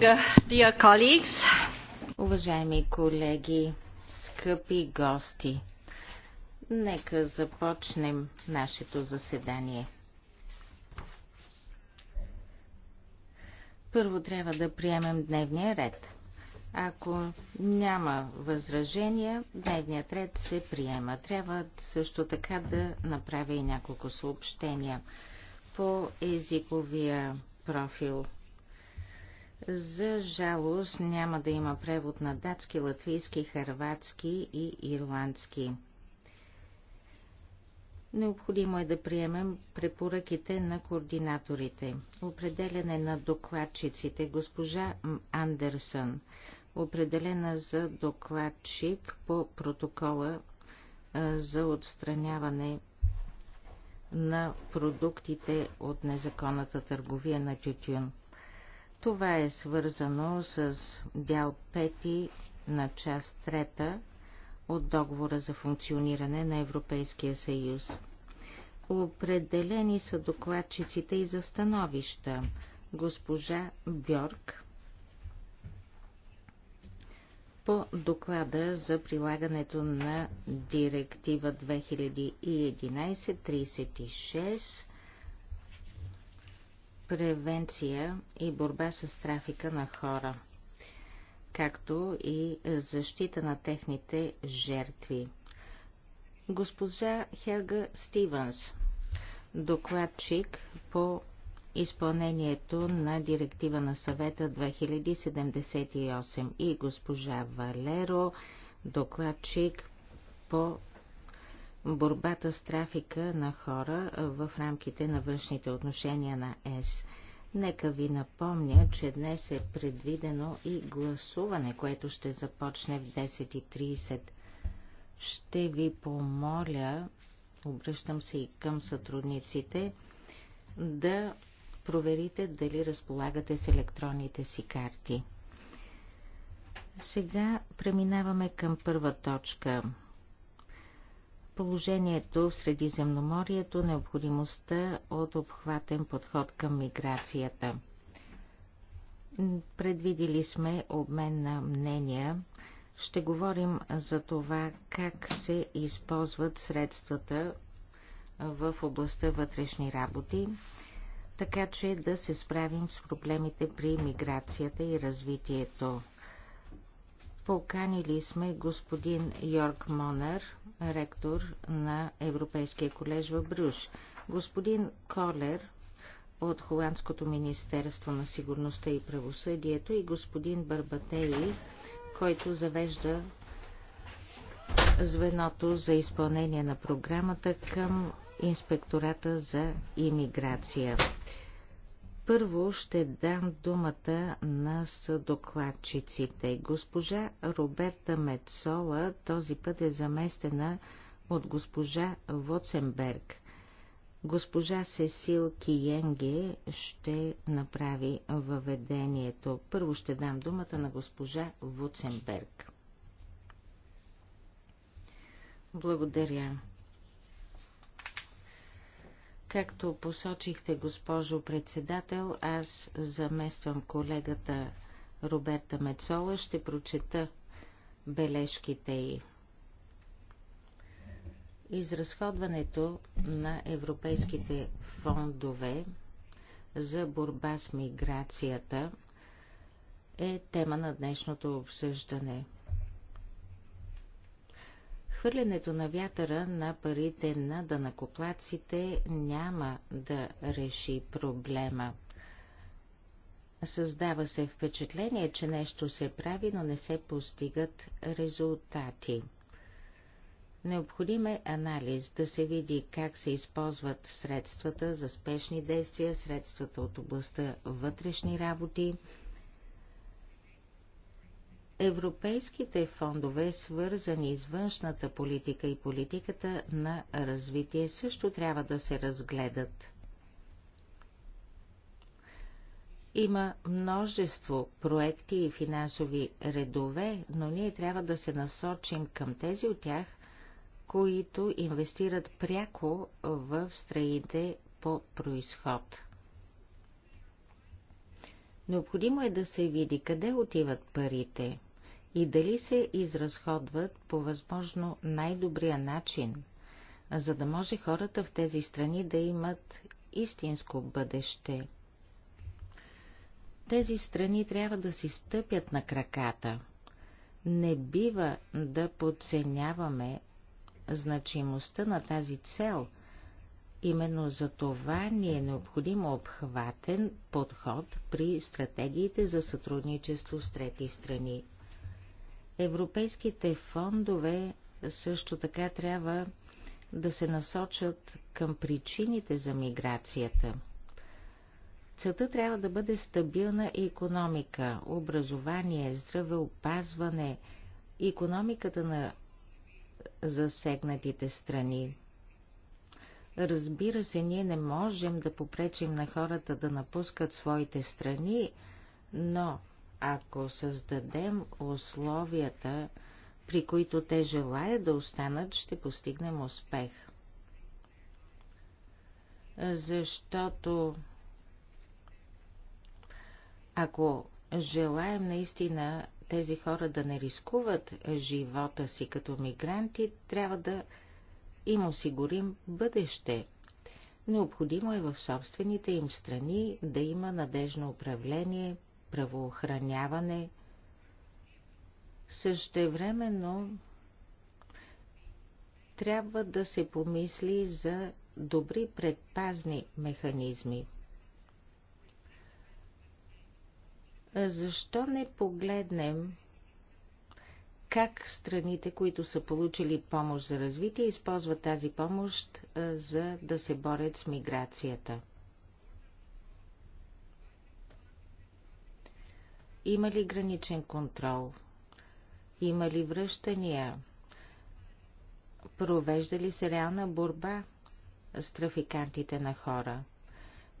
morning, dear colleagues. Уважаеми колеги, скъпи гости, нека започнем нашето заседание. Първо трябва да приемем дневния ред. Ако няма възражения, дневният ред се приема. Трябва също така да направя и няколко съобщения по езиковия профил за жалост няма да има превод на датски, латвийски, харватски и ирландски. Необходимо е да приемем препоръките на координаторите. Определене на докладчиците госпожа Андерсън, определена за докладчик по протокола за отстраняване на продуктите от незаконната търговия на тютюн. Това е свързано с дял 5 на част 3 от договора за функциониране на Европейския съюз. Определени са докладчиците и за становища. Госпожа Бьорк по доклада за прилагането на директива 2011-36 превенция и борба с трафика на хора, както и защита на техните жертви. Госпожа Хелга Стивенс, докладчик по изпълнението на директива на съвета 2078 и госпожа Валеро, докладчик по борбата с трафика на хора в рамките на външните отношения на ЕС. Нека ви напомня, че днес е предвидено и гласуване, което ще започне в 10.30. Ще ви помоля, обръщам се и към сътрудниците, да проверите дали разполагате с електронните си карти. Сега преминаваме към първа точка положението в Средиземноморието, необходимостта от обхватен подход към миграцията. Предвидили сме обмен на мнения. Ще говорим за това как се използват средствата в областта вътрешни работи, така че да се справим с проблемите при миграцията и развитието. Поканили сме господин Йорк Монер, ректор на Европейския колеж в Брюш, господин Колер от Холандското министерство на сигурността и правосъдието и господин Барбатели, който завежда звеното за изпълнение на програмата към инспектората за имиграция. Първо ще дам думата на съдокладчиците. Госпожа Роберта Мецола този път е заместена от госпожа Воценберг. Госпожа Сесил Киенге ще направи въведението. Първо ще дам думата на госпожа Вуценберг. Благодаря. Както посочихте, госпожо председател, аз замествам колегата Роберта Мецола. Ще прочета бележките й. Изразходването на европейските фондове за борба с миграцията е тема на днешното обсъждане. Хвърлянето на вятъра на парите на данакоплаците няма да реши проблема. Създава се впечатление, че нещо се прави, но не се постигат резултати. Необходим е анализ да се види как се използват средствата за спешни действия, средствата от областта вътрешни работи, Европейските фондове, свързани с външната политика и политиката на развитие, също трябва да се разгледат. Има множество проекти и финансови редове, но ние трябва да се насочим към тези от тях, които инвестират пряко в страните по происход. Необходимо е да се види къде отиват парите и дали се изразходват по възможно най-добрия начин, за да може хората в тези страни да имат истинско бъдеще. Тези страни трябва да си стъпят на краката. Не бива да подценяваме значимостта на тази цел. Именно за това ни е необходим обхватен подход при стратегиите за сътрудничество с трети страни. Европейските фондове също така трябва да се насочат към причините за миграцията. Целта трябва да бъде стабилна економика, образование, здравеопазване, економиката на засегнатите страни. Разбира се, ние не можем да попречим на хората да напускат своите страни, но ако създадем условията, при които те желаят да останат, ще постигнем успех. Защото ако желаем наистина тези хора да не рискуват живота си като мигранти, трябва да им осигурим бъдеще. Необходимо е в собствените им страни да има надежно управление, правоохраняване. Същевременно трябва да се помисли за добри предпазни механизми. Защо не погледнем как страните, които са получили помощ за развитие, използват тази помощ за да се борят с миграцията? Има ли граничен контрол? Има ли връщания? Провежда ли се реална борба с трафикантите на хора?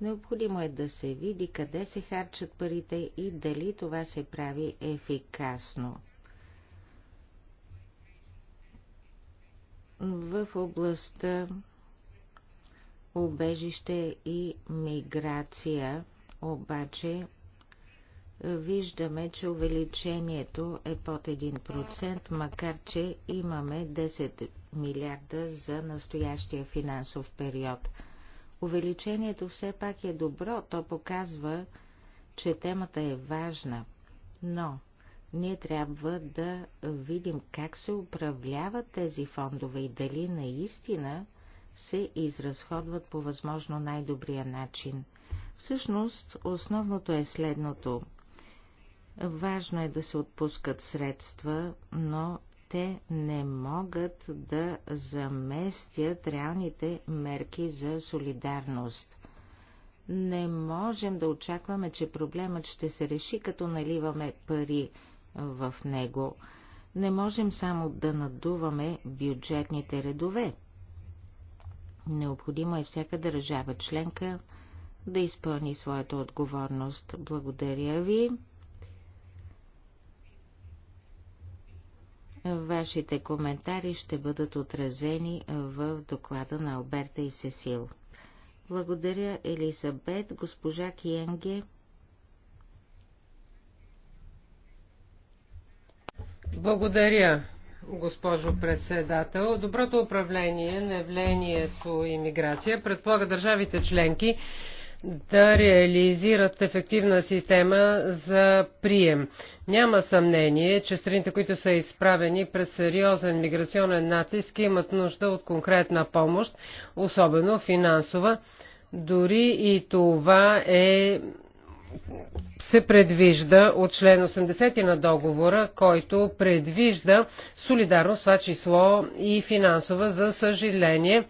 Необходимо е да се види къде се харчат парите и дали това се прави ефикасно. В областта убежище и миграция обаче виждаме, че увеличението е под 1%, макар че имаме 10 милиарда за настоящия финансов период. Увеличението все пак е добро, то показва, че темата е важна, но ние трябва да видим как се управляват тези фондове и дали наистина се изразходват по възможно най-добрия начин. Всъщност, основното е следното – Важно е да се отпускат средства, но те не могат да заместят реалните мерки за солидарност. Не можем да очакваме, че проблемът ще се реши, като наливаме пари в него. Не можем само да надуваме бюджетните редове. Необходимо е всяка държава членка да изпълни своята отговорност. Благодаря ви. Вашите коментари ще бъдат отразени в доклада на Алберта и Сесил. Благодаря, Елисабет, госпожа Киенге. Благодаря, госпожо председател. Доброто управление на явлението миграция предполага държавите членки да реализират ефективна система за прием. Няма съмнение, че страните, които са изправени през сериозен миграционен натиск, имат нужда от конкретна помощ, особено финансова. Дори и това е се предвижда от член 80 на договора, който предвижда солидарност, това число и финансова. За съжаление,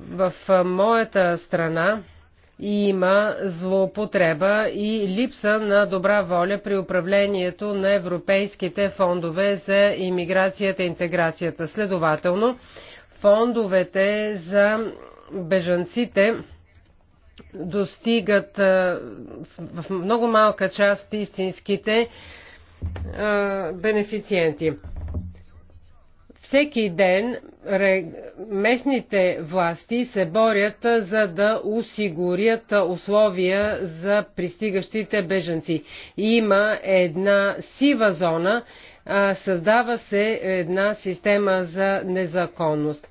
в моята страна има злоупотреба и липса на добра воля при управлението на европейските фондове за иммиграцията и интеграцията. Следователно, фондовете за бежанците достигат в много малка част истинските бенефициенти. Всеки ден местните власти се борят за да осигурят условия за пристигащите бежанци. Има една сива зона, създава се една система за незаконност.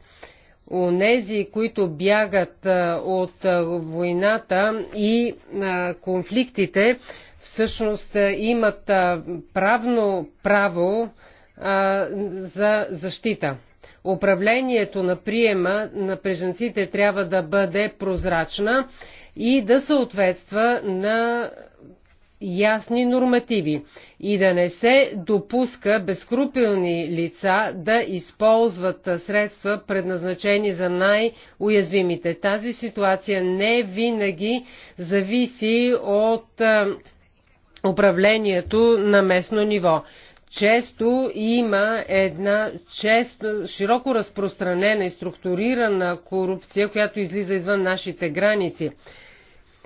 Онези, които бягат от войната и конфликтите, всъщност имат правно право а, за защита. Управлението на приема на преженците трябва да бъде прозрачна и да съответства на ясни нормативи и да не се допуска безкрупилни лица да използват средства, предназначени за най-уязвимите. Тази ситуация не винаги зависи от управлението на местно ниво често има една често, широко разпространена и структурирана корупция, която излиза извън нашите граници.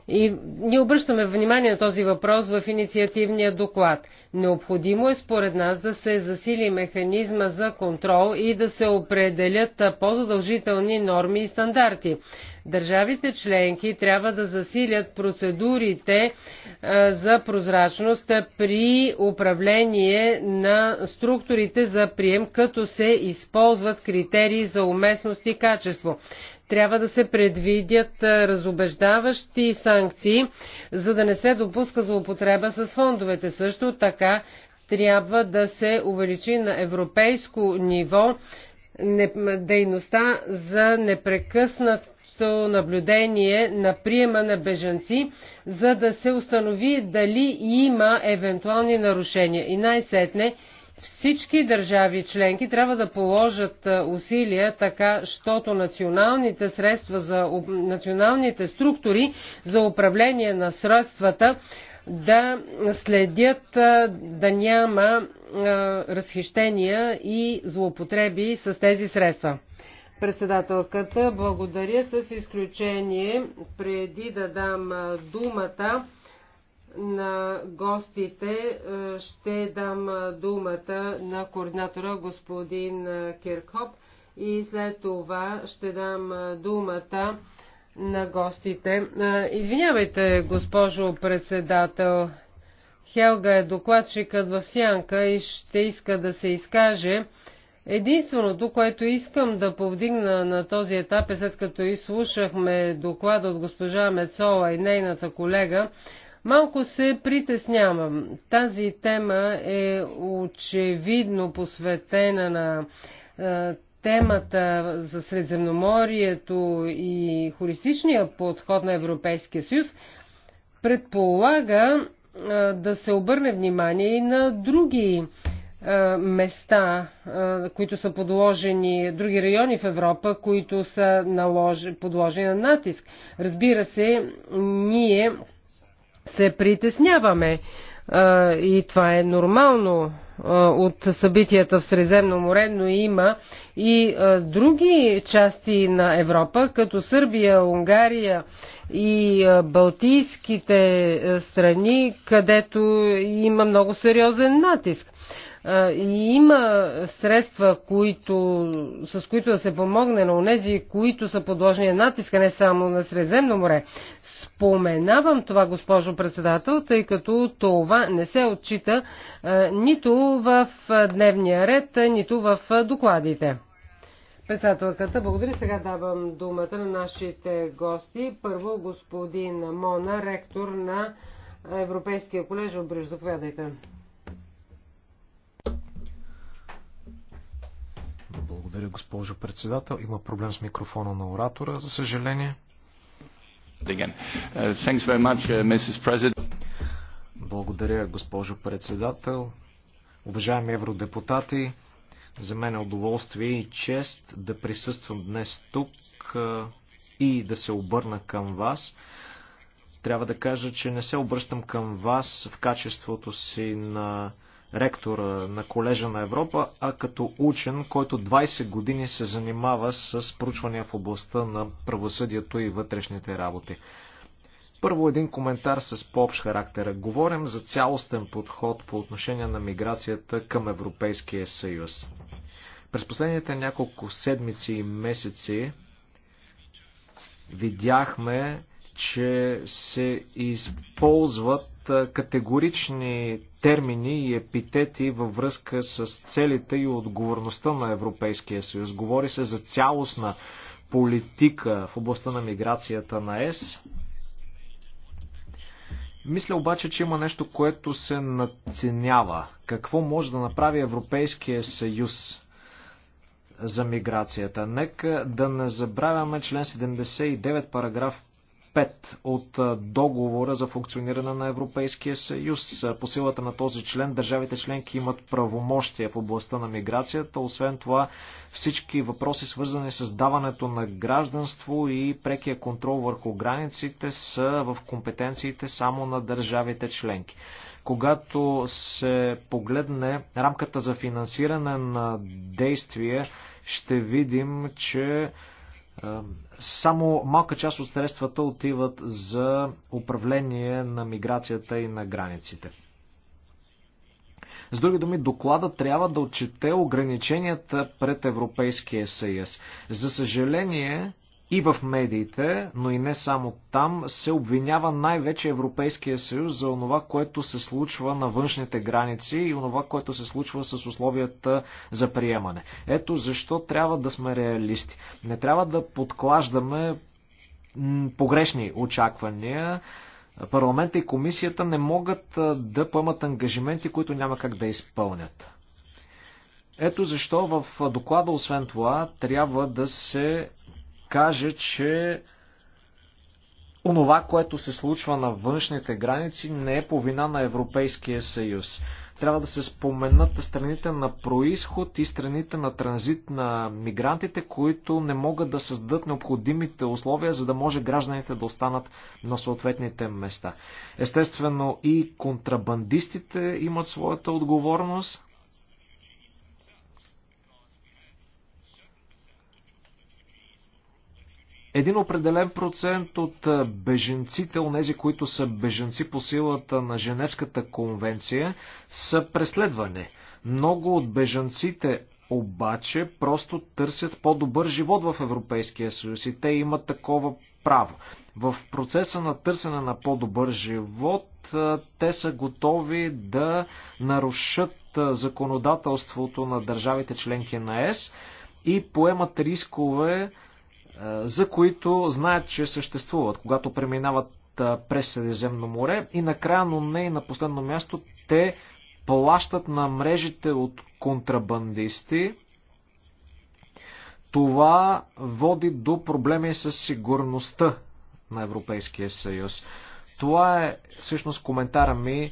И ние обръщаме внимание на този въпрос в инициативния доклад. Необходимо е според нас да се засили механизма за контрол и да се определят по-задължителни норми и стандарти. Държавите членки трябва да засилят процедурите е, за прозрачност при управление на структурите за прием, като се използват критерии за уместност и качество трябва да се предвидят е, разобеждаващи санкции, за да не се допуска злоупотреба с фондовете. Също така трябва да се увеличи на европейско ниво дейността за непрекъснат общо наблюдение на приема на бежанци, за да се установи дали има евентуални нарушения. И най-сетне всички държави членки трябва да положат усилия така, щото националните средства за националните структури за управление на средствата да следят да няма разхищения и злоупотреби с тези средства. Председателката, благодаря с изключение преди да дам думата на гостите ще дам думата на координатора господин Киркоп и след това ще дам думата на гостите. Извинявайте, госпожо председател. Хелга е докладчикът в Сянка и ще иска да се изкаже. Единственото, което искам да повдигна на този етап е след като изслушахме доклада от госпожа Мецола и нейната колега, малко се притеснявам. Тази тема е очевидно посветена на темата за Средземноморието и холистичния подход на Европейския съюз, предполага да се обърне внимание и на други е, места, е, които са подложени, други райони в Европа, които са подложени на натиск. Разбира се, ние се притесняваме е, и това е нормално от събитията в Средземно море, но има и други части на Европа, като Сърбия, Унгария и Балтийските страни, където има много сериозен натиск. И има средства, които, с които да се помогне на онези, които са подложени на натиска, не само на Средземно море. Споменавам това, госпожо председател, тъй като това не се отчита нито в дневния ред, нито в докладите. Председателката, благодаря. Сега давам думата на нашите гости. Първо господин Мона, ректор на Европейския колеж в Заповядайте. Благодаря, госпожо председател. Има проблем с микрофона на оратора, за съжаление. Uh, uh, Благодаря, госпожо председател. Уважаеми евродепутати, за мен е удоволствие и чест да присъствам днес тук uh, и да се обърна към вас. Трябва да кажа, че не се обръщам към вас в качеството си на ректор на Колежа на Европа, а като учен, който 20 години се занимава с проучвания в областта на правосъдието и вътрешните работи. Първо един коментар с по-общ характер. Говорим за цялостен подход по отношение на миграцията към Европейския съюз. През последните няколко седмици и месеци видяхме, че се използват категорични термини и епитети във връзка с целите и отговорността на Европейския съюз. Говори се за цялостна политика в областта на миграцията на ЕС. Мисля обаче, че има нещо, което се надценява. Какво може да направи Европейския съюз за миграцията. Нека да не забравяме член 79, параграф 5 от договора за функциониране на Европейския съюз. По силата на този член държавите членки имат правомощия в областта на миграцията. Освен това всички въпроси свързани с даването на гражданство и прекия контрол върху границите са в компетенциите само на държавите членки. Когато се погледне рамката за финансиране на действие, ще видим, че само малка част от средствата отиват за управление на миграцията и на границите. С други думи, доклада трябва да отчете ограниченията пред Европейския съюз. За съжаление, и в медиите, но и не само там, се обвинява най-вече Европейския съюз за онова, което се случва на външните граници и онова, което се случва с условията за приемане. Ето защо трябва да сме реалисти. Не трябва да подклаждаме погрешни очаквания. Парламента и комисията не могат да поемат ангажименти, които няма как да изпълнят. Ето защо в доклада, освен това, трябва да се каже, че онова, което се случва на външните граници, не е по вина на Европейския съюз. Трябва да се споменат страните на происход и страните на транзит на мигрантите, които не могат да създадат необходимите условия, за да може гражданите да останат на съответните места. Естествено и контрабандистите имат своята отговорност. един определен процент от беженците, онези, които са беженци по силата на Женевската конвенция, са преследвани. Много от беженците обаче просто търсят по-добър живот в Европейския съюз и те имат такова право. В процеса на търсене на по-добър живот те са готови да нарушат законодателството на държавите членки на ЕС и поемат рискове е, за които знаят, че съществуват, когато преминават е, през Средиземно море. И накрая, но не и на последно място, те плащат на мрежите от контрабандисти. Това води до проблеми с сигурността на Европейския съюз. Това е всъщност коментара ми е,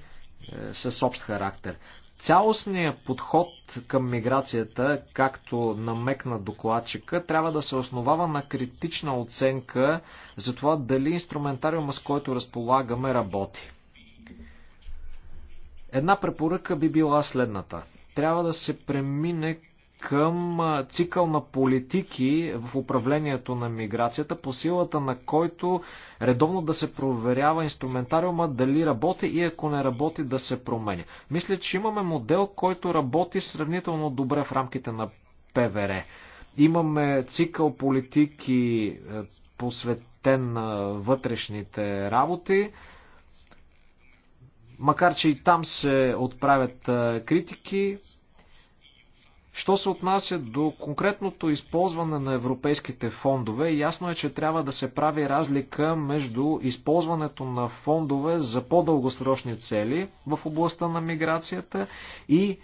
с общ характер. Цялостният подход към миграцията, както намекна докладчика, трябва да се основава на критична оценка за това дали инструментариума, с който разполагаме, работи. Една препоръка би била следната. Трябва да се премине към цикъл на политики в управлението на миграцията, по силата на който редовно да се проверява инструментариума дали работи и ако не работи да се променя. Мисля, че имаме модел, който работи сравнително добре в рамките на ПВР. Имаме цикъл политики е, посветен на вътрешните работи, макар че и там се отправят е, критики, Що се отнася до конкретното използване на европейските фондове, ясно е, че трябва да се прави разлика между използването на фондове за по-дългосрочни цели в областта на миграцията и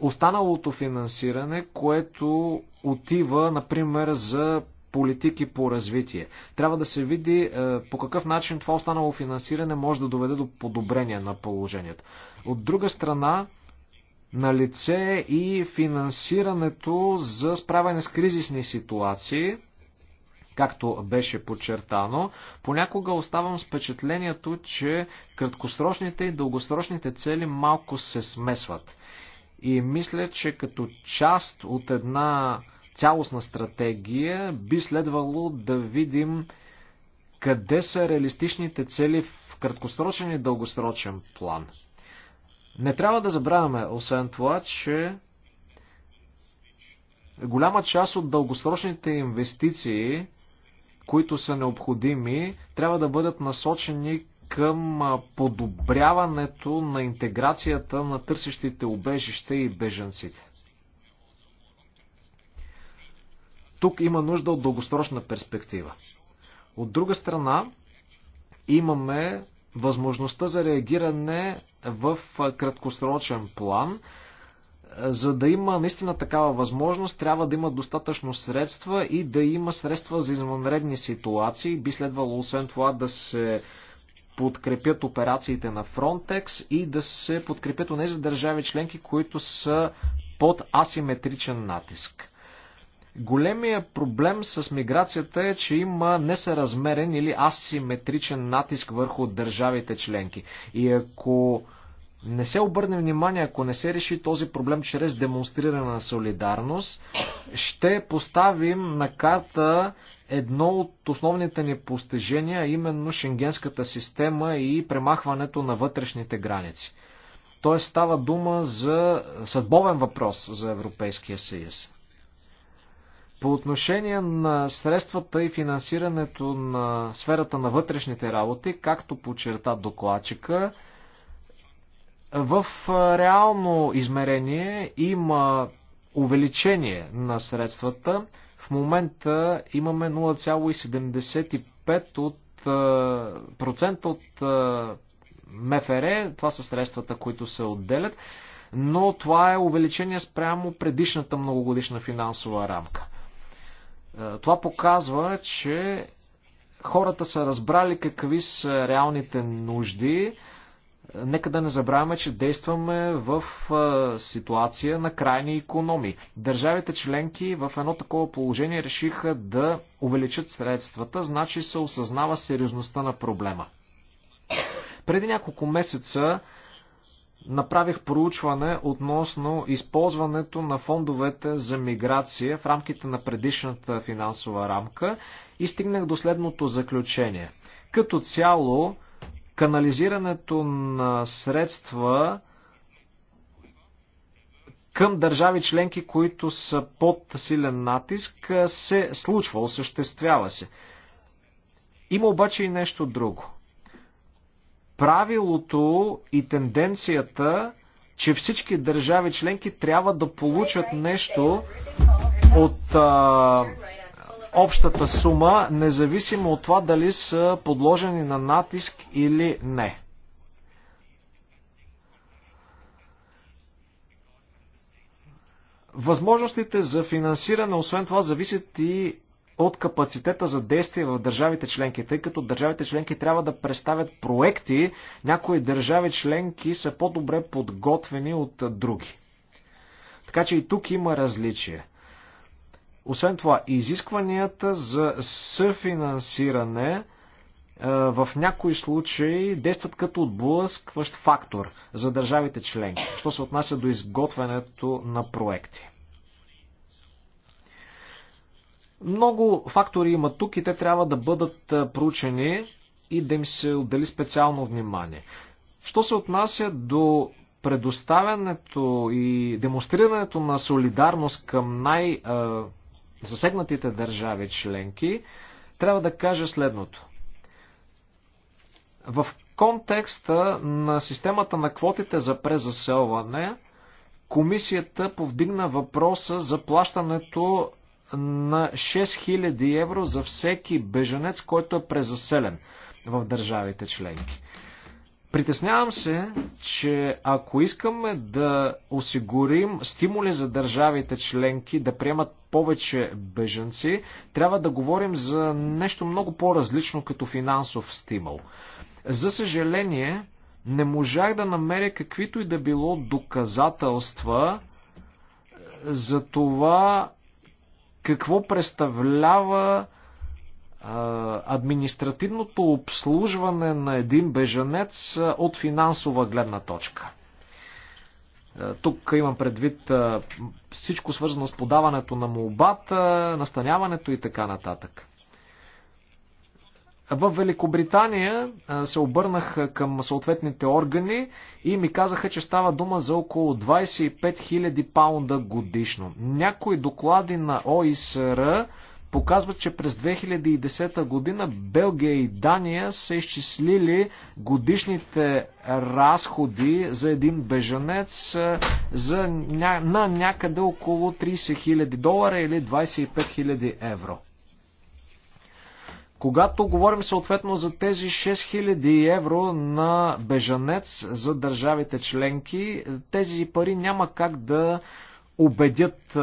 останалото финансиране, което отива, например, за политики по развитие. Трябва да се види е, по какъв начин това останало финансиране може да доведе до подобрение на положението. От друга страна, на лице и финансирането за справяне с кризисни ситуации, както беше подчертано. Понякога оставам с впечатлението, че краткосрочните и дългосрочните цели малко се смесват. И мисля, че като част от една цялостна стратегия би следвало да видим къде са реалистичните цели в краткосрочен и дългосрочен план. Не трябва да забравяме, освен това, че голяма част от дългосрочните инвестиции, които са необходими, трябва да бъдат насочени към подобряването на интеграцията на търсещите убежище и беженците. Тук има нужда от дългосрочна перспектива. От друга страна, имаме възможността за реагиране в краткосрочен план. За да има наистина такава възможност, трябва да има достатъчно средства и да има средства за извънредни ситуации. Би следвало освен това да се подкрепят операциите на Frontex и да се подкрепят нези държави членки, които са под асиметричен натиск. Големия проблем с миграцията е, че има несъразмерен или асиметричен натиск върху държавите членки. И ако не се обърне внимание, ако не се реши този проблем чрез демонстриране на солидарност, ще поставим на карта едно от основните ни постижения, именно шенгенската система и премахването на вътрешните граници. Тоест става дума за съдбовен въпрос за Европейския съюз. По отношение на средствата и финансирането на сферата на вътрешните работи, както подчерта докладчика, в реално измерение има увеличение на средствата. В момента имаме 0,75 от процента от МФР. Това са средствата, които се отделят. Но това е увеличение спрямо предишната многогодишна финансова рамка. Е, това показва, че хората са разбрали какви са реалните нужди. Нека да не забравяме, че действаме в е, ситуация на крайни економии. Държавите членки в едно такова положение решиха да увеличат средствата, значи се осъзнава сериозността на проблема. Преди няколко месеца направих проучване относно използването на фондовете за миграция в рамките на предишната финансова рамка и стигнах до следното заключение. Като цяло, канализирането на средства към държави членки, които са под силен натиск, се случва, осъществява се. Има обаче и нещо друго правилото и тенденцията, че всички държави членки трябва да получат нещо от а, общата сума, независимо от това дали са подложени на натиск или не. Възможностите за финансиране, освен това, зависят и от капацитета за действие в държавите членки, тъй като държавите членки трябва да представят проекти, някои държави членки са по-добре подготвени от други. Така че и тук има различие. Освен това, изискванията за съфинансиране е, в някои случаи действат като отблъскващ фактор за държавите членки, що се отнася до изготвянето на проекти. Много фактори има тук и те трябва да бъдат проучени и да им се отдели специално внимание. Що се отнася до предоставянето и демонстрирането на солидарност към най-засегнатите държави членки, трябва да кажа следното. В контекста на системата на квотите за презаселване, комисията повдигна въпроса за плащането на 6000 евро за всеки беженец, който е презаселен в държавите членки. Притеснявам се, че ако искаме да осигурим стимули за държавите членки да приемат повече беженци, трябва да говорим за нещо много по-различно като финансов стимул. За съжаление, не можах да намеря каквито и да било доказателства за това, какво представлява административното обслужване на един бежанец от финансова гледна точка. Тук имам предвид всичко свързано с подаването на молбата, настаняването и така нататък. В Великобритания се обърнах към съответните органи и ми казаха, че става дума за около 25 000 паунда годишно. Някои доклади на ОИСР показват, че през 2010 година Белгия и Дания са изчислили годишните разходи за един бежанец за, на някъде около 30 000 долара или 25 000 евро. Когато говорим съответно за тези 6000 евро на бежанец за държавите членки, тези пари няма как да убедят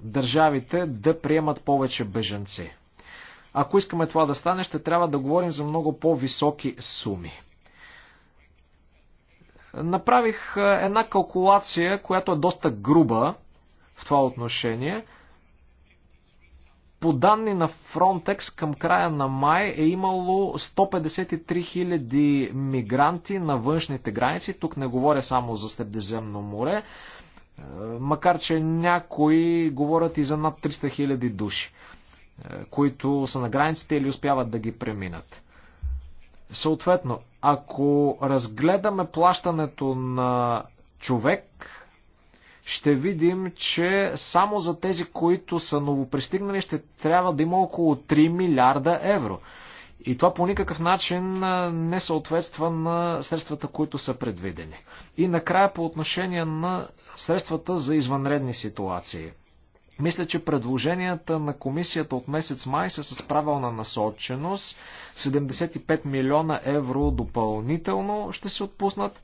държавите да приемат повече бежанци. Ако искаме това да стане, ще трябва да говорим за много по-високи суми. Направих една калкулация, която е доста груба в това отношение – по данни на Frontex към края на май е имало 153 000 мигранти на външните граници. Тук не говоря само за Средиземно море, е, макар че някои говорят и за над 300 000 души, е, които са на границите или успяват да ги преминат. Съответно, ако разгледаме плащането на човек, ще видим, че само за тези, които са новопристигнали, ще трябва да има около 3 милиарда евро. И това по никакъв начин не съответства на средствата, които са предвидени. И накрая по отношение на средствата за извънредни ситуации. Мисля, че предложенията на комисията от месец май са с правилна насоченост. 75 милиона евро допълнително ще се отпуснат.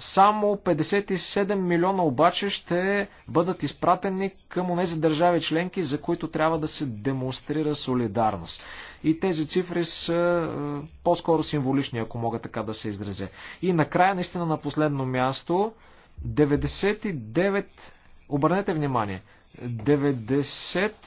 Само 57 милиона обаче ще бъдат изпратени към тези държави членки, за които трябва да се демонстрира солидарност. И тези цифри са е, по-скоро символични, ако мога така да се изразя. И накрая, наистина на последно място, 99, обърнете внимание, 99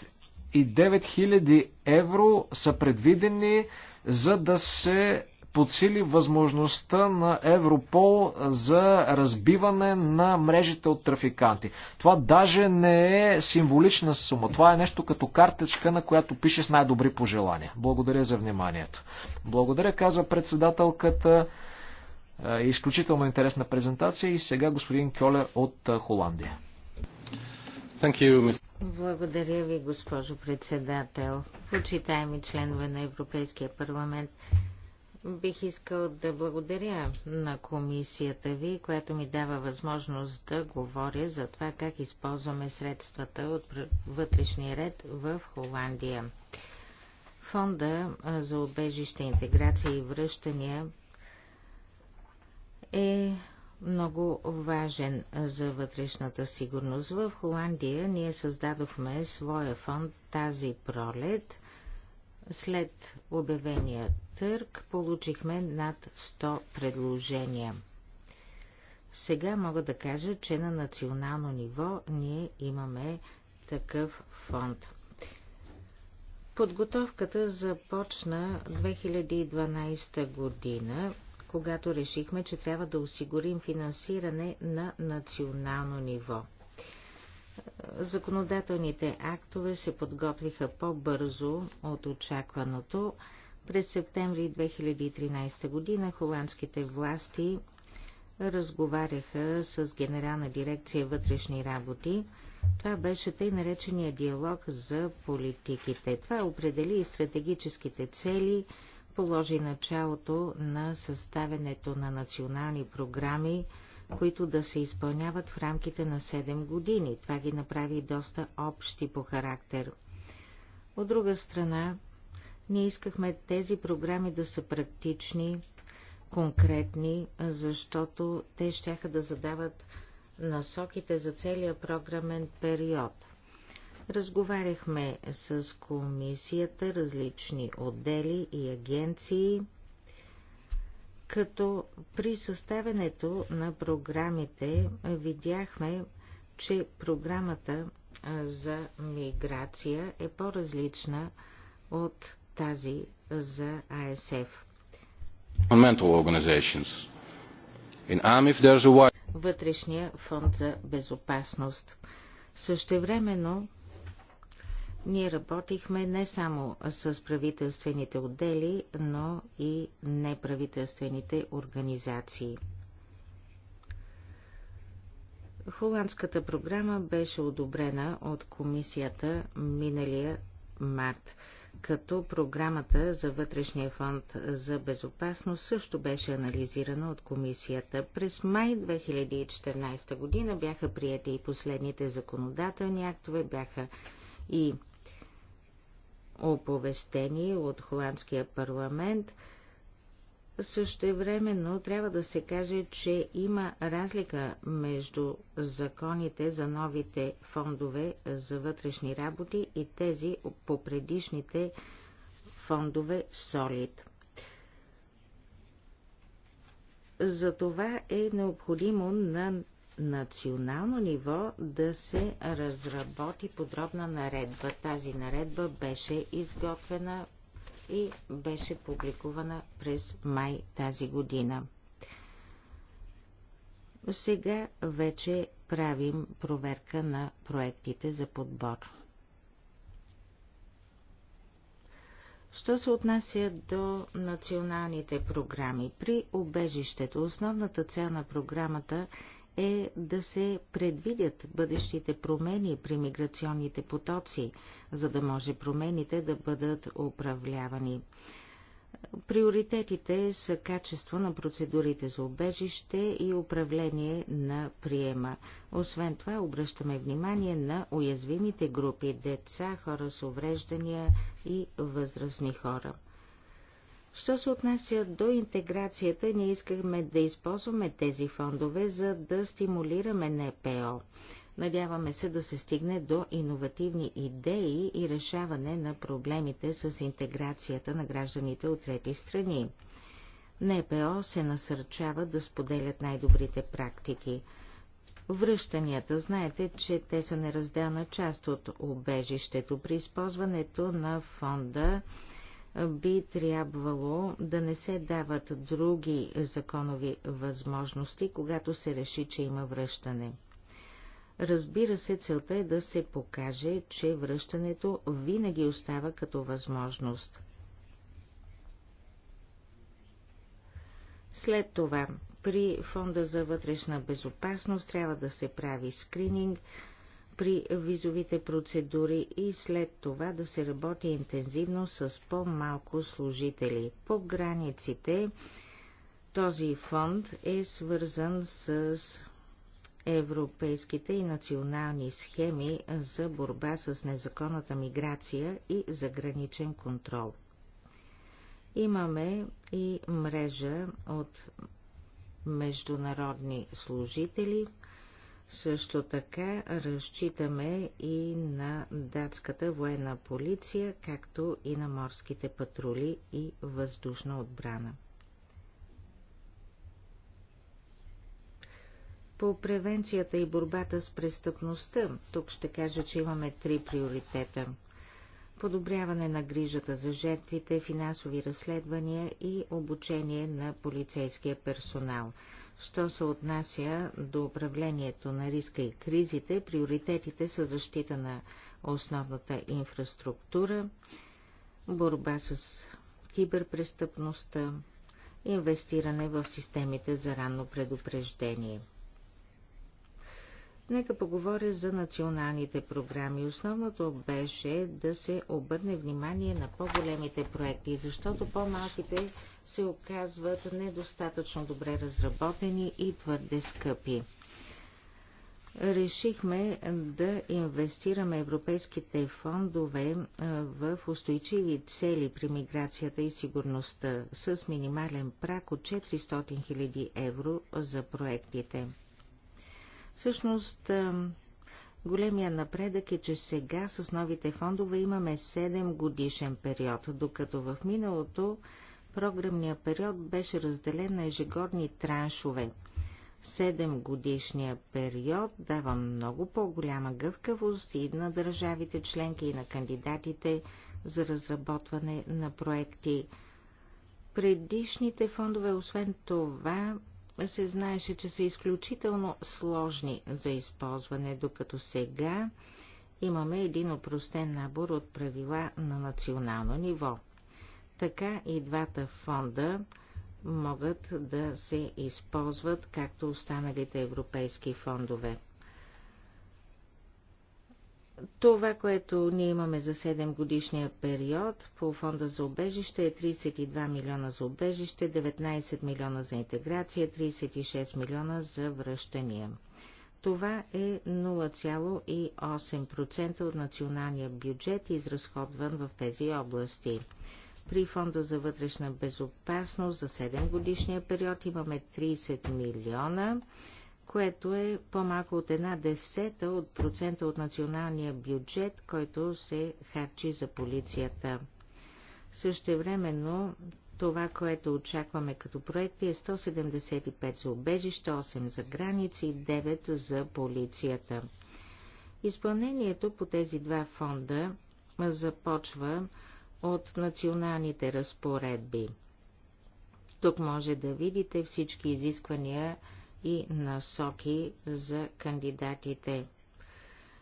000 евро са предвидени за да се подсили възможността на Европол за разбиване на мрежите от трафиканти. Това даже не е символична сума. Това е нещо като картечка, на която пише с най-добри пожелания. Благодаря за вниманието. Благодаря, казва председателката. Е, изключително интересна презентация и сега господин Кьоле от е, Холандия. Благодаря ви, госпожо председател. Почитаеми членове на Европейския парламент, Бих искал да благодаря на комисията ви, която ми дава възможност да говоря за това как използваме средствата от вътрешния ред в Холандия. Фонда за обежище, интеграция и връщания е много важен за вътрешната сигурност. В Холандия ние създадохме своя фонд тази пролет – след обявения търг получихме над 100 предложения. Сега мога да кажа, че на национално ниво ние имаме такъв фонд. Подготовката започна 2012 година, когато решихме, че трябва да осигурим финансиране на национално ниво – Законодателните актове се подготвиха по-бързо от очакваното. През септември 2013 година холандските власти разговаряха с Генерална дирекция вътрешни работи. Това беше тъй наречения диалог за политиките. Това определи и стратегическите цели, положи началото на съставянето на национални програми които да се изпълняват в рамките на 7 години. Това ги направи доста общи по характер. От друга страна, ние искахме тези програми да са практични, конкретни, защото те ще да задават насоките за целия програмен период. Разговаряхме с комисията, различни отдели и агенции – като при съставянето на програмите е, видяхме, че програмата е, за миграция е по-различна от тази за АСФ. Вътрешния фонд за безопасност. Същевременно ние работихме не само с правителствените отдели, но и неправителствените организации. Холандската програма беше одобрена от комисията миналия март, като програмата за вътрешния фонд за безопасност също беше анализирана от комисията. През май 2014 година бяха прияти и последните законодателни актове, бяха и оповестени от холандския парламент. Същевременно трябва да се каже, че има разлика между законите за новите фондове за вътрешни работи и тези по предишните фондове Солид. това е необходимо на национално ниво да се разработи подробна наредба. Тази наредба беше изготвена и беше публикувана през май тази година. Сега вече правим проверка на проектите за подбор. Що се отнася до националните програми? При обежището основната цел на програмата е да се предвидят бъдещите промени при миграционните потоци, за да може промените да бъдат управлявани. Приоритетите са качество на процедурите за убежище и управление на приема. Освен това, обръщаме внимание на уязвимите групи – деца, хора с увреждания и възрастни хора. Що се отнася до интеграцията, ние искахме да използваме тези фондове, за да стимулираме НПО. Надяваме се да се стигне до иновативни идеи и решаване на проблемите с интеграцията на гражданите от трети страни. НПО се насърчава да споделят най-добрите практики. Връщанията, знаете, че те са неразделна част от обежището. При използването на фонда би трябвало да не се дават други законови възможности, когато се реши, че има връщане. Разбира се, целта е да се покаже, че връщането винаги остава като възможност. След това, при Фонда за вътрешна безопасност трябва да се прави скрининг при визовите процедури и след това да се работи интензивно с по-малко служители. По границите този фонд е свързан с европейските и национални схеми за борба с незаконната миграция и заграничен контрол. Имаме и мрежа от международни служители – също така разчитаме и на датската военна полиция, както и на морските патрули и въздушна отбрана. По превенцията и борбата с престъпността, тук ще кажа, че имаме три приоритета. Подобряване на грижата за жертвите, финансови разследвания и обучение на полицейския персонал – Що се отнася до управлението на риска и кризите, приоритетите са защита на основната инфраструктура, борба с киберпрестъпността, инвестиране в системите за ранно предупреждение – Нека поговоря за националните програми. Основното беше да се обърне внимание на по-големите проекти, защото по-малките се оказват недостатъчно добре разработени и твърде скъпи. Решихме да инвестираме европейските фондове в устойчиви цели при миграцията и сигурността с минимален прак от 400 000 евро за проектите. Всъщност, големия напредък е, че сега с новите фондове имаме 7 годишен период, докато в миналото програмния период беше разделен на ежегодни траншове. 7 годишния период дава много по-голяма гъвкавост и на държавите членки и на кандидатите за разработване на проекти. Предишните фондове, освен това, се знаеше, че са изключително сложни за използване, докато сега имаме един опростен набор от правила на национално ниво. Така и двата фонда могат да се използват както останалите европейски фондове. Това, което ние имаме за 7 годишния период по фонда за обежище е 32 милиона за обежище, 19 милиона за интеграция, 36 милиона за връщания. Това е 0,8% от националния бюджет, изразходван в тези области. При фонда за вътрешна безопасност за 7 годишния период имаме 30 милиона което е по-малко от една десета от процента от националния бюджет, който се харчи за полицията. Същевременно това, което очакваме като проекти е 175 за обежище, 8 за граници и 9 за полицията. Изпълнението по тези два фонда започва от националните разпоредби. Тук може да видите всички изисквания и насоки за кандидатите.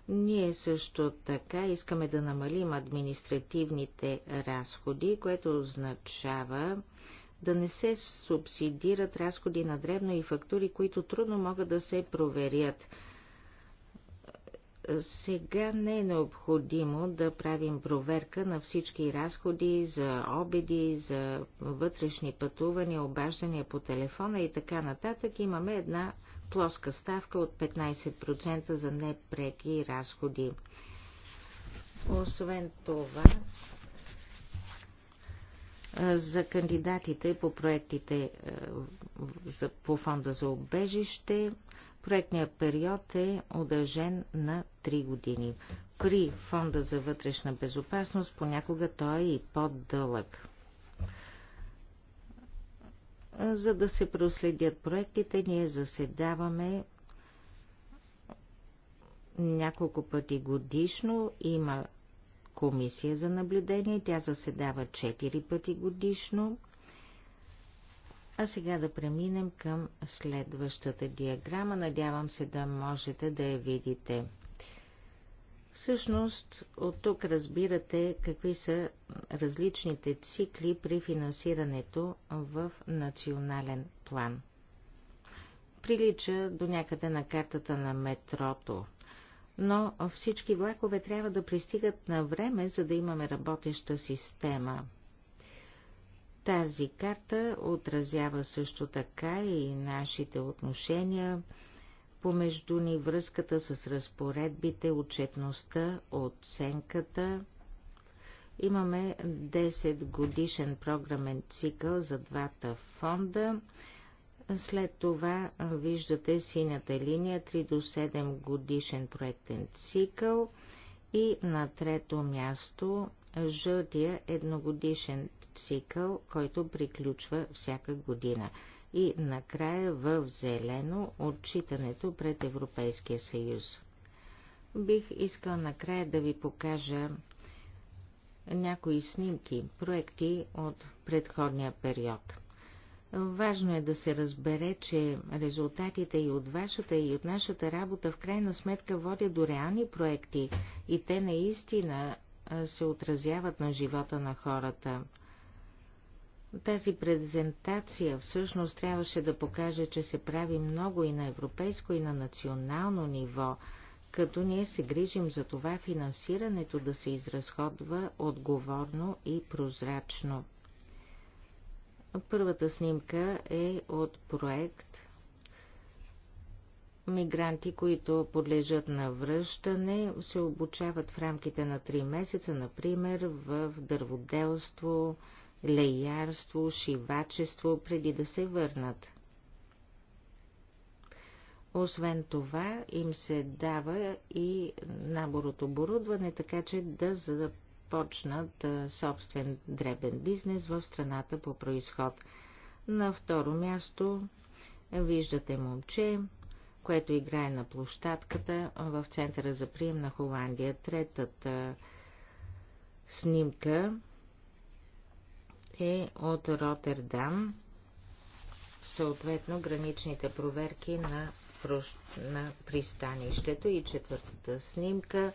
Ние също така искаме да намалим административните разходи, което означава да не се субсидират разходи на дребно и фактури, които трудно могат да се проверят. Сега не е необходимо да правим проверка на всички разходи за обеди, за вътрешни пътувания, обаждания по телефона и така нататък. Имаме една плоска ставка от 15% за непреки разходи. Освен това, за кандидатите по проектите по фонда за обежище, Проектният период е удължен на 3 години. При Фонда за вътрешна безопасност понякога той е и по-дълъг. За да се проследят проектите, ние заседаваме няколко пъти годишно. Има комисия за наблюдение, тя заседава 4 пъти годишно – а сега да преминем към следващата диаграма. Надявам се да можете да я видите. Всъщност, от тук разбирате какви са различните цикли при финансирането в национален план. Прилича до някъде на картата на метрото, но всички влакове трябва да пристигат на време, за да имаме работеща система – тази карта отразява също така и нашите отношения помежду ни връзката с разпоредбите, отчетността, оценката. Имаме 10 годишен програмен цикъл за двата фонда. След това виждате синята линия 3 до 7 годишен проектен цикъл и на трето място жълтия едногодишен цикъл, който приключва всяка година. И накрая в зелено отчитането пред Европейския съюз. Бих искал накрая да ви покажа някои снимки, проекти от предходния период. Важно е да се разбере, че резултатите и от вашата, и от нашата работа в крайна сметка водят до реални проекти и те наистина се отразяват на живота на хората. Тази презентация всъщност трябваше да покаже, че се прави много и на европейско, и на национално ниво, като ние се грижим за това финансирането да се изразходва отговорно и прозрачно. Първата снимка е от проект Мигранти, които подлежат на връщане, се обучават в рамките на 3 месеца, например в дърводелство, леярство, шивачество, преди да се върнат. Освен това, им се дава и набор от оборудване, така че да започнат собствен дребен бизнес в страната по происход. На второ място виждате момче, което играе на площадката в Центъра за прием на Холандия. Третата снимка е от Роттердам, съответно граничните проверки на, на пристанището и четвъртата снимка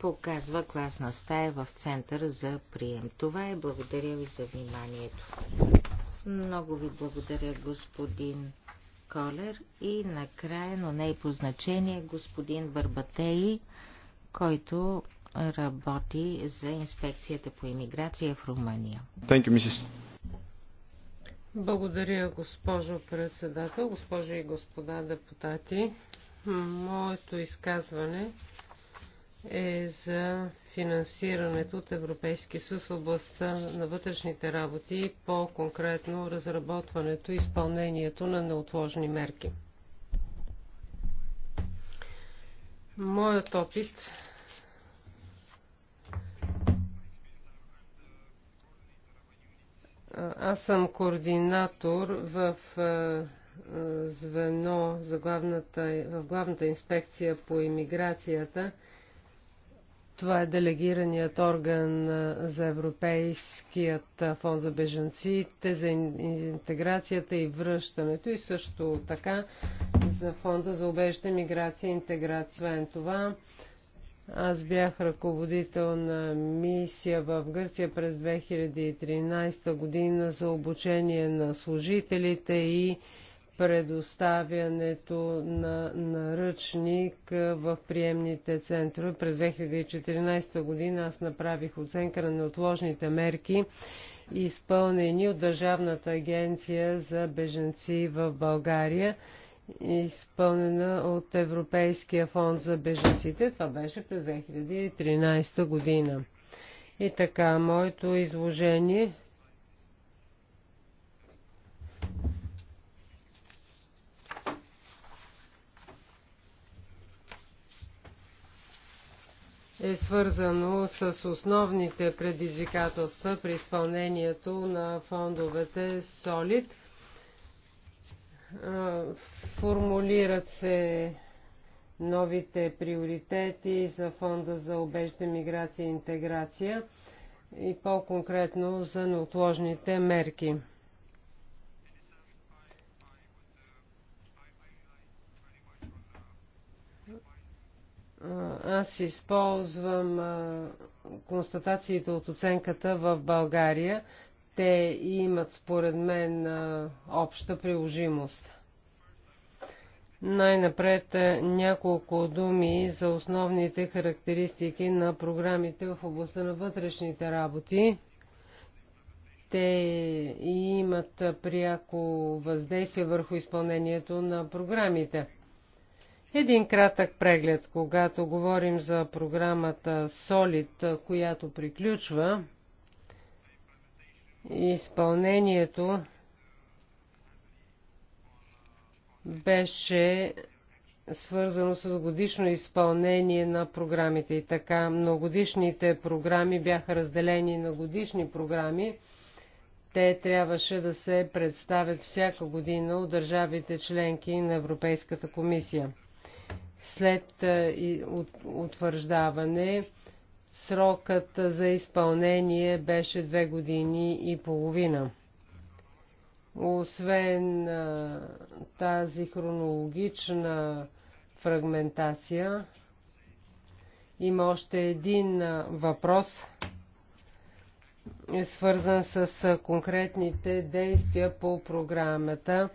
показва класна стая в център за прием. Това е благодаря ви за вниманието. Много ви благодаря, господин Колер. И накрая, но не и по значение, господин Барбатеи, който работи за инспекцията по иммиграция в Румъния. Thank you, Mrs. Благодаря, госпожо председател, госпожи и господа депутати. Моето изказване е за финансирането от Европейски съюз в областта на вътрешните работи и по-конкретно разработването и изпълнението на неотложни мерки. Моят опит Аз съм координатор в е, е, звено за главната, в главната инспекция по иммиграцията. Това е делегираният орган е, за Европейският фонд за бежанците, за интеграцията и връщането и също така за фонда за обежда, миграция и интеграция. Това е това аз бях ръководител на мисия в Гърция през 2013 година за обучение на служителите и предоставянето на наръчник в приемните центрове. През 2014 година аз направих оценка на неотложните мерки, изпълнени от Държавната агенция за беженци в България изпълнена от Европейския фонд за бежанците. Това беше през 2013 година. И така, моето изложение е свързано с основните предизвикателства при изпълнението на фондовете СОЛИД – Формулират се новите приоритети за Фонда за обежда, миграция и интеграция и по-конкретно за неотложните мерки. Аз използвам констатациите от оценката в България те имат според мен обща приложимост. Най-напред няколко думи за основните характеристики на програмите в областта на вътрешните работи. Те имат пряко въздействие върху изпълнението на програмите. Един кратък преглед, когато говорим за програмата Solid, която приключва Изпълнението беше свързано с годишно изпълнение на програмите. И така, многодишните програми бяха разделени на годишни програми. Те трябваше да се представят всяка година от държавите членки на Европейската комисия. След е, утвърждаване Срокът за изпълнение беше две години и половина. Освен а, тази хронологична фрагментация, има още един а, въпрос, е свързан с а, конкретните действия по програмата.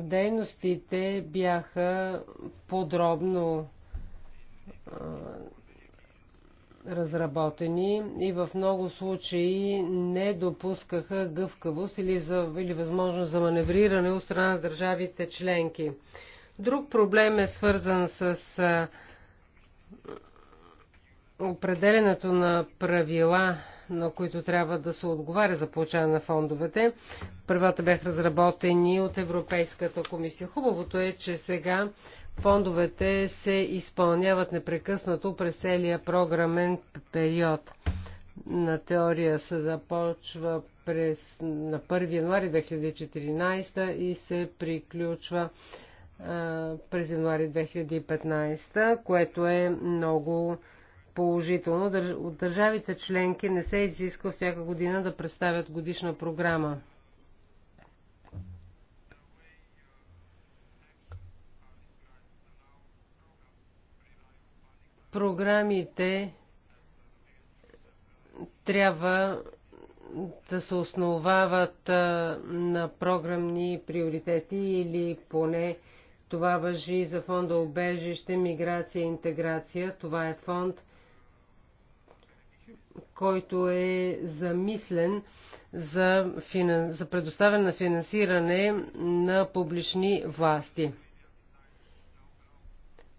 Дейностите бяха подробно разработени и в много случаи не допускаха гъвкавост или, за, или възможност за маневриране от страна на държавите членки. Друг проблем е свързан с определенето на правила, на които трябва да се отговаря за получаване на фондовете. Правилата бяха разработени от Европейската комисия. Хубавото е, че сега Фондовете се изпълняват непрекъснато през целия програмен период. На теория се започва през, на 1 януари 2014 и се приключва а, през януари 2015, което е много положително. От държавите членки не се изисква всяка година да представят годишна програма. Програмите трябва да се основават на програмни приоритети или поне това въжи за фонда Обежище, миграция и интеграция. Това е фонд, който е замислен за, за предоставяне на финансиране на публични власти.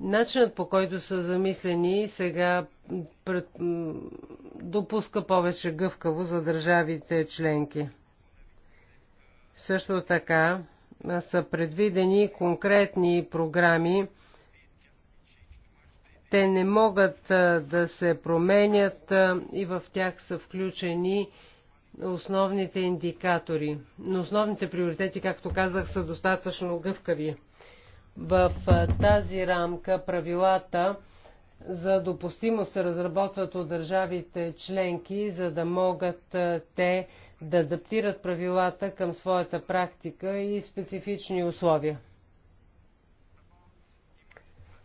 Начинът по който са замислени сега пред, допуска повече гъвкаво за държавите членки. Също така са предвидени конкретни програми. Те не могат да се променят и в тях са включени основните индикатори. Но основните приоритети, както казах, са достатъчно гъвкави. В тази рамка правилата за допустимо се разработват от държавите членки, за да могат те да адаптират правилата към своята практика и специфични условия.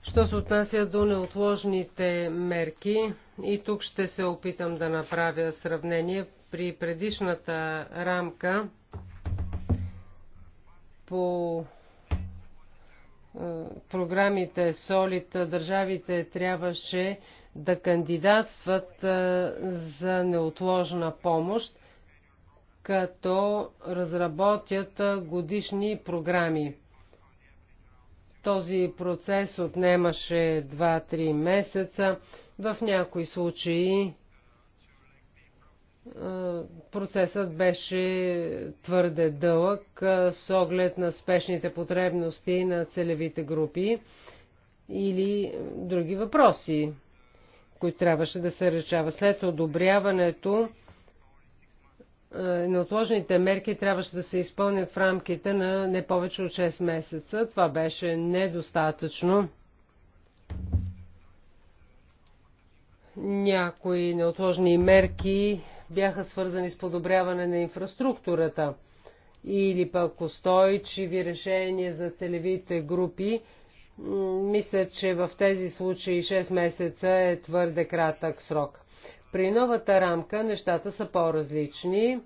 Що се отнася до неотложните мерки, и тук ще се опитам да направя сравнение. При предишната рамка по е, програмите СОЛИТ държавите трябваше да кандидатстват е, за неотложна помощ, като разработят е, годишни програми. Този процес отнемаше 2-3 месеца, в някои случаи процесът беше твърде дълъг с оглед на спешните потребности на целевите групи или други въпроси, които трябваше да се решава. След одобряването неотложните мерки трябваше да се изпълнят в рамките на не повече от 6 месеца. Това беше недостатъчно. Някои неотложни мерки бяха свързани с подобряване на инфраструктурата или пък устойчиви решения за целевите групи. Мисля, че в тези случаи 6 месеца е твърде кратък срок. При новата рамка нещата са по-различни.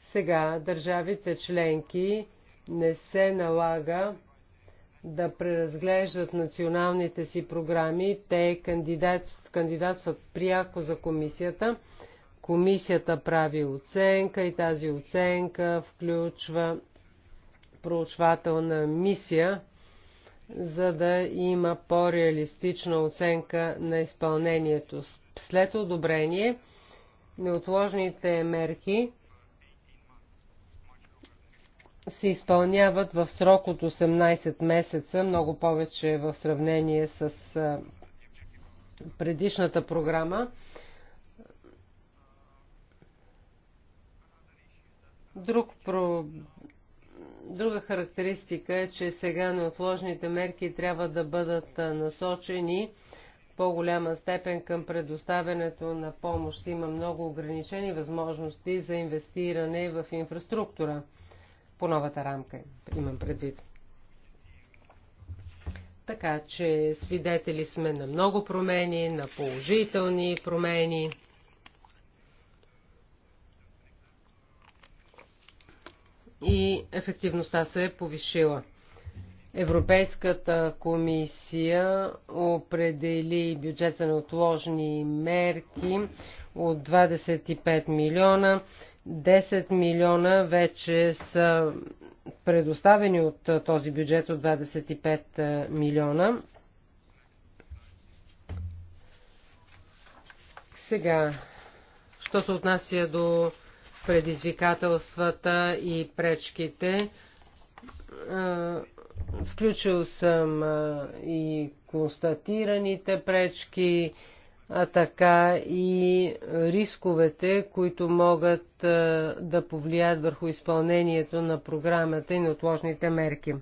Сега държавите членки не се налага да преразглеждат националните си програми. Те кандидат, кандидатстват пряко за комисията Комисията прави оценка и тази оценка включва проучвателна мисия, за да има по-реалистична оценка на изпълнението. След одобрение, неотложните мерки се изпълняват в срок от 18 месеца, много повече в сравнение с предишната програма. Друг про... Друга характеристика е, че сега неотложните мерки трябва да бъдат насочени по-голяма степен към предоставянето на помощ. Има много ограничени възможности за инвестиране в инфраструктура по новата рамка, имам предвид. Така че свидетели сме на много промени, на положителни промени. и ефективността се е повишила. Европейската комисия определи бюджет за неотложни мерки от 25 милиона. 10 милиона вече са предоставени от този бюджет от 25 милиона. Сега, що се отнася до предизвикателствата и пречките. Включил съм и констатираните пречки, а така и рисковете, които могат да повлияят върху изпълнението на програмата и на отложните мерки.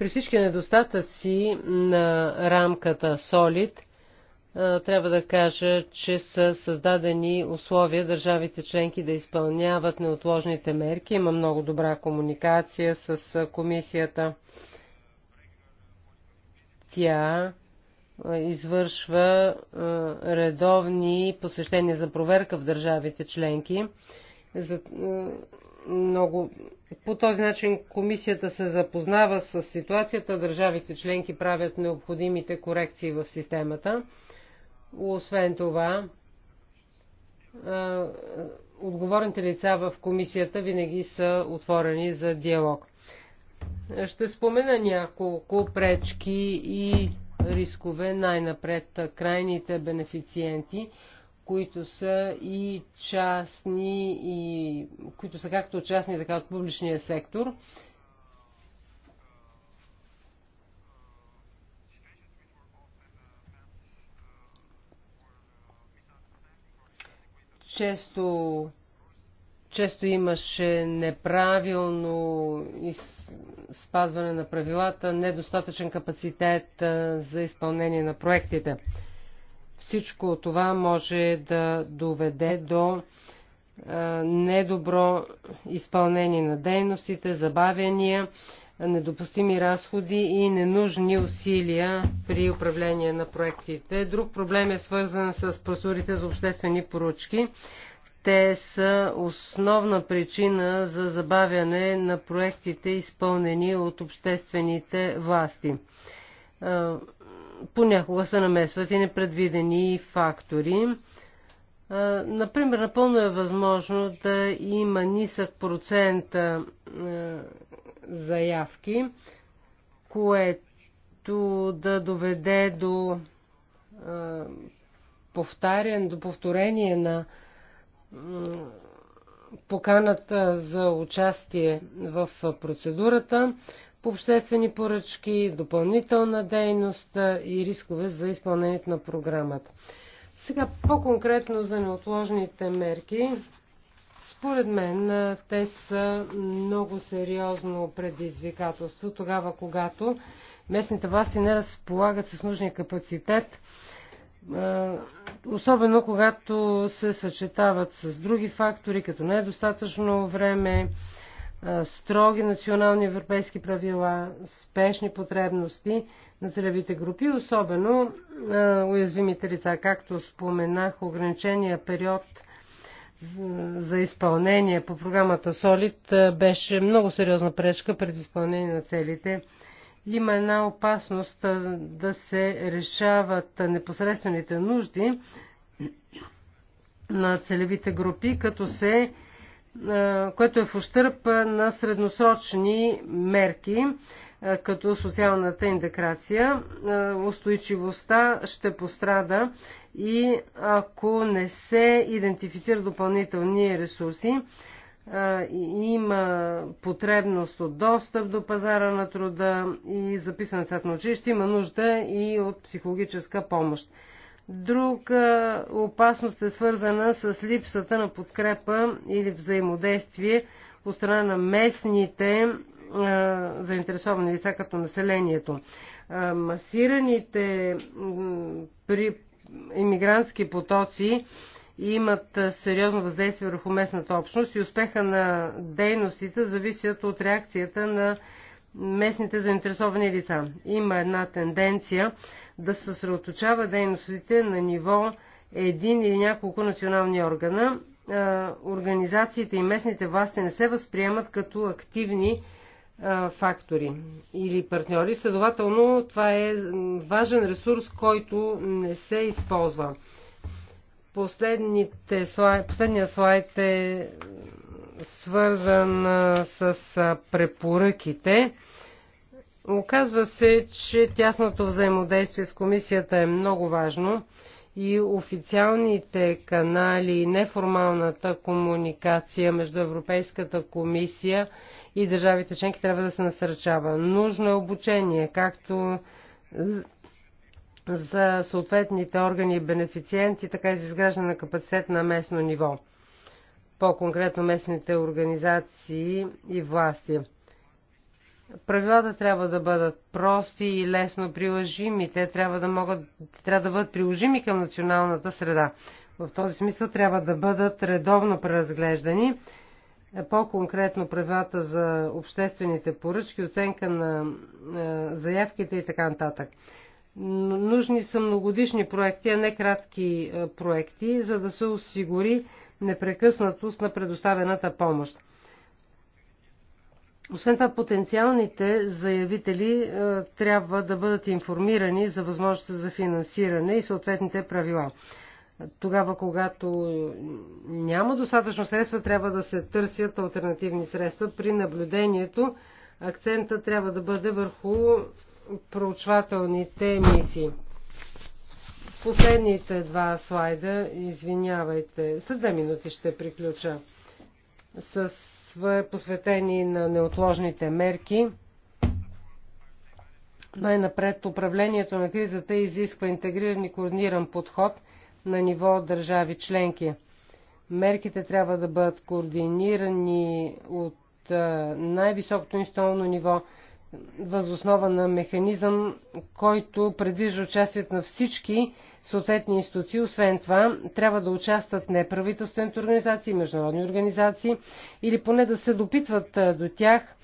При всички недостатъци на рамката SOLID, трябва да кажа, че са създадени условия държавите членки да изпълняват неотложните мерки. Има много добра комуникация с комисията. Тя извършва редовни посещения за проверка в държавите членки. За, много. По този начин комисията се запознава с ситуацията, държавите членки правят необходимите корекции в системата. Освен това, отговорните лица в комисията винаги са отворени за диалог. Ще спомена няколко пречки и рискове, най-напред крайните бенефициенти – които са и частни, и, които са както частни, така от публичния сектор. Често, често имаше неправилно спазване на правилата, недостатъчен капацитет за изпълнение на проектите. Всичко това може да доведе до недобро изпълнение на дейностите, забавяния, недопустими разходи и ненужни усилия при управление на проектите. Друг проблем е свързан с процедурите за обществени поръчки. Те са основна причина за забавяне на проектите, изпълнени от обществените власти понякога се намесват и непредвидени фактори. Например, напълно е възможно да има нисък процент заявки, което да доведе до повтарен, до повторение на поканата за участие в процедурата, по обществени поръчки, допълнителна дейност и рискове за изпълнението на програмата. Сега по-конкретно за неотложните мерки. Според мен те са много сериозно предизвикателство тогава, когато местните власти не разполагат с нужния капацитет, особено когато се съчетават с други фактори, като недостатъчно е време, строги национални европейски правила, спешни потребности на целевите групи, особено уязвимите лица. Както споменах, ограничения период за изпълнение по програмата Солид беше много сериозна пречка пред изпълнение на целите. Има една опасност да се решават непосредствените нужди на целевите групи, като се което е в ущърп на средносрочни мерки, като социалната индекрация. Устойчивостта ще пострада и ако не се идентифицират допълнителни ресурси, има потребност от достъп до пазара на труда и записаната на училище, има нужда и от психологическа помощ. Друга опасност е свързана с липсата на подкрепа или взаимодействие от страна на местните заинтересовани лица като населението. Масираните при иммигрантски потоци имат сериозно въздействие върху местната общност и успеха на дейностите зависят от реакцията на местните заинтересовани лица. Има една тенденция да съсредоточава дейностите на ниво един или няколко национални органа. Организациите и местните власти не се възприемат като активни фактори или партньори. Следователно, това е важен ресурс, който не се използва. Последните слайд, последния слайд е свързан с препоръките. Оказва се, че тясното взаимодействие с комисията е много важно и официалните канали и неформалната комуникация между Европейската комисия и държавите членки трябва да се насърчава. Нужно е обучение, както за съответните органи и бенефициенти, така и за изграждане на капацитет на местно ниво, по-конкретно местните организации и власти. Правилата трябва да бъдат прости и лесно приложими. Те трябва да могат трябва да бъдат приложими към националната среда. В този смисъл трябва да бъдат редовно преразглеждани. По-конкретно правилата за обществените поръчки, оценка на заявките и така нататък. Нужни са многодишни проекти, а не кратки проекти, за да се осигури непрекъснатост на предоставената помощ. Освен това, потенциалните заявители е, трябва да бъдат информирани за възможността за финансиране и съответните правила. Тогава, когато няма достатъчно средства, трябва да се търсят альтернативни средства. При наблюдението акцента трябва да бъде върху проучвателните мисии. Последните два слайда, извинявайте, след две минути ще приключа с посветени на неотложните мерки. Най-напред управлението на кризата изисква интегриран и координиран подход на ниво държави членки. Мерките трябва да бъдат координирани от най-високото институционално ниво възоснова на механизъм, който предвижда участието на всички съответни институции. Освен това, трябва да участват неправителствените организации, международни организации или поне да се допитват до тях.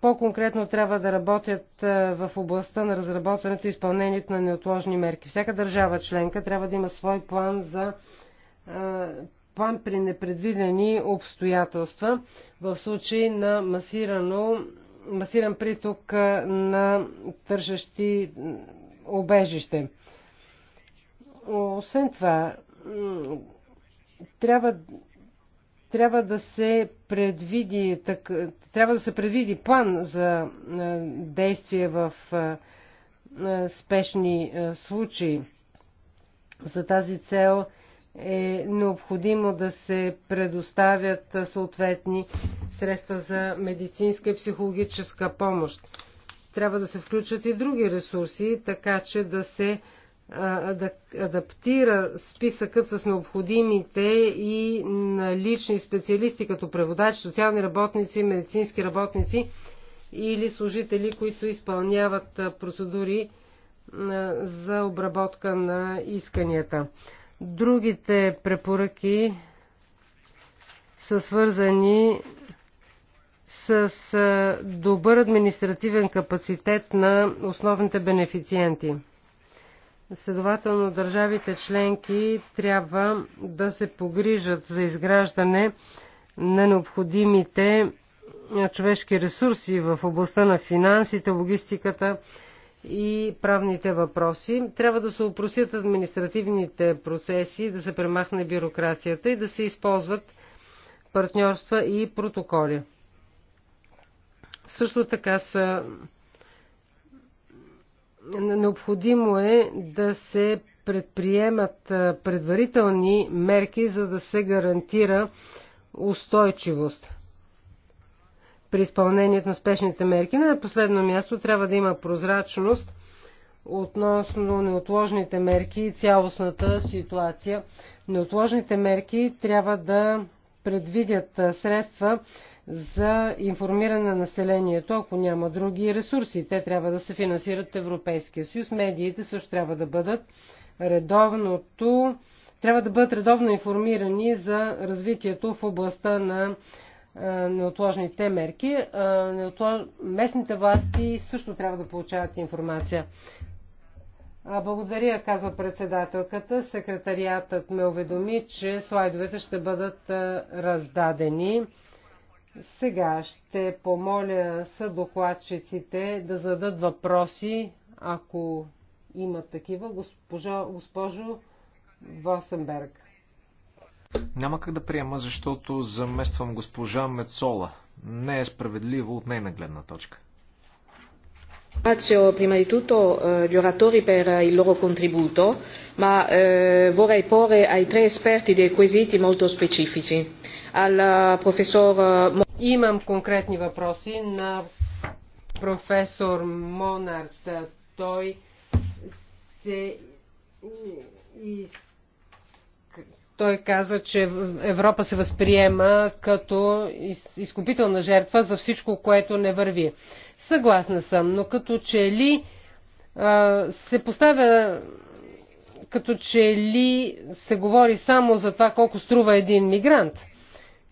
По-конкретно трябва да работят в областта на разработването и изпълнението на неотложни мерки. Всяка държава членка трябва да има свой план за план при непредвидени обстоятелства в случай на масирано масиран приток на тържащи обежище. Освен това, трябва, трябва да се предвиди так, трябва да се предвиди план за действие в спешни случаи. За тази цел е необходимо да се предоставят съответни средства за медицинска и психологическа помощ. Трябва да се включат и други ресурси, така че да се адаптира списъкът с необходимите и налични специалисти, като преводачи, социални работници, медицински работници или служители, които изпълняват процедури за обработка на исканията. Другите препоръки са свързани с добър административен капацитет на основните бенефициенти. Следователно, държавите членки трябва да се погрижат за изграждане на необходимите човешки ресурси в областта на финансите, логистиката и правните въпроси. Трябва да се опросят административните процеси, да се премахне бюрокрацията и да се използват партньорства и протоколи. Също така са необходимо е да се предприемат предварителни мерки, за да се гарантира устойчивост при изпълнението на спешните мерки. На последно място трябва да има прозрачност относно неотложните мерки и цялостната ситуация. Неотложните мерки трябва да предвидят средства за информиране на населението, ако няма други ресурси. Те трябва да се финансират Европейския съюз. Медиите също трябва да бъдат редовното, трябва да бъдат редовно информирани за развитието в областта на неотложните мерки. Местните власти също трябва да получават информация. Благодаря, казва председателката. Секретариатът ме уведоми, че слайдовете ще бъдат раздадени. Сега ще помоля съдокладчиците да зададат въпроси, ако има такива. Госпожо, госпожо Восенберг. Няма как да приема, защото замествам госпожа Мецола. Не е справедливо от нейна гледна точка. Ringrazio prima di tutto gli oratori per il loro contributo, ma vorrei porre ai tre esperti dei quesiti molto specifici. Al professor Imam конкретни въпроси на професор Монарт. Той се той каза, че Европа се възприема като изкупителна жертва за всичко, което не върви. Съгласна съм, но като че ли а, се поставя като че ли се говори само за това колко струва един мигрант.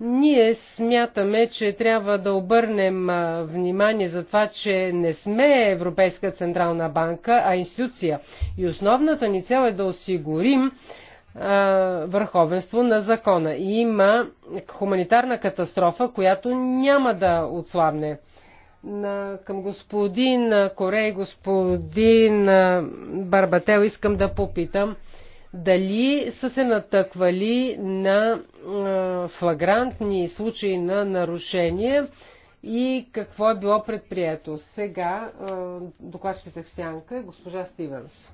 Ние смятаме, че трябва да обърнем внимание за това, че не сме Европейска Централна банка, а институция. И основната ни цел е да осигурим върховенство на закона. И има хуманитарна катастрофа, която няма да отслабне на, към господин Корей, господин Барбател, искам да попитам дали са се натъквали на а, флагрантни случаи на нарушение и какво е било предприето. Сега докладчите в сянка е госпожа Стивенс.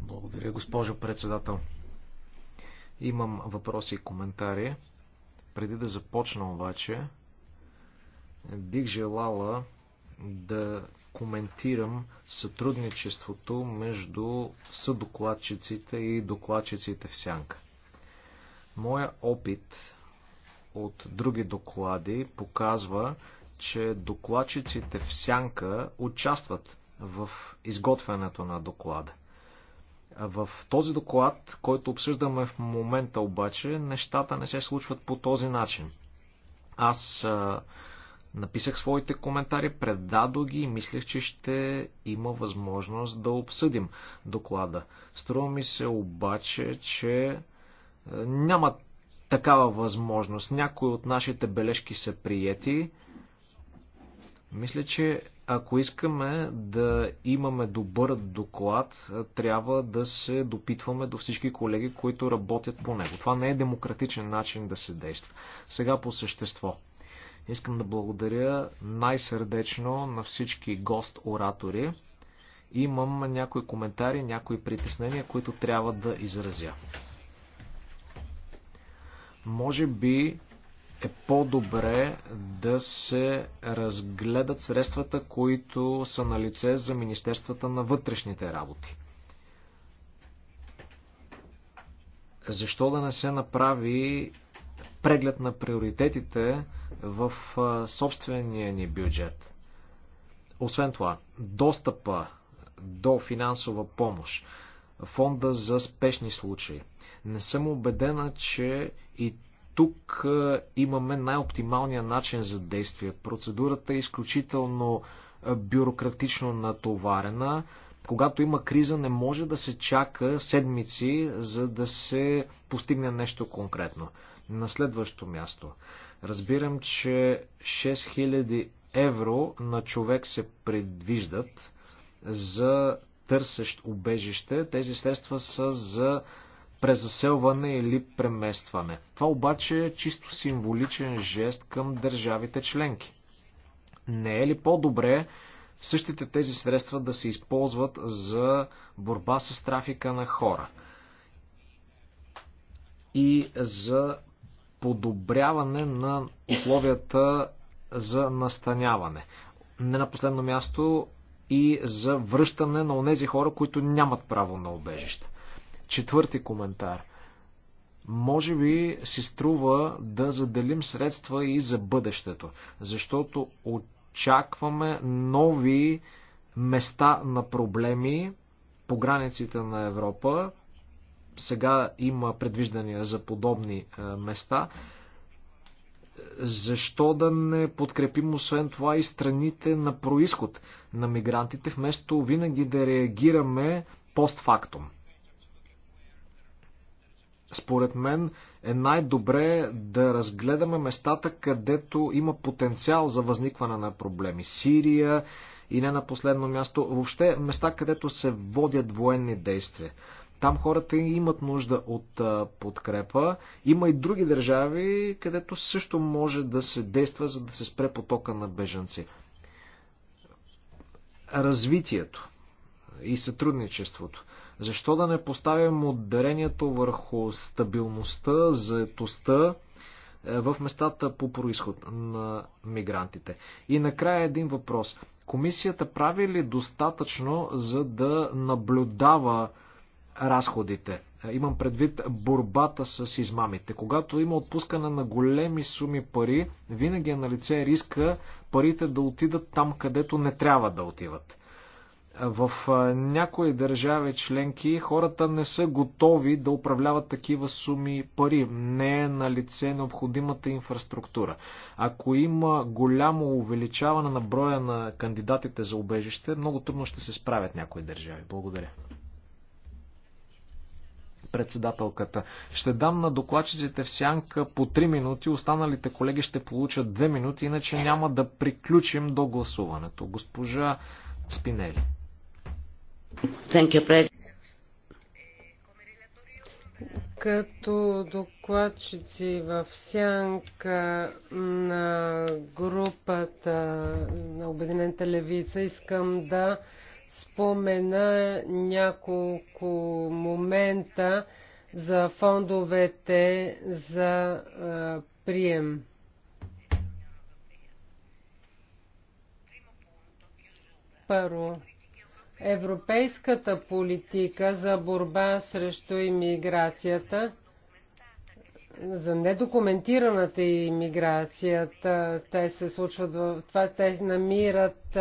Благодаря, госпожо председател. Имам въпроси и коментари. Преди да започна обаче, бих желала да коментирам сътрудничеството между съдокладчиците и докладчиците в сянка. Моя опит от други доклади показва, че докладчиците в сянка участват в изготвянето на доклада. В този доклад, който обсъждаме в момента обаче, нещата не се случват по този начин. Аз а, написах своите коментари, предадох ги и мислех, че ще има възможност да обсъдим доклада. Струва ми се обаче, че няма такава възможност. Някои от нашите бележки са приети, мисля, че ако искаме да имаме добър доклад, трябва да се допитваме до всички колеги, които работят по него. Това не е демократичен начин да се действа. Сега по същество. Искам да благодаря най-сърдечно на всички гост-оратори. Имам някои коментари, някои притеснения, които трябва да изразя. Може би е по-добре да се разгледат средствата, които са на лице за Министерствата на вътрешните работи. Защо да не се направи преглед на приоритетите в собствения ни бюджет? Освен това, достъпа до финансова помощ, фонда за спешни случаи. Не съм убедена, че и тук имаме най-оптималния начин за действие. Процедурата е изключително бюрократично натоварена. Когато има криза, не може да се чака седмици, за да се постигне нещо конкретно. На следващо място. Разбирам, че 6000 евро на човек се предвиждат за търсещ убежище. Тези средства са за презаселване или преместване. Това обаче е чисто символичен жест към държавите членки. Не е ли по-добре същите тези средства да се използват за борба с трафика на хора и за подобряване на условията за настаняване. Не на последно място и за връщане на онези хора, които нямат право на обежище. Четвърти коментар. Може би си струва да заделим средства и за бъдещето, защото очакваме нови места на проблеми по границите на Европа. Сега има предвиждания за подобни е, места. Защо да не подкрепим освен това и страните на происход на мигрантите, вместо винаги да реагираме постфактум? според мен е най-добре да разгледаме местата, където има потенциал за възникване на проблеми. Сирия и не на последно място, въобще места, където се водят военни действия. Там хората имат нужда от а, подкрепа. Има и други държави, където също може да се действа, за да се спре потока на бежанци. Развитието и сътрудничеството. Защо да не поставим ударението върху стабилността, заетостта е, в местата по происход на мигрантите? И накрая един въпрос. Комисията прави ли достатъчно, за да наблюдава разходите? Е, имам предвид борбата с измамите. Когато има отпускане на големи суми пари, винаги е на лице риска парите да отидат там, където не трябва да отиват. В някои държави членки хората не са готови да управляват такива суми пари. Не е на лице необходимата инфраструктура. Ако има голямо увеличаване на броя на кандидатите за убежище, много трудно ще се справят някои държави. Благодаря. Председателката. Ще дам на докладчиците в сянка по 3 минути, останалите колеги ще получат 2 минути, иначе няма да приключим до гласуването. Госпожа Спинели. Като докладчици в сянка на групата на Обединената левица искам да спомена няколко момента за фондовете за а, прием. Първо, Европейската политика за борба срещу иммиграцията, за недокументираната иммиграцията, те се случват в това, те намират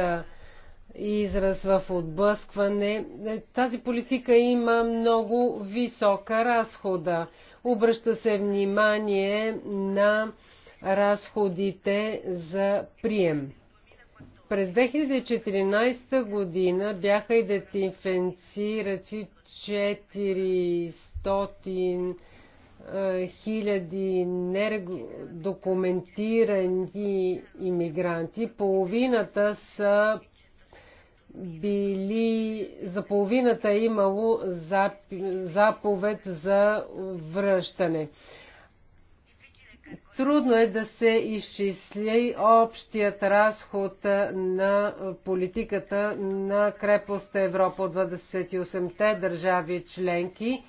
израз в отблъскване. Тази политика има много висока разхода. Обръща се внимание на разходите за прием. През 2014 година бяха идентифицирани 400 хиляди недокументирани иммигранти. Половината са били, за половината е имало заповед за връщане. Трудно е да се изчисли общият разход на политиката на крепост Европа от 28-те държави членки.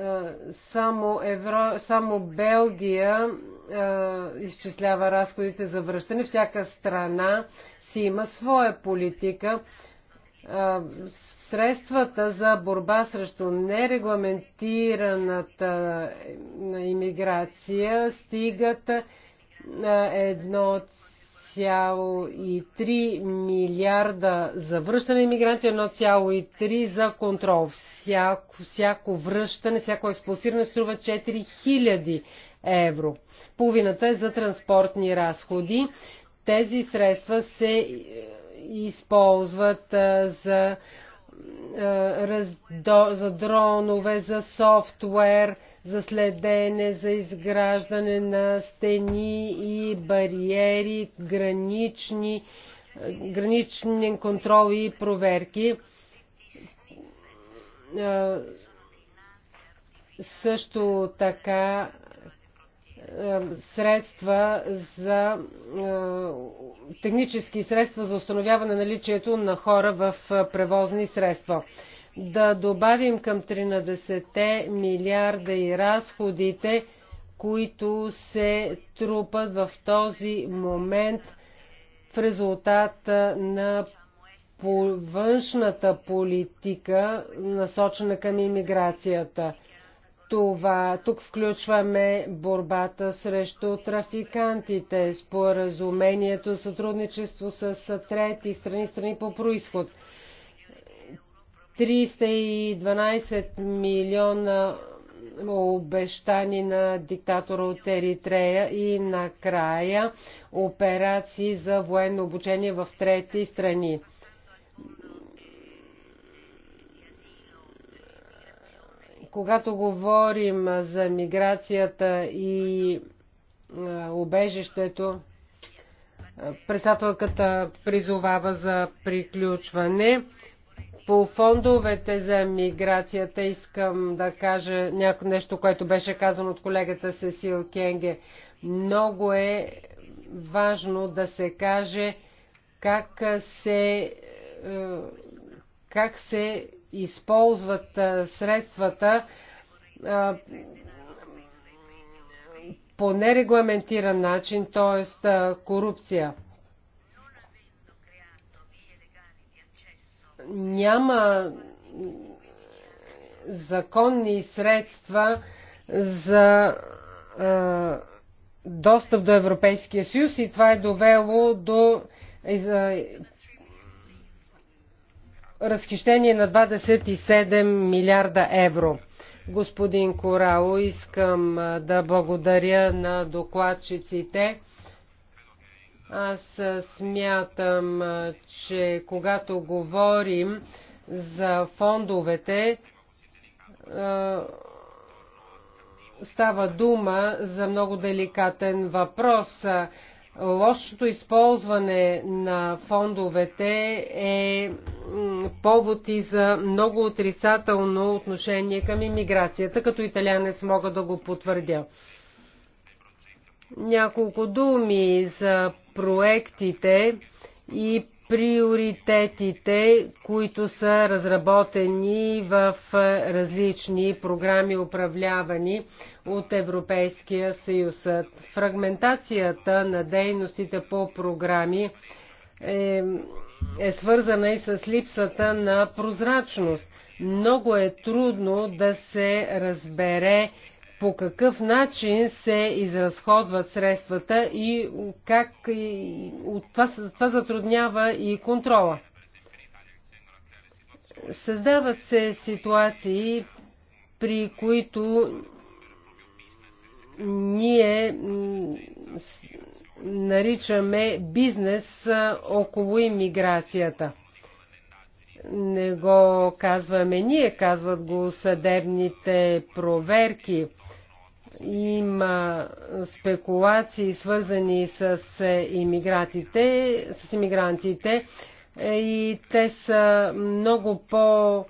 Е, само, Евро... само Белгия е, изчислява разходите за връщане. Всяка страна си има своя политика средствата за борба срещу нерегламентираната иммиграция стигат 1,3 милиарда за връщане на иммигранти, 1,3 за контрол. Всяко, всяко връщане, всяко експлосиране струва 4000 евро. Половината е за транспортни разходи. Тези средства се използват за, за дронове, за софтуер, за следене, за изграждане на стени и бариери, гранични, гранични контрол и проверки също така е, средства за е, технически средства за установяване наличието на хора в е, превозни средства. Да добавим към 13 милиарда и разходите, които се трупат в този момент в резултат на външната политика, насочена към иммиграцията – това тук включваме борбата срещу трафикантите, споразумението, сътрудничество с трети страни, страни по происход. 312 милиона обещани на диктатора от Еритрея и накрая операции за военно обучение в трети страни. Когато говорим за миграцията и убежището, председателката призовава за приключване. По фондовете за миграцията искам да кажа някое нещо, което беше казано от колегата Сесил Кенге. Много е важно да се каже как се, е, как се използват средствата по нерегламентиран начин, т.е. корупция. Няма законни средства за достъп до Европейския съюз и това е довело до разхищение на 27 милиарда евро. Господин Корао, искам да благодаря на докладчиците. Аз смятам, че когато говорим за фондовете, става дума за много деликатен въпрос. Лошото използване на фондовете е повод и за много отрицателно отношение към иммиграцията, като италянец мога да го потвърдя. Няколко думи за проектите и приоритетите, които са разработени в е, различни програми, управлявани от Европейския съюз. Фрагментацията на дейностите по програми е, е свързана и с липсата на прозрачност. Много е трудно да се разбере по какъв начин се изразходват средствата и как и, това, това затруднява и контрола. Създават се ситуации, при които ние наричаме бизнес около иммиграцията. Не го казваме ние, казват го съдебните проверки има спекулации свързани с е, иммигрантите, с иммигрантите е, и те са много по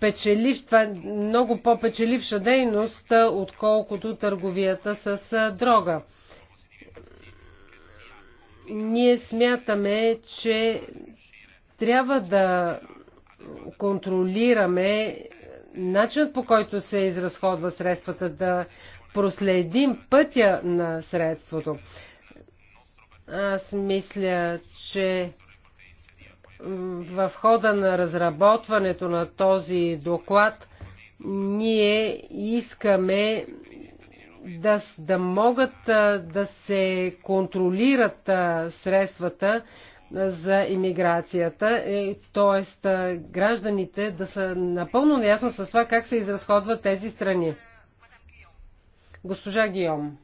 печелив, това е много по-печеливша дейност, е, отколкото търговията с дрога. Ние смятаме, че трябва да контролираме начинът по който се изразходва средствата, да проследим пътя на средството. Аз мисля, че в хода на разработването на този доклад ние искаме да, да могат да се контролират средствата за иммиграцията, е, т.е. гражданите да са напълно наясно с това как се изразходват тези страни. Госпожа Гиом.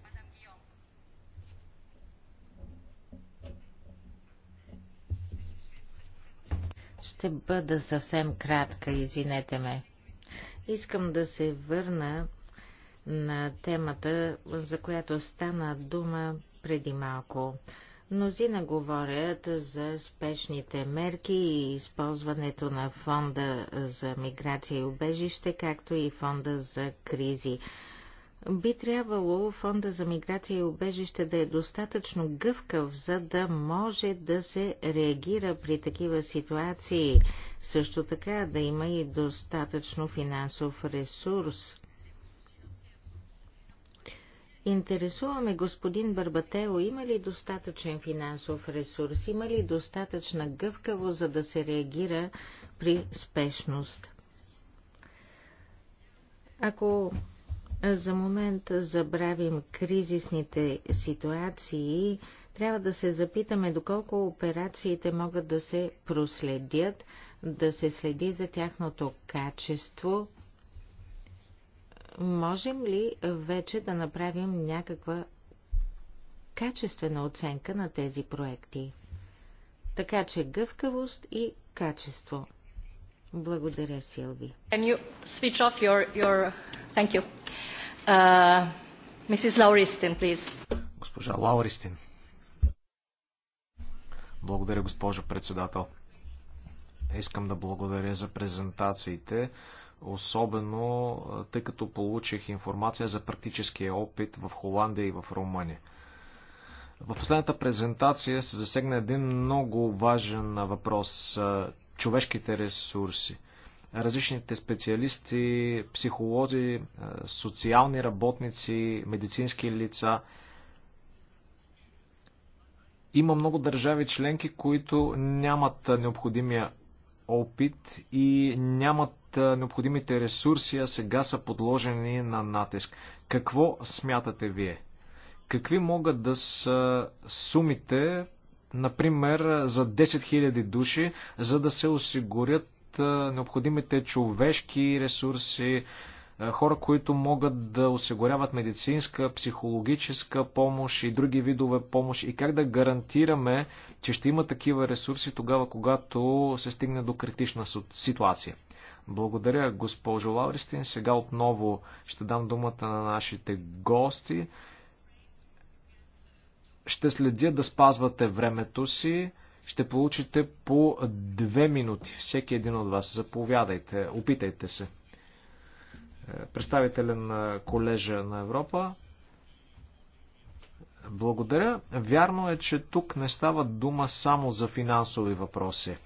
Ще бъда съвсем кратка, извинете ме. Искам да се върна на темата, за която стана дума преди малко. Мнозина говорят за спешните мерки и използването на фонда за миграция и убежище, както и фонда за кризи. Би трябвало фонда за миграция и убежище да е достатъчно гъвкав, за да може да се реагира при такива ситуации. Също така да има и достатъчно финансов ресурс. Интересуваме господин Барбатео, има ли достатъчен финансов ресурс, има ли достатъчна гъвкаво, за да се реагира при спешност? Ако за момент забравим кризисните ситуации, трябва да се запитаме доколко операциите могат да се проследят, да се следи за тяхното качество можем ли вече да направим някаква качествена оценка на тези проекти? Така че гъвкавост и качество. Благодаря, Силви. Can you switch off your, your... Thank you. Uh, Mrs. Lauristin, please. Госпожа Лауристин. Благодаря, госпожо председател. Искам да благодаря за презентациите особено тъй като получих информация за практическия опит в Холандия и в Румъния. В последната презентация се засегна един много важен въпрос – човешките ресурси. Различните специалисти, психолози, социални работници, медицински лица – има много държави членки, които нямат необходимия опит и нямат необходимите ресурси, а сега са подложени на натиск. Какво смятате вие? Какви могат да са сумите, например, за 10 000 души, за да се осигурят необходимите човешки ресурси, хора, които могат да осигуряват медицинска, психологическа помощ и други видове помощ и как да гарантираме, че ще има такива ресурси тогава, когато се стигне до критична ситуация. Благодаря, госпожо Лавристин. Сега отново ще дам думата на нашите гости. Ще следя да спазвате времето си. Ще получите по две минути. Всеки един от вас. Заповядайте, опитайте се. Представителя на колежа на Европа. Благодаря. Вярно е, че тук не става дума само за финансови въпроси.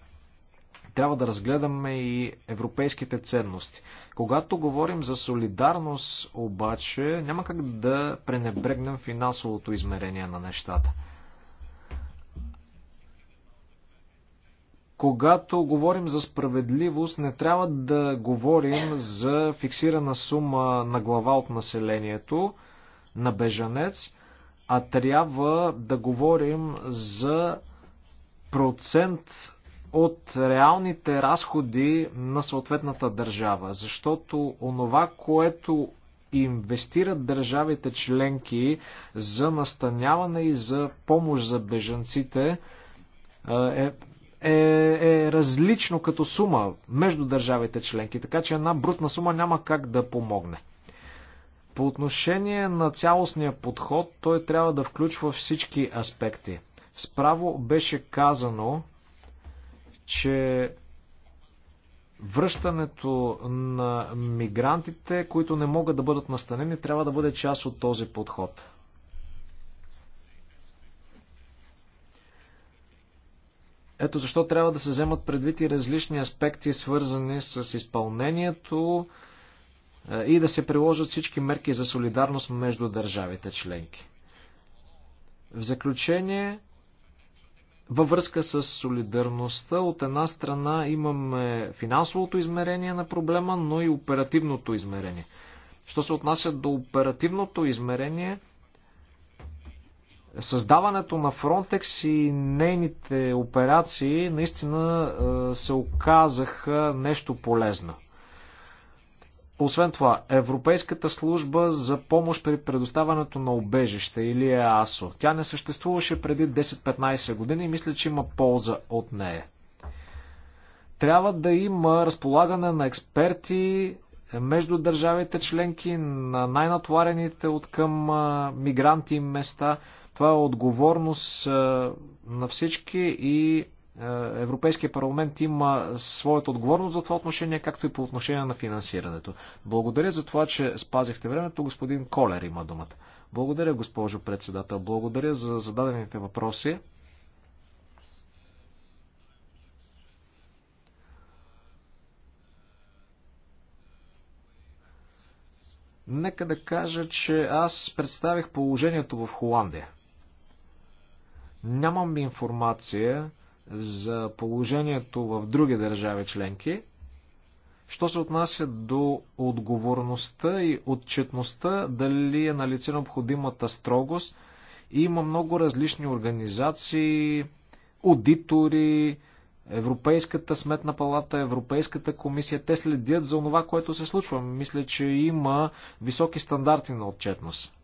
Трябва да разгледаме и европейските ценности. Когато говорим за солидарност, обаче, няма как да пренебрегнем финансовото измерение на нещата. когато говорим за справедливост, не трябва да говорим за фиксирана сума на глава от населението, на бежанец, а трябва да говорим за процент от реалните разходи на съответната държава, защото онова, което инвестират държавите членки за настаняване и за помощ за бежанците е, е, е, е различно като сума между държавите членки, така че една брутна сума няма как да помогне. По отношение на цялостния подход, той трябва да включва всички аспекти. Справо беше казано, че връщането на мигрантите, които не могат да бъдат настанени, трябва да бъде част от този подход. Ето защо трябва да се вземат предвид и различни аспекти, свързани с изпълнението е, и да се приложат всички мерки за солидарност между държавите членки. В заключение, във връзка с солидарността, от една страна имаме финансовото измерение на проблема, но и оперативното измерение. Що се отнася до оперативното измерение, създаването на Frontex и нейните операции наистина е, се оказаха нещо полезно. Освен това, Европейската служба за помощ при предоставането на убежище или ЕАСО, тя не съществуваше преди 10-15 години и мисля, че има полза от нея. Трябва да има разполагане на експерти между държавите членки на най-натоварените от към мигранти места. Това е отговорност на всички и е, Европейския парламент има своята отговорност за това отношение, както и по отношение на финансирането. Благодаря за това, че спазихте времето. Господин Колер има думата. Благодаря, госпожо председател. Благодаря за зададените въпроси. Нека да кажа, че аз представих положението в Холандия. Нямам информация, за положението в други държави членки. Що се отнася до отговорността и отчетността, дали е налице необходимата строгост, и има много различни организации, аудитори, Европейската сметна палата, Европейската комисия, те следят за това, което се случва. Мисля, че има високи стандарти на отчетност.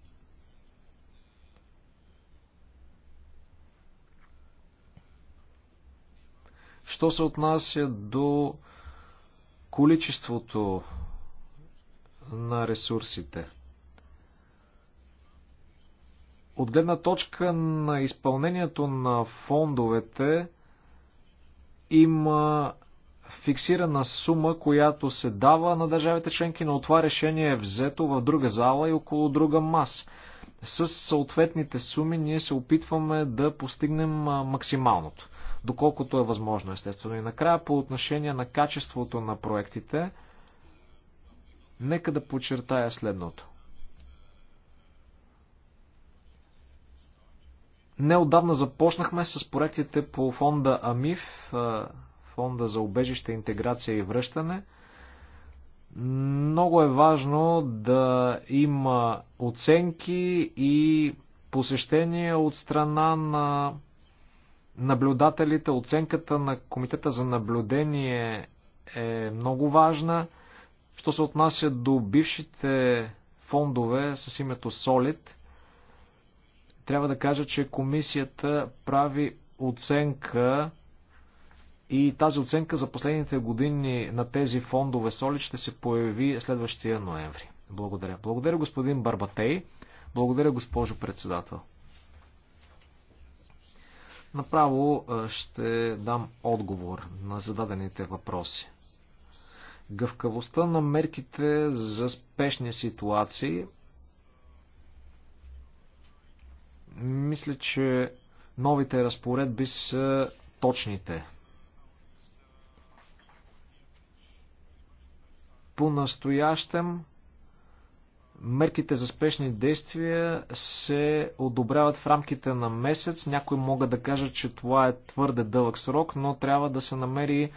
Що се отнася до количеството на ресурсите? От гледна точка на изпълнението на фондовете има фиксирана сума, която се дава на държавите членки, но това решение е взето в друга зала и около друга маса. С съответните суми ние се опитваме да постигнем максималното доколкото е възможно, естествено. И накрая по отношение на качеството на проектите, нека да подчертая следното. Неодавна започнахме с проектите по фонда АМИФ, фонда за убежище, интеграция и връщане. Много е важно да има оценки и посещения от страна на наблюдателите, оценката на комитета за наблюдение е много важна. Що се отнася до бившите фондове с името Solid, трябва да кажа, че комисията прави оценка и тази оценка за последните години на тези фондове Solid ще се появи следващия ноември. Благодаря. Благодаря господин Барбатей. Благодаря госпожо председател. Направо ще дам отговор на зададените въпроси. Гъвкавостта на мерките за спешни ситуации. Мисля, че новите разпоредби са точните. По-настоящем Мерките за спешни действия се одобряват в рамките на месец. Някои могат да кажат, че това е твърде дълъг срок, но трябва да се намери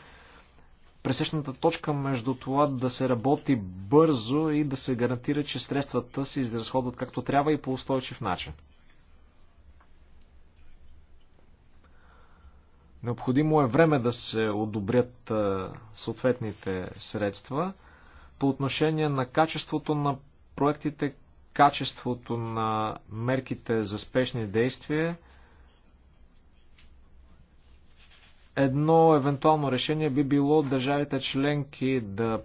пресечната точка между това да се работи бързо и да се гарантира, че средствата се изразходват както трябва и по устойчив начин. Необходимо е време да се одобрят съответните средства. По отношение на качеството на проектите, качеството на мерките за спешни действия, едно евентуално решение би било държавите членки да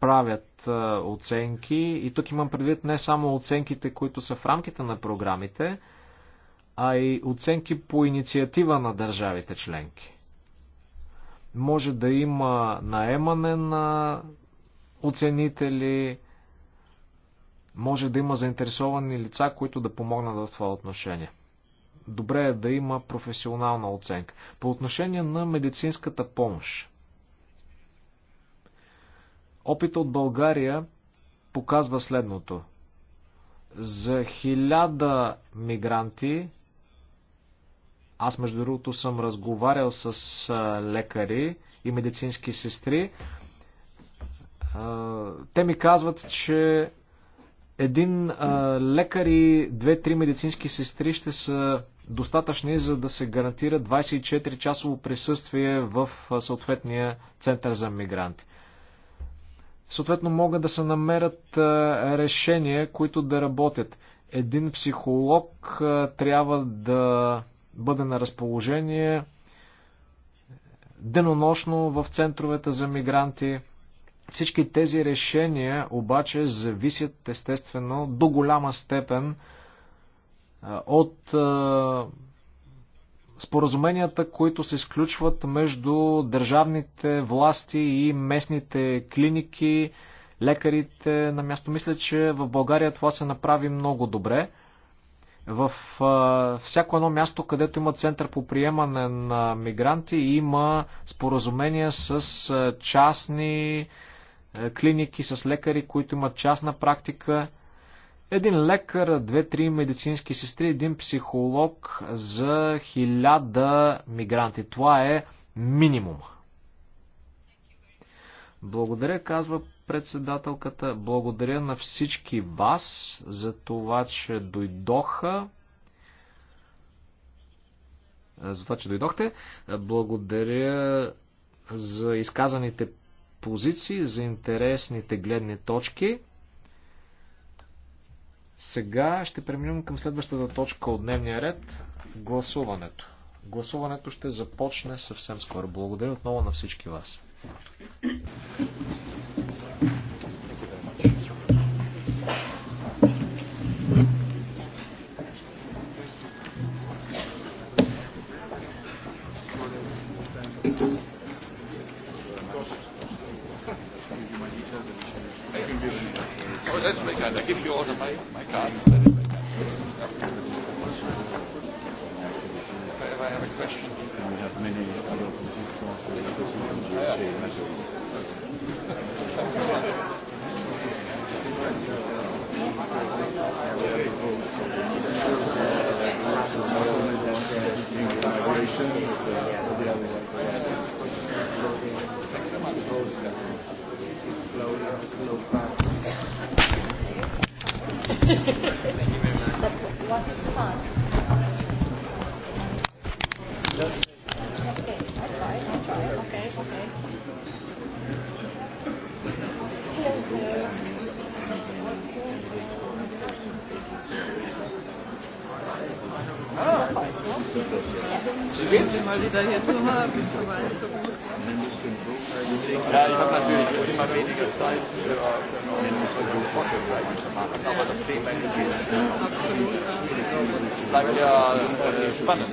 правят оценки. И тук имам предвид не само оценките, които са в рамките на програмите, а и оценки по инициатива на държавите членки. Може да има наемане на оценители, може да има заинтересовани лица, които да помогнат в това отношение. Добре е да има професионална оценка. По отношение на медицинската помощ. Опита от България показва следното. За хиляда мигранти, аз между другото съм разговарял с лекари и медицински сестри, те ми казват, че един а, лекар и две-три медицински сестри ще са достатъчни, за да се гарантира 24-часово присъствие в съответния център за мигранти. Съответно могат да се намерят а, решения, които да работят. Един психолог а, трябва да бъде на разположение денонощно в центровете за мигранти. Всички тези решения обаче зависят естествено до голяма степен от споразуменията, които се изключват между държавните власти и местните клиники, лекарите на място. Мисля, че в България това се направи много добре. В всяко едно място, където има център по приемане на мигранти, има споразумения с частни е, клиники, с лекари, които имат частна практика. Един лекар, две-три медицински сестри, един психолог за хиляда мигранти. Това е минимум. Благодаря, казва председателката. Благодаря на всички вас за това, че дойдоха. За това, че дойдохте. Благодаря за изказаните позиции, за интересните гледни точки. Сега ще преминем към следващата точка от дневния ред – гласуването. Гласуването ще започне съвсем скоро. Благодаря отново на всички вас. That my card. I give you also my, my card. That is my card. If I have a question. And we have many other Thanks so much but what is fast? Okay, I try, I Okay, okay. Schön, Sie mal wieder hier zu haben. Ja, ich habe natürlich immer weniger Zeit für, für Forschungsseiten zu machen, aber das Thema interessiert mich. Absolut. Es bleibt ja äh, spannend.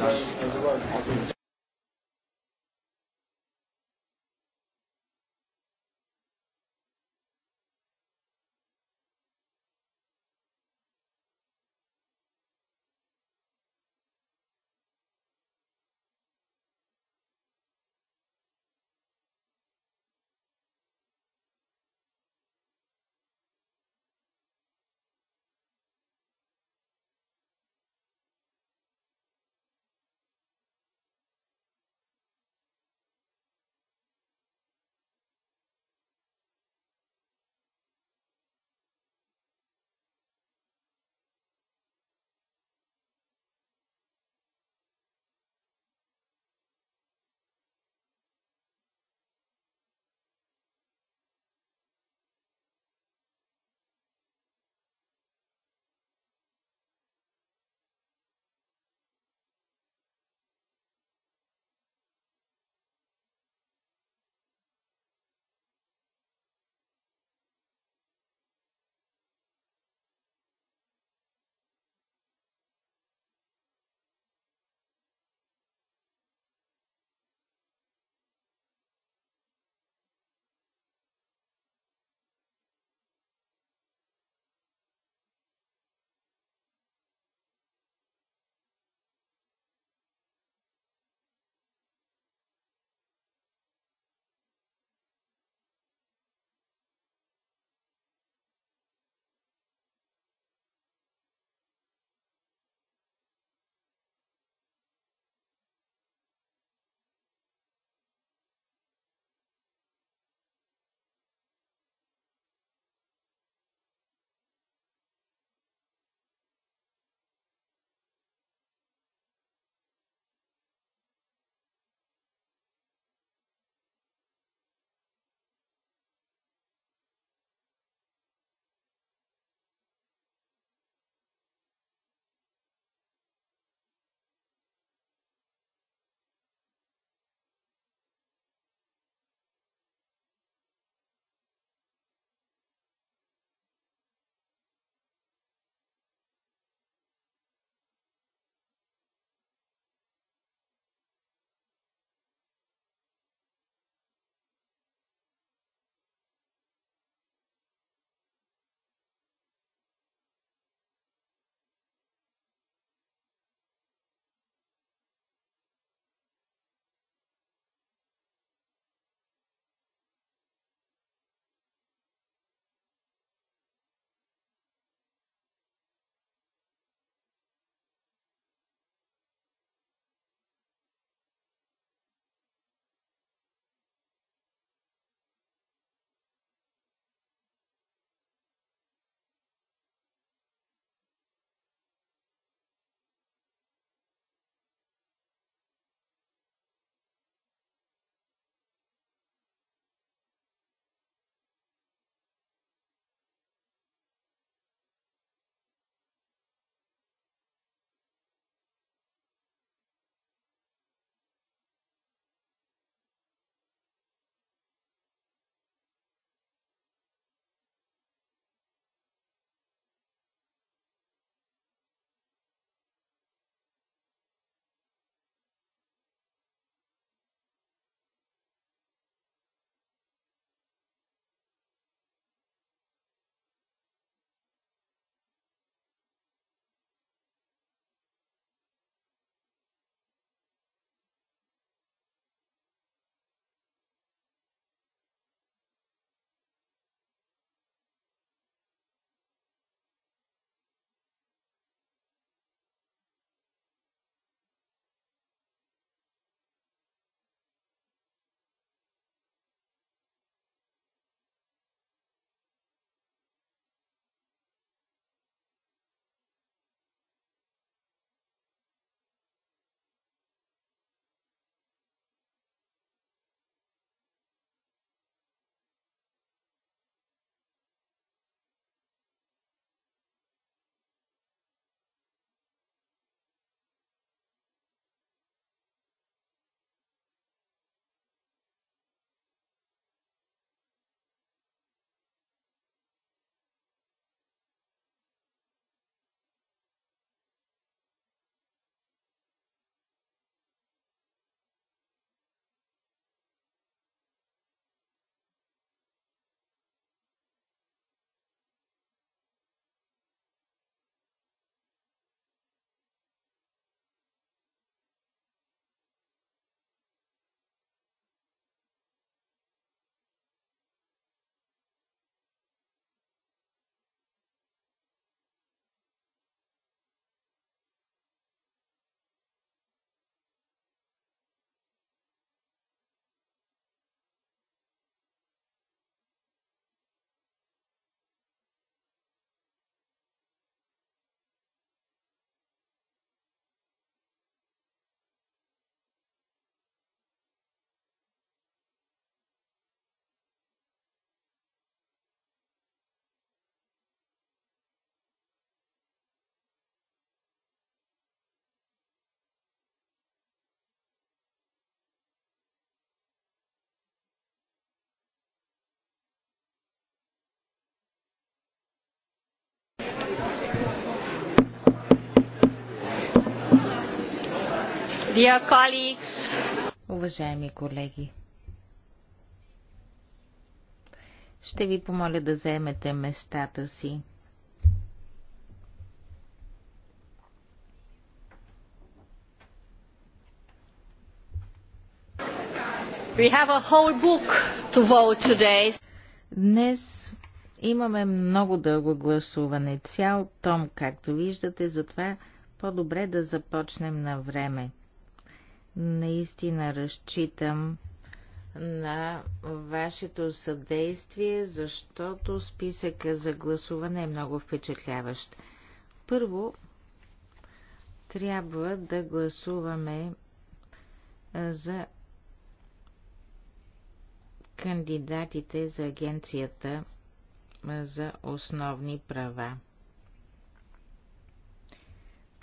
Dear colleagues. Уважаеми колеги, ще ви помоля да заемете местата си. We have a whole book to vote today. Днес имаме много дълго гласуване, цял том, както виждате, затова по-добре да започнем на време. Наистина разчитам на вашето съдействие, защото списъка за гласуване е много впечатляващ. Първо, трябва да гласуваме за кандидатите за Агенцията за основни права.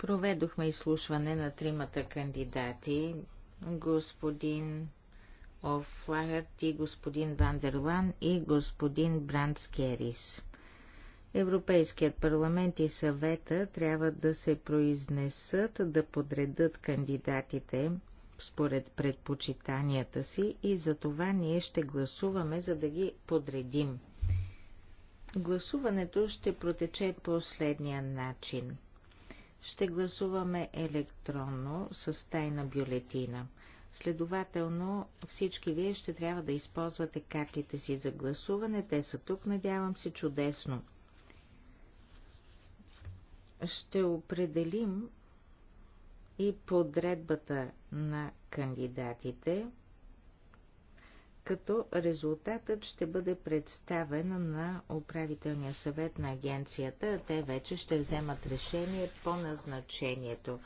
Проведохме изслушване на тримата кандидати, господин Офлагът и господин Вандерлан и господин Бранд Керис. Европейският парламент и съвета трябва да се произнесат да подредат кандидатите според предпочитанията си и за това ние ще гласуваме, за да ги подредим. Гласуването ще протече по следния начин – ще гласуваме електронно с тайна бюлетина. Следователно, всички вие ще трябва да използвате картите си за гласуване. Те са тук, надявам се, чудесно. Ще определим и подредбата на кандидатите като резултатът ще бъде представен на управителния съвет на агенцията, а те вече ще вземат решение по назначението.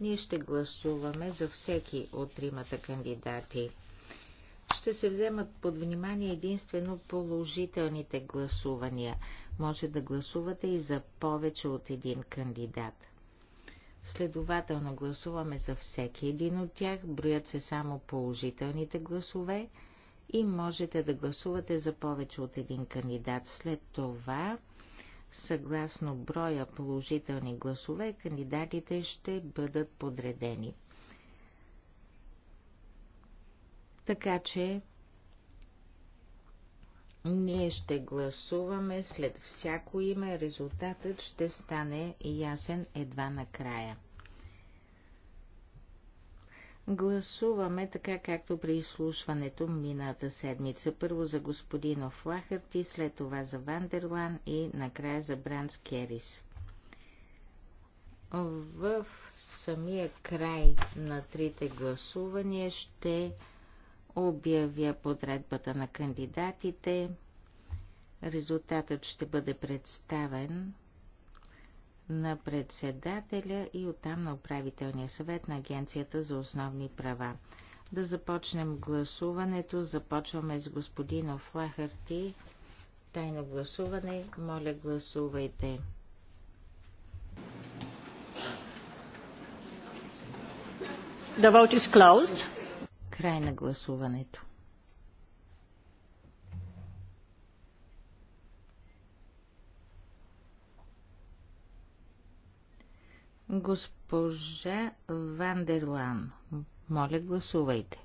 Ние ще гласуваме за всеки от тримата кандидати. Ще се вземат под внимание единствено положителните гласувания. Може да гласувате и за повече от един кандидат. Следователно гласуваме за всеки един от тях, броят се само положителните гласове – и можете да гласувате за повече от един кандидат. След това, съгласно броя положителни гласове, кандидатите ще бъдат подредени. Така че ние ще гласуваме след всяко име, резултатът ще стане ясен едва накрая. Гласуваме така, както при изслушването мината седмица. Първо за господин Офлахърти, след това за Вандерлан и накрая за Бранс Керис. В самия край на трите гласувания ще обявя подредбата на кандидатите. Резултатът ще бъде представен на председателя и оттам на управителния съвет на Агенцията за основни права. Да започнем гласуването. Започваме с господин Офлахарти. Тайно гласуване. Моля, гласувайте. The vote is closed. Край на гласуването. Госпожа Вандерлан, моля гласувайте.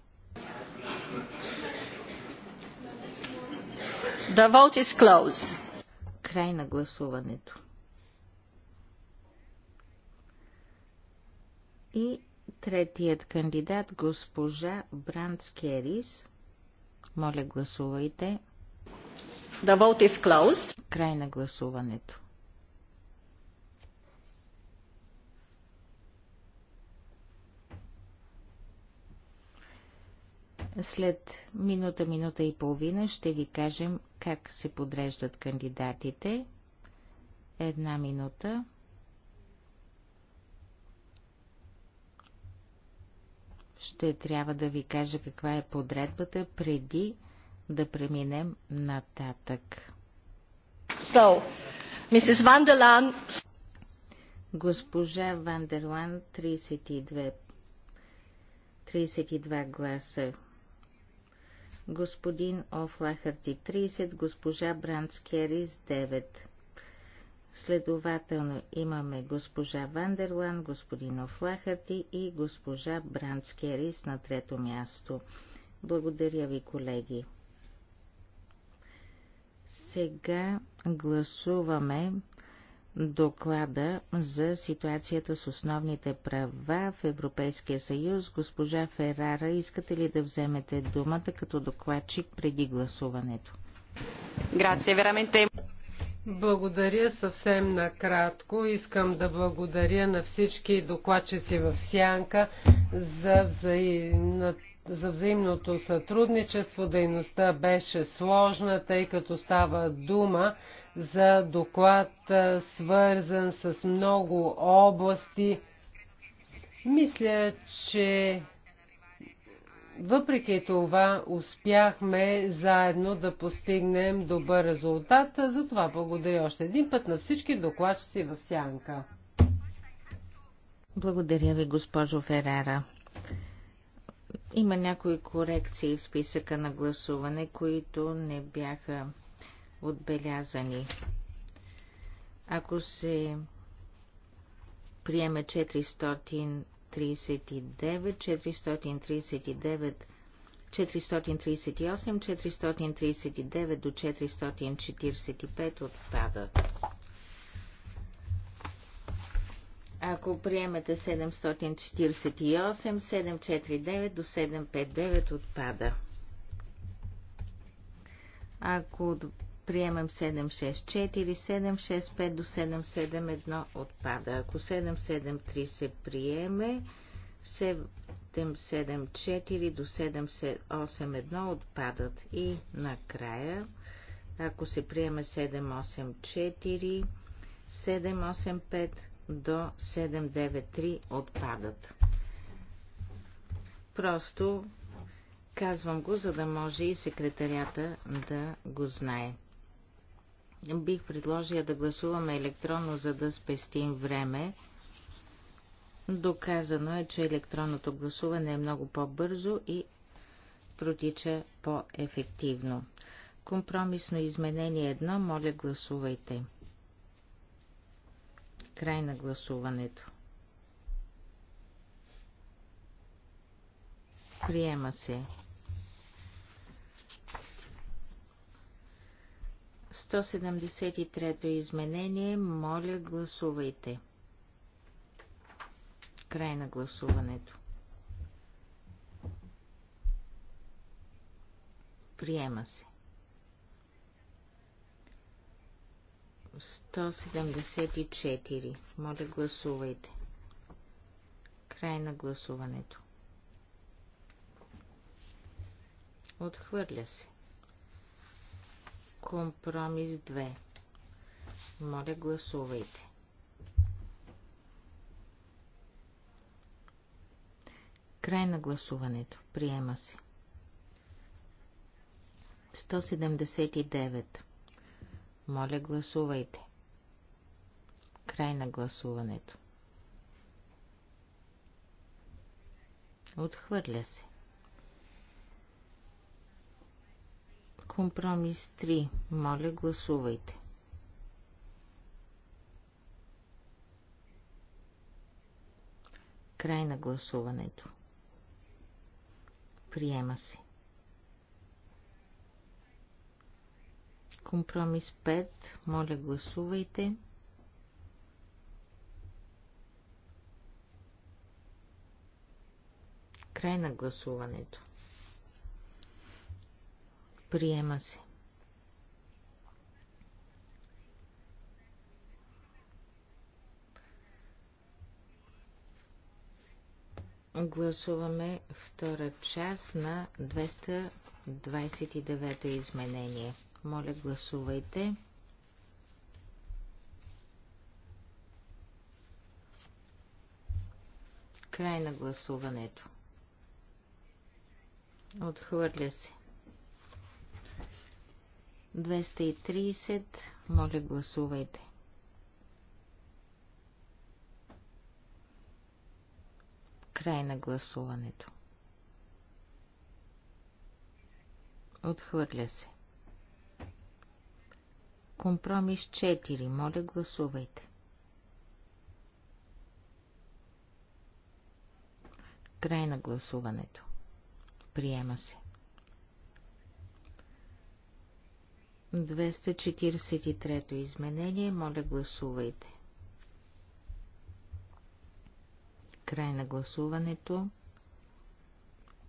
The vote is closed. Край на гласуването. И третият кандидат, госпожа Бранд Керис. Моля, гласувайте. The vote is closed. Край на гласуването. След минута, минута и половина ще ви кажем как се подреждат кандидатите. Една минута. Ще трябва да ви кажа каква е подредбата преди да преминем нататък. So, Mrs. Vanderland... Госпожа Вандерлан, 32, 32 гласа господин Офлахърти 30, госпожа Брандскерис 9. Следователно имаме госпожа Вандерлан, господин Офлахърти и госпожа Брандскерис на трето място. Благодаря ви, колеги. Сега гласуваме доклада за ситуацията с основните права в Европейския съюз. Госпожа Ферара, искате ли да вземете думата като докладчик преди гласуването? Грация, вераменте. Благодаря съвсем накратко. Искам да благодаря на всички докладчици в Сянка за, взаимната за взаимното сътрудничество. Дейността беше сложна, тъй като става дума за доклад, свързан с много области. Мисля, че въпреки това успяхме заедно да постигнем добър резултат. Затова благодаря още един път на всички докладчици в Сянка. Благодаря ви, госпожо Ферера. Има някои корекции в списъка на гласуване, които не бяха отбелязани. Ако се приеме 439, 439 438, 439 до 445 отпада. Ако приемете 748, 749 до 759 отпада. Ако Приемам 764, 765 до 771 отпада. Ако 773 се приеме, 774 до 781 отпадат. И накрая, ако се приеме 784, 785 до 793 отпадат. Просто казвам го, за да може и секретарята да го знае. Бих предложила да гласуваме електронно, за да спестим време. Доказано е, че електронното гласуване е много по-бързо и протича по-ефективно. Компромисно изменение едно. моля гласувайте. Край на гласуването. Приема се. 173-то изменение. Моля, гласувайте. Край на гласуването. Приема се. 174. Моля, гласувайте. Край на гласуването. Отхвърля се. Компромис 2. Моля, гласувайте. Край на гласуването. Приема се. 179. Моля, гласувайте. Край на гласуването. Отхвърля се. Компромис 3. Моля, гласувайте. Край на гласуването. Приема се. Компромис 5. Моля, гласувайте. Край на гласуването. Приема се. Гласуваме втора част на 229 изменение. Моля, гласувайте. Край на гласуването. Отхвърля се. 230. Моля, гласувайте. Край на гласуването. Отхвърля се. Компромис 4. Моля, гласувайте. Край на гласуването. Приема се. 243-то изменение. Моля, гласувайте. Край на гласуването.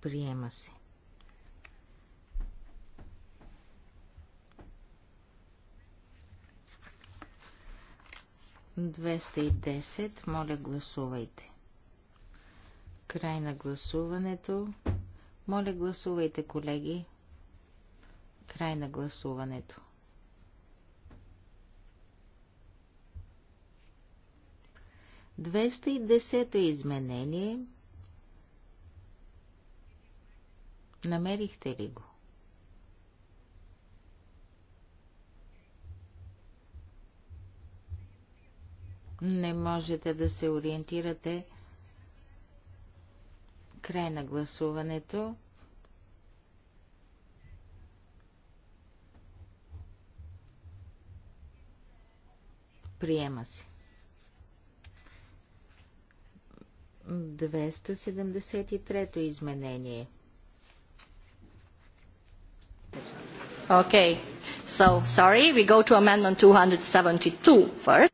Приема се. Двеста и десет. Моля, гласувайте. Край на гласуването. Моля, гласувайте, колеги. Край на гласуването. Двеста и десета изменение. Намерихте ли го? Не можете да се ориентирате. Край на гласуването. Приема се. 273-то изменение. Okay. So, sorry, we go to amendment 272 first.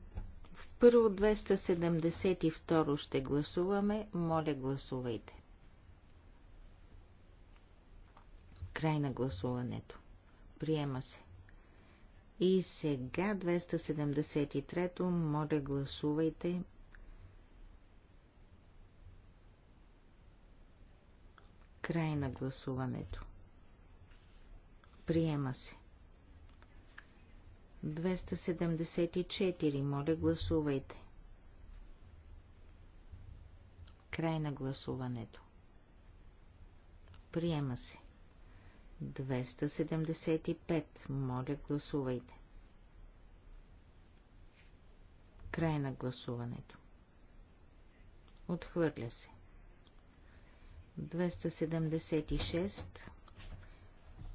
Първо 272 ще гласуваме. Моля, гласувайте. Край на гласуването. Приема се. 273. И сега 273-то, моля гласувайте. Край на гласуването. Приема се. 274, моля гласувайте. Край на гласуването. Приема се. 275. Моля, гласувайте. Край на гласуването. Отхвърля се. 276.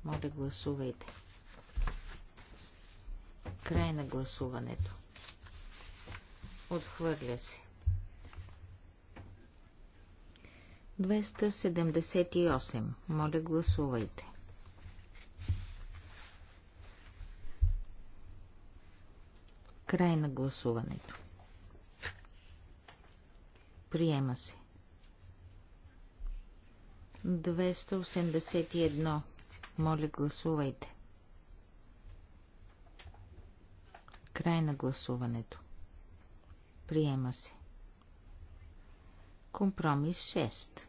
Моля, гласувайте. Край на гласуването. Отхвърля се. 278. Моля, гласувайте. 278. Край на гласуването. Приема се. 281. Моля, гласувайте. Край на гласуването. Приема се. Компромис 6.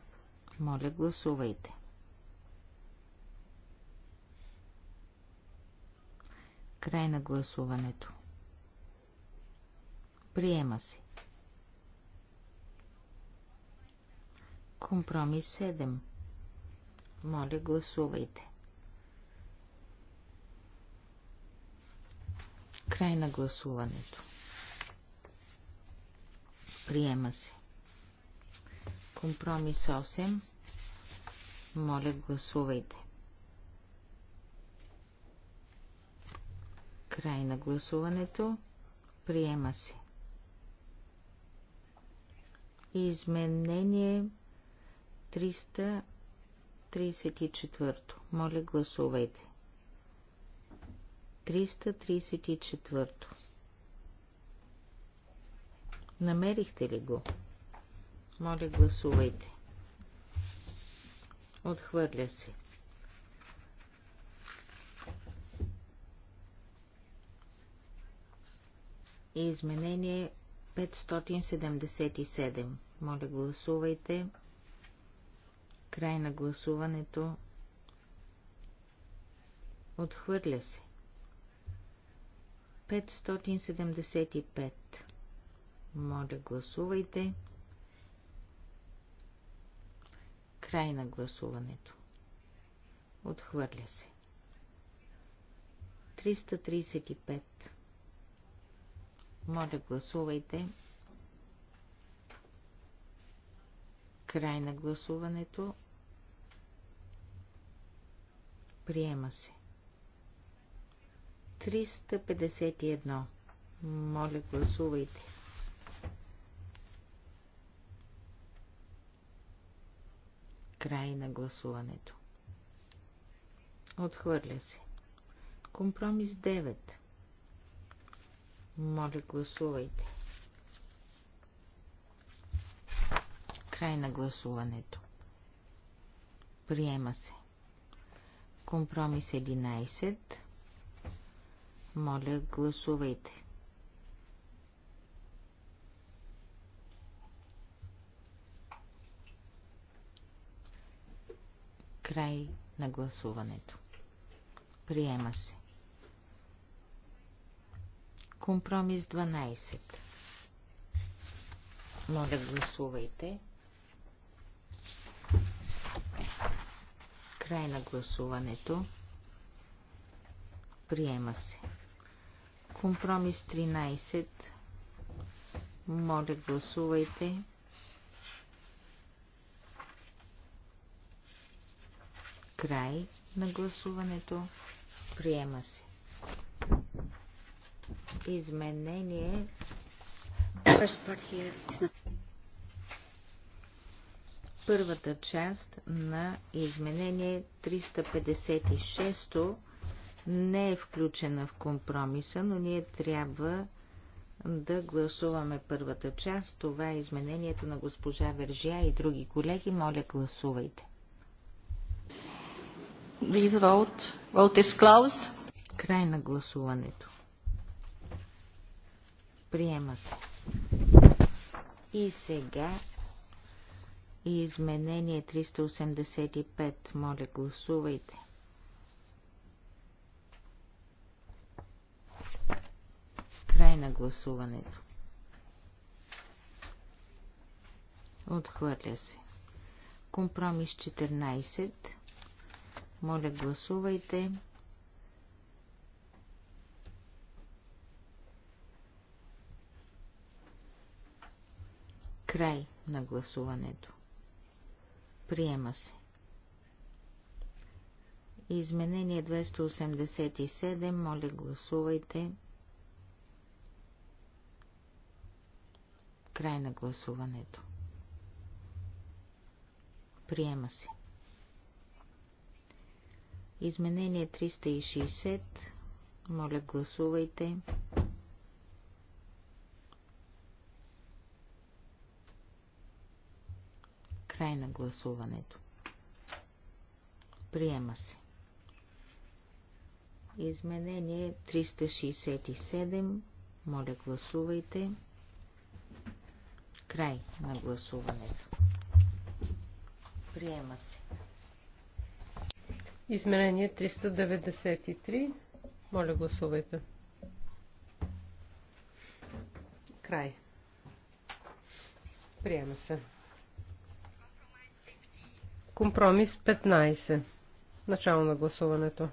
Моля, гласувайте. Край на гласуването. Приема се. Компромис 7. Моля, гласувайте. Край на гласуването. Приема се. Компромис 8. Моля, гласувайте. Край на гласуването. Приема се. Изменение 334. Моля, гласувайте. 334. Намерихте ли го? Моля, гласувайте. Отхвърля се. Изменение 577. Моля, гласувайте. Край на гласуването. Отхвърля се. 575. Моля, гласувайте. Край на гласуването. Отхвърля се. 335. Моля, гласувайте. Край на гласуването. Приема се. 351. Моля, гласувайте. Край на гласуването. Отхвърля се. Компромис 9. Моля, гласувайте. Край на гласуването. Приема се. Компромис 11. Моля, гласувайте. Край на гласуването. Приема се. Компромис 12. Моля, гласувайте. Край на гласуването. Приема се. Компромис 13. Моля, гласувайте. Край на гласуването. Приема се изменение. Първата част на изменение 356 не е включена в компромиса, но ние трябва да гласуваме първата част. Това е изменението на госпожа Вержия и други колеги. Моля, гласувайте. Край на гласуването. Приема се. И сега и изменение 385. Моля, гласувайте. Край на гласуването. Отхвърля се. Компромис 14. Моля, гласувайте. Край на гласуването. Приема се. Изменение 287. Моля, гласувайте. Край на гласуването. Приема се. Изменение 360. Моля, гласувайте. Край на гласуването. Приема се. Изменение 367. Моля, гласувайте. Край на гласуването. Приема се. Изменение 393. Моля, гласувайте. Край. Приема се. Компромис 15. Начало на гласуването.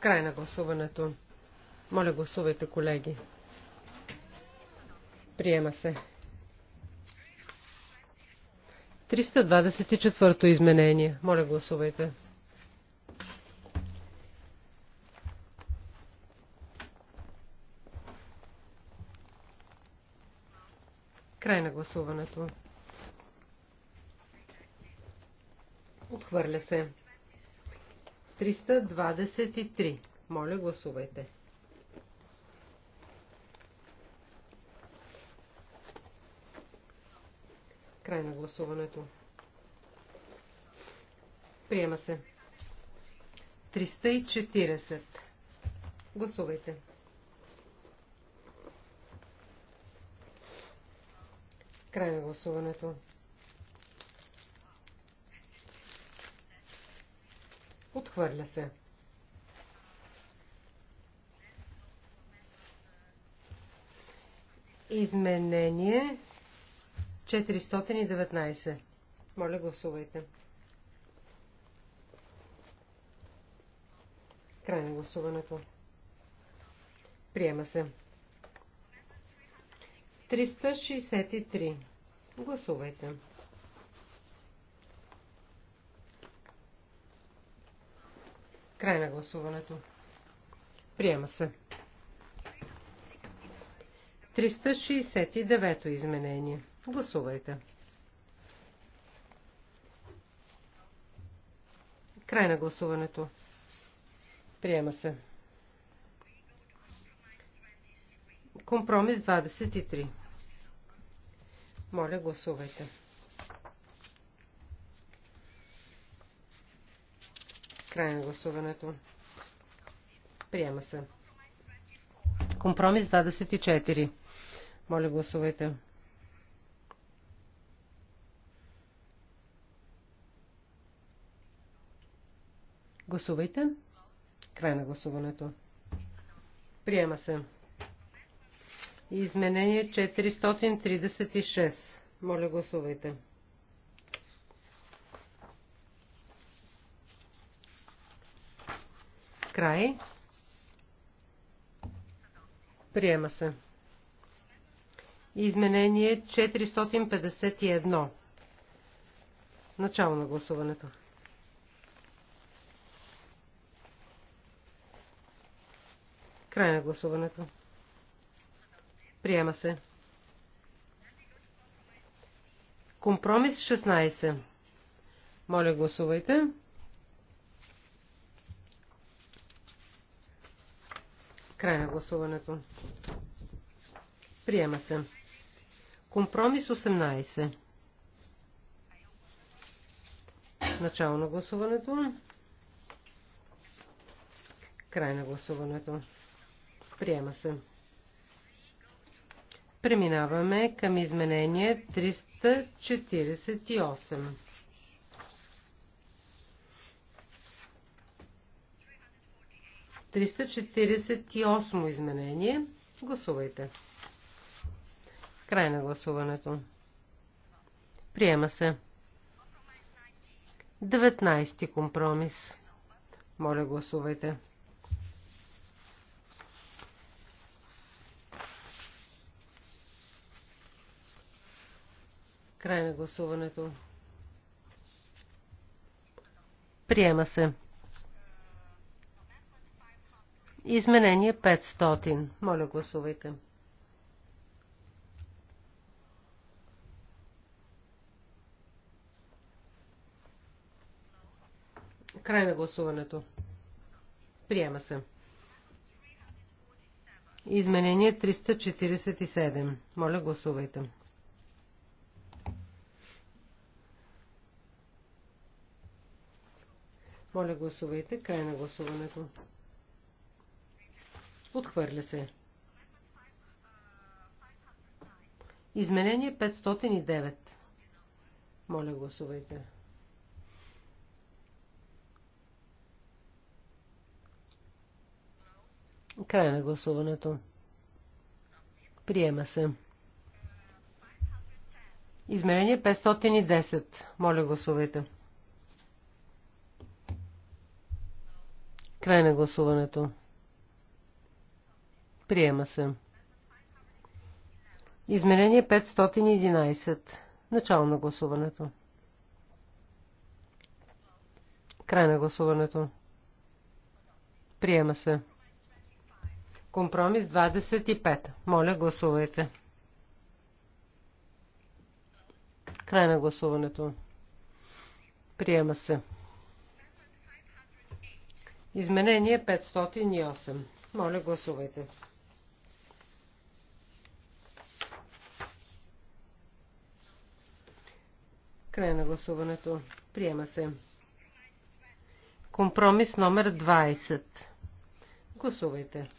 Край на гласуването. Моля, гласувайте, колеги. Приема се. 324-то изменение. Моля, гласувайте. Край на гласуването. Отхвърля се. 323. Моля, гласувайте. Край на гласуването. Приема се. 340. Гласувайте. Край на гласуването. Отхвърля се. Изменение 419. Моля, гласувайте. Край на гласуването. Приема се. 363. Гласувайте. Край на гласуването. Приема се. 369 изменение. Гласувайте. Край на гласуването. Приема се. Компромис 23. Моля, гласувайте. Край на гласуването. Приема се. Компромис 24. Моля, гласувайте. Гласувайте. Край на гласуването. Приема се. Изменение 436. Моля, гласувайте. Край. Приема се. Изменение 451. Начало на гласуването. Край на гласуването. Приема се. Компромис 16. Моля, гласувайте. Край на гласуването. Приема се. Компромис 18. Начало на гласуването. Край на гласуването. Приема се. Преминаваме към изменение 348. 348 изменение. Гласувайте. Край на гласуването. Приема се. 19 компромис. Моля, гласувайте. Край на гласуването. Приема се. Изменение 500. Моля, гласувайте. Край на гласуването. Приема се. Изменение 347. Моля, гласувайте. Моля, гласувайте. Край на гласуването. Отхвърля се. Изменение 509. Моля, гласувайте. Край на гласуването. Приема се. Измерение 510. Моля, гласувайте. Край на гласуването. Приема се. Измерение 511. Начало на гласуването. Край на гласуването. Приема се. Компромис 25. Моля, гласувайте. Край на гласуването. Приема се. Изменение 508. Моля, гласувайте. Край на гласуването. Приема се. Компромис номер 20. Гласувайте.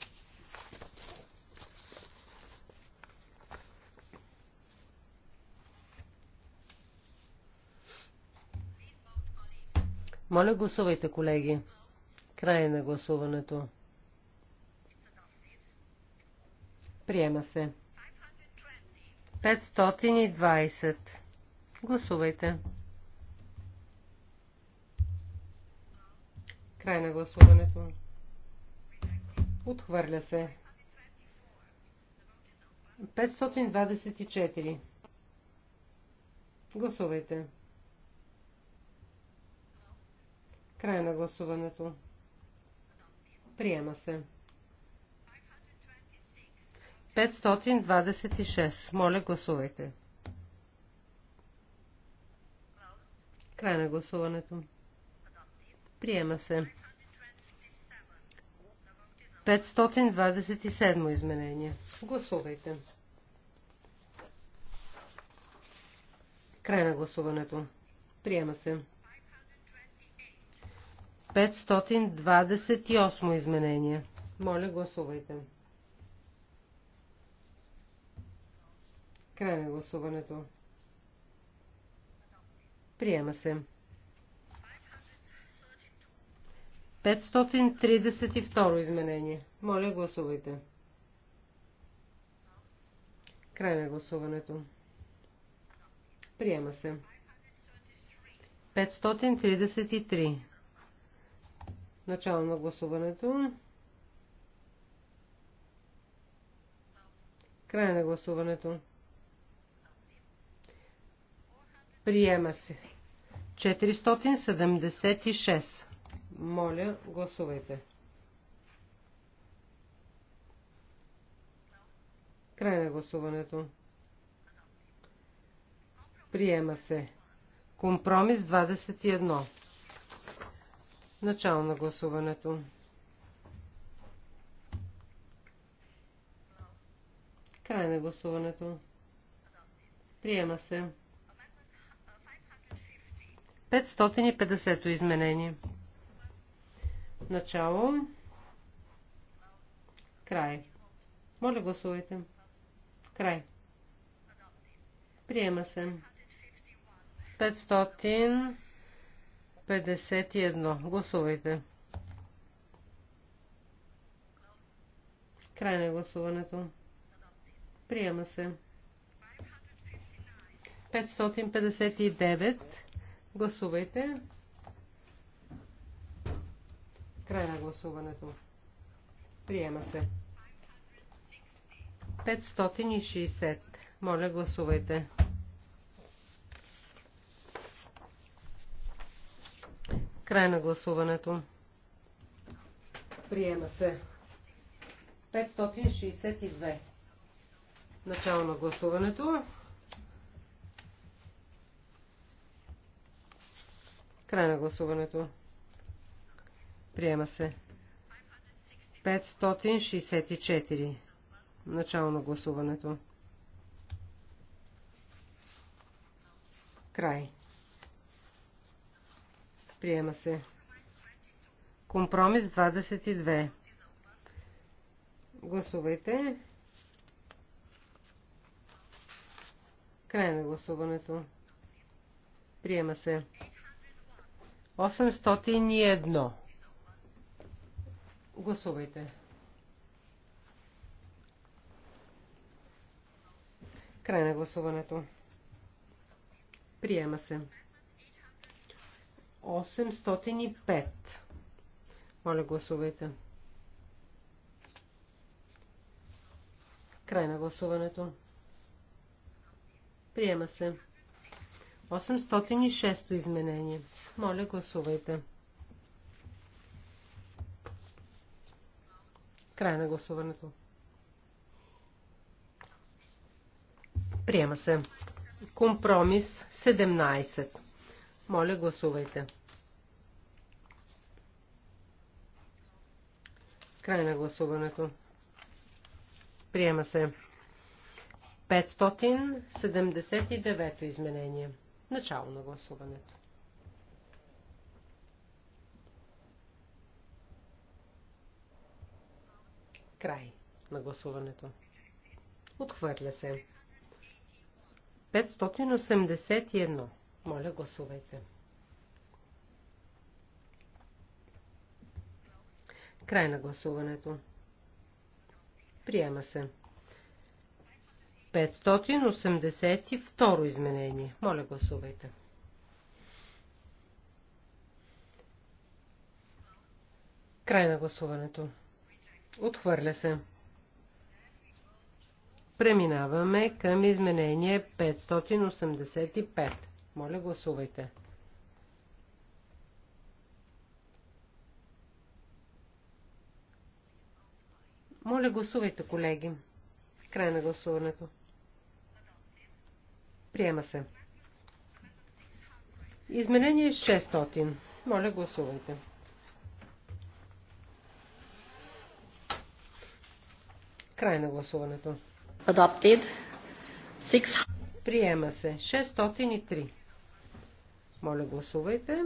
Моля, гласувайте, колеги. Край на гласуването. Приема се. 520. Гласувайте. Край на гласуването. Отхвърля се. 524. Гласувайте. Край на гласуването. Приема се. 526. Моля, гласувайте. Край на гласуването. Приема се. 527 изменение. Гласувайте. Край на гласуването. Приема се. 528 изменение. Моля, гласувайте. Край на гласуването. Приема се. 532 изменение. Моля, гласувайте. Край на гласуването. Приема се. 533. Начало на гласуването. Край на гласуването. Приема се. 476. Моля, гласувайте. Край на гласуването. Приема се. Компромис 21. Начало на гласуването. Край на гласуването. Приема се. 550 изменение. Начало. Край. Моля гласувайте. Край. Приема се. 551. Гласувайте. Край на гласуването. Приема се. 559. Гласувайте. Край на гласуването. Приема се. 560. Моля, гласувайте. Край на гласуването. Приема се. 562. Начало на гласуването. Край на гласуването. Приема се. 564. Начало на гласуването. Край. Приема се. Компромис 22. Гласувайте. Край на гласуването. Приема се. 801. Гласувайте. Край на гласуването. Приема се. 805. Моля, гласувайте. Край на гласуването. Приема се. 806 изменение. Моля, гласувайте. Край на гласуването. Приема се. Компромис 17. Моля, гласувайте. Край на гласуването. Приема се. 579 изменение. Начало на гласуването. Край на гласуването. Отхвърля се. 581. Моля, гласувайте. Край на гласуването. Приема се. 582 изменение. Моля, гласувайте. Край на гласуването. Отхвърля се. Преминаваме към изменение 585. Моля, гласувайте. Моля, гласувайте, колеги. Край на гласуването. Приема се. Изменение 600. Моля, гласувайте. Край на гласуването. Adopted. Приема се. 603. Моля, гласувайте.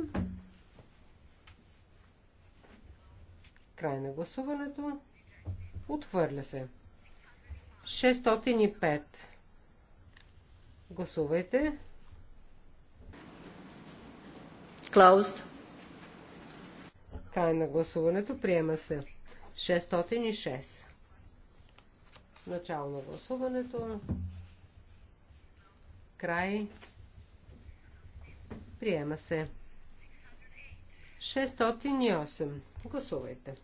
Край на гласуването. Отхвърля се. 605. Гласувайте. Closed. Край на гласуването. Приема се. 606. Начало на гласуването. Край. Приема се. 608. Гласувайте.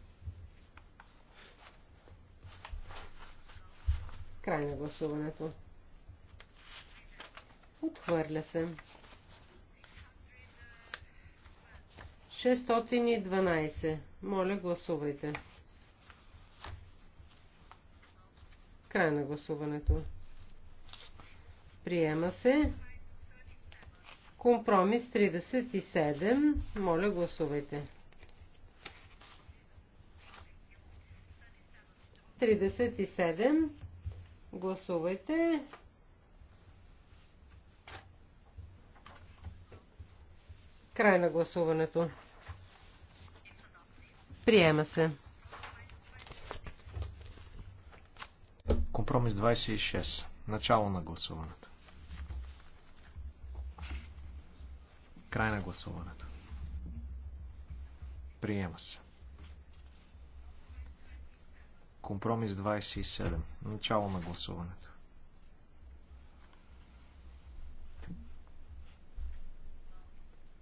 Край на гласуването. Отхвърля се. 612. Моля, гласувайте. Край на гласуването. Приема се. Компромис 37. Моля, гласувайте. 37. Гласувайте. Край на гласуването. Приема се. Компромис 26. Начало на гласуването. Край на гласуването. Приема се. Компромис 27. Начало на гласуването.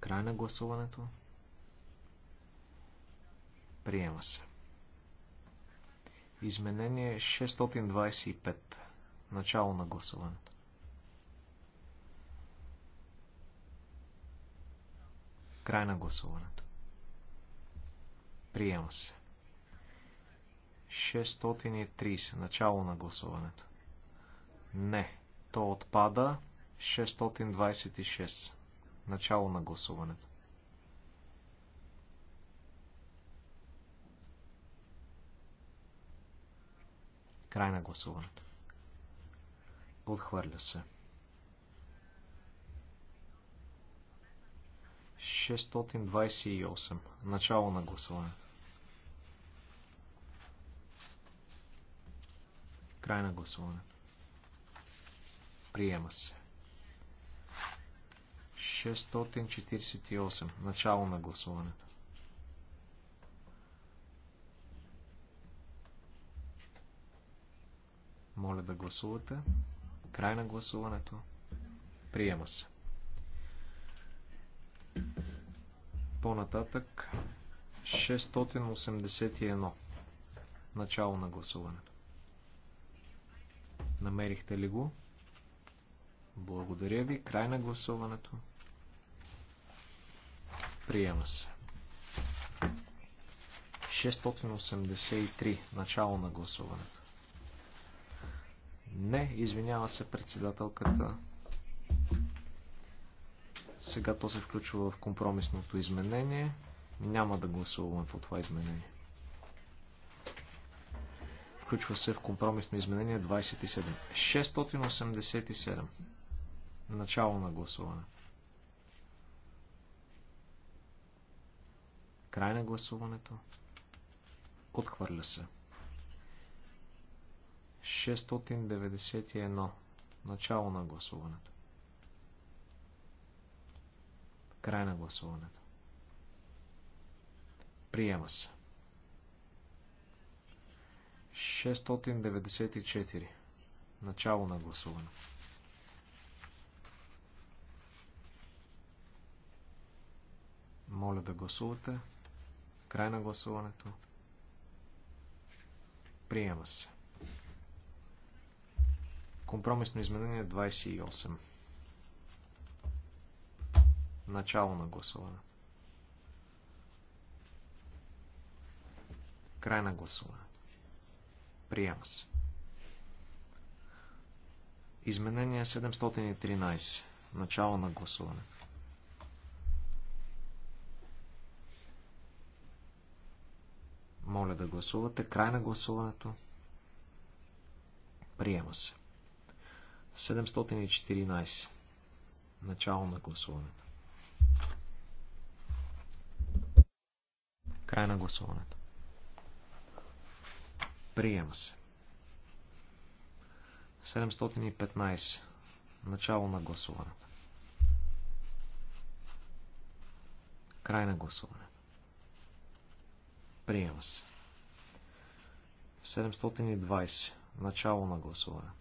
Край на гласуването. Приема се. Изменение 625. Начало на гласуването. Край на гласуването. Приема се. 630. Начало на гласуването. Не. То отпада. 626. Начало на гласуването. Край на гласуването. Отхвърля се. 628. Начало на гласуване. Край на гласуване. Приема се. 648. Начало на гласуването. Моля да гласувате. Край на гласуването. Приема се. По-нататък 681. Начало на гласуването. Намерихте ли го? Благодаря ви. Край на гласуването. Приема се. 683. Начало на гласуването. Не, извинява се председателката. Сега то се включва в компромисното изменение. Няма да гласуваме по това изменение. Включва се в компромисно изменение 27. 687. Начало на гласуването. Край на гласуването. Отхвърля се. 691. Начало на гласуването. Край на гласуването. Приема се. 694. Начало на гласуване. Моля да гласувате. Край на гласуването. Приема се. Компромисно изменение 28. Начало на гласуване. Край на гласуване. Приема се. Изменение 713. Начало на гласуване. Моля да гласувате. Край на гласуването. Приема се. 714. Начало на гласуването. Край на гласуването. Приема се. 715. Начало на гласуването. Край на гласуването. Приема се. 720. Начало на гласуването.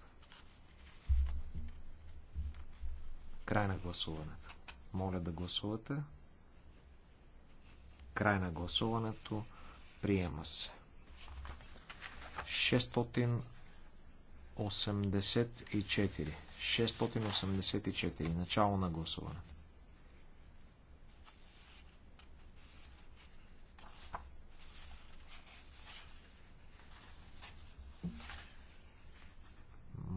Край на гласуването. Моля да гласувате. Край на гласуването. Приема се. 684. 684. Начало на гласуването.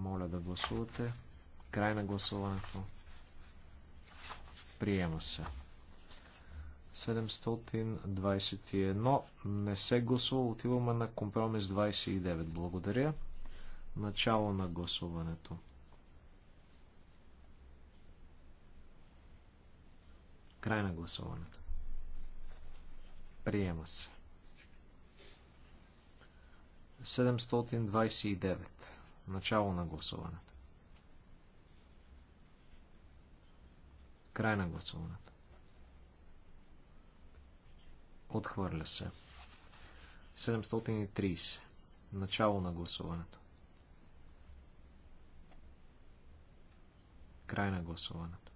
Моля да гласувате. Край на гласуването. Приема се. 721 не се гласува. Отиваме на компромис 29. Благодаря. Начало на гласуването. Край на гласуването. Приема се. 729. Начало на гласуването. Край на гласуването. Отхвърля се. 730. Начало на гласуването. Край на гласуването.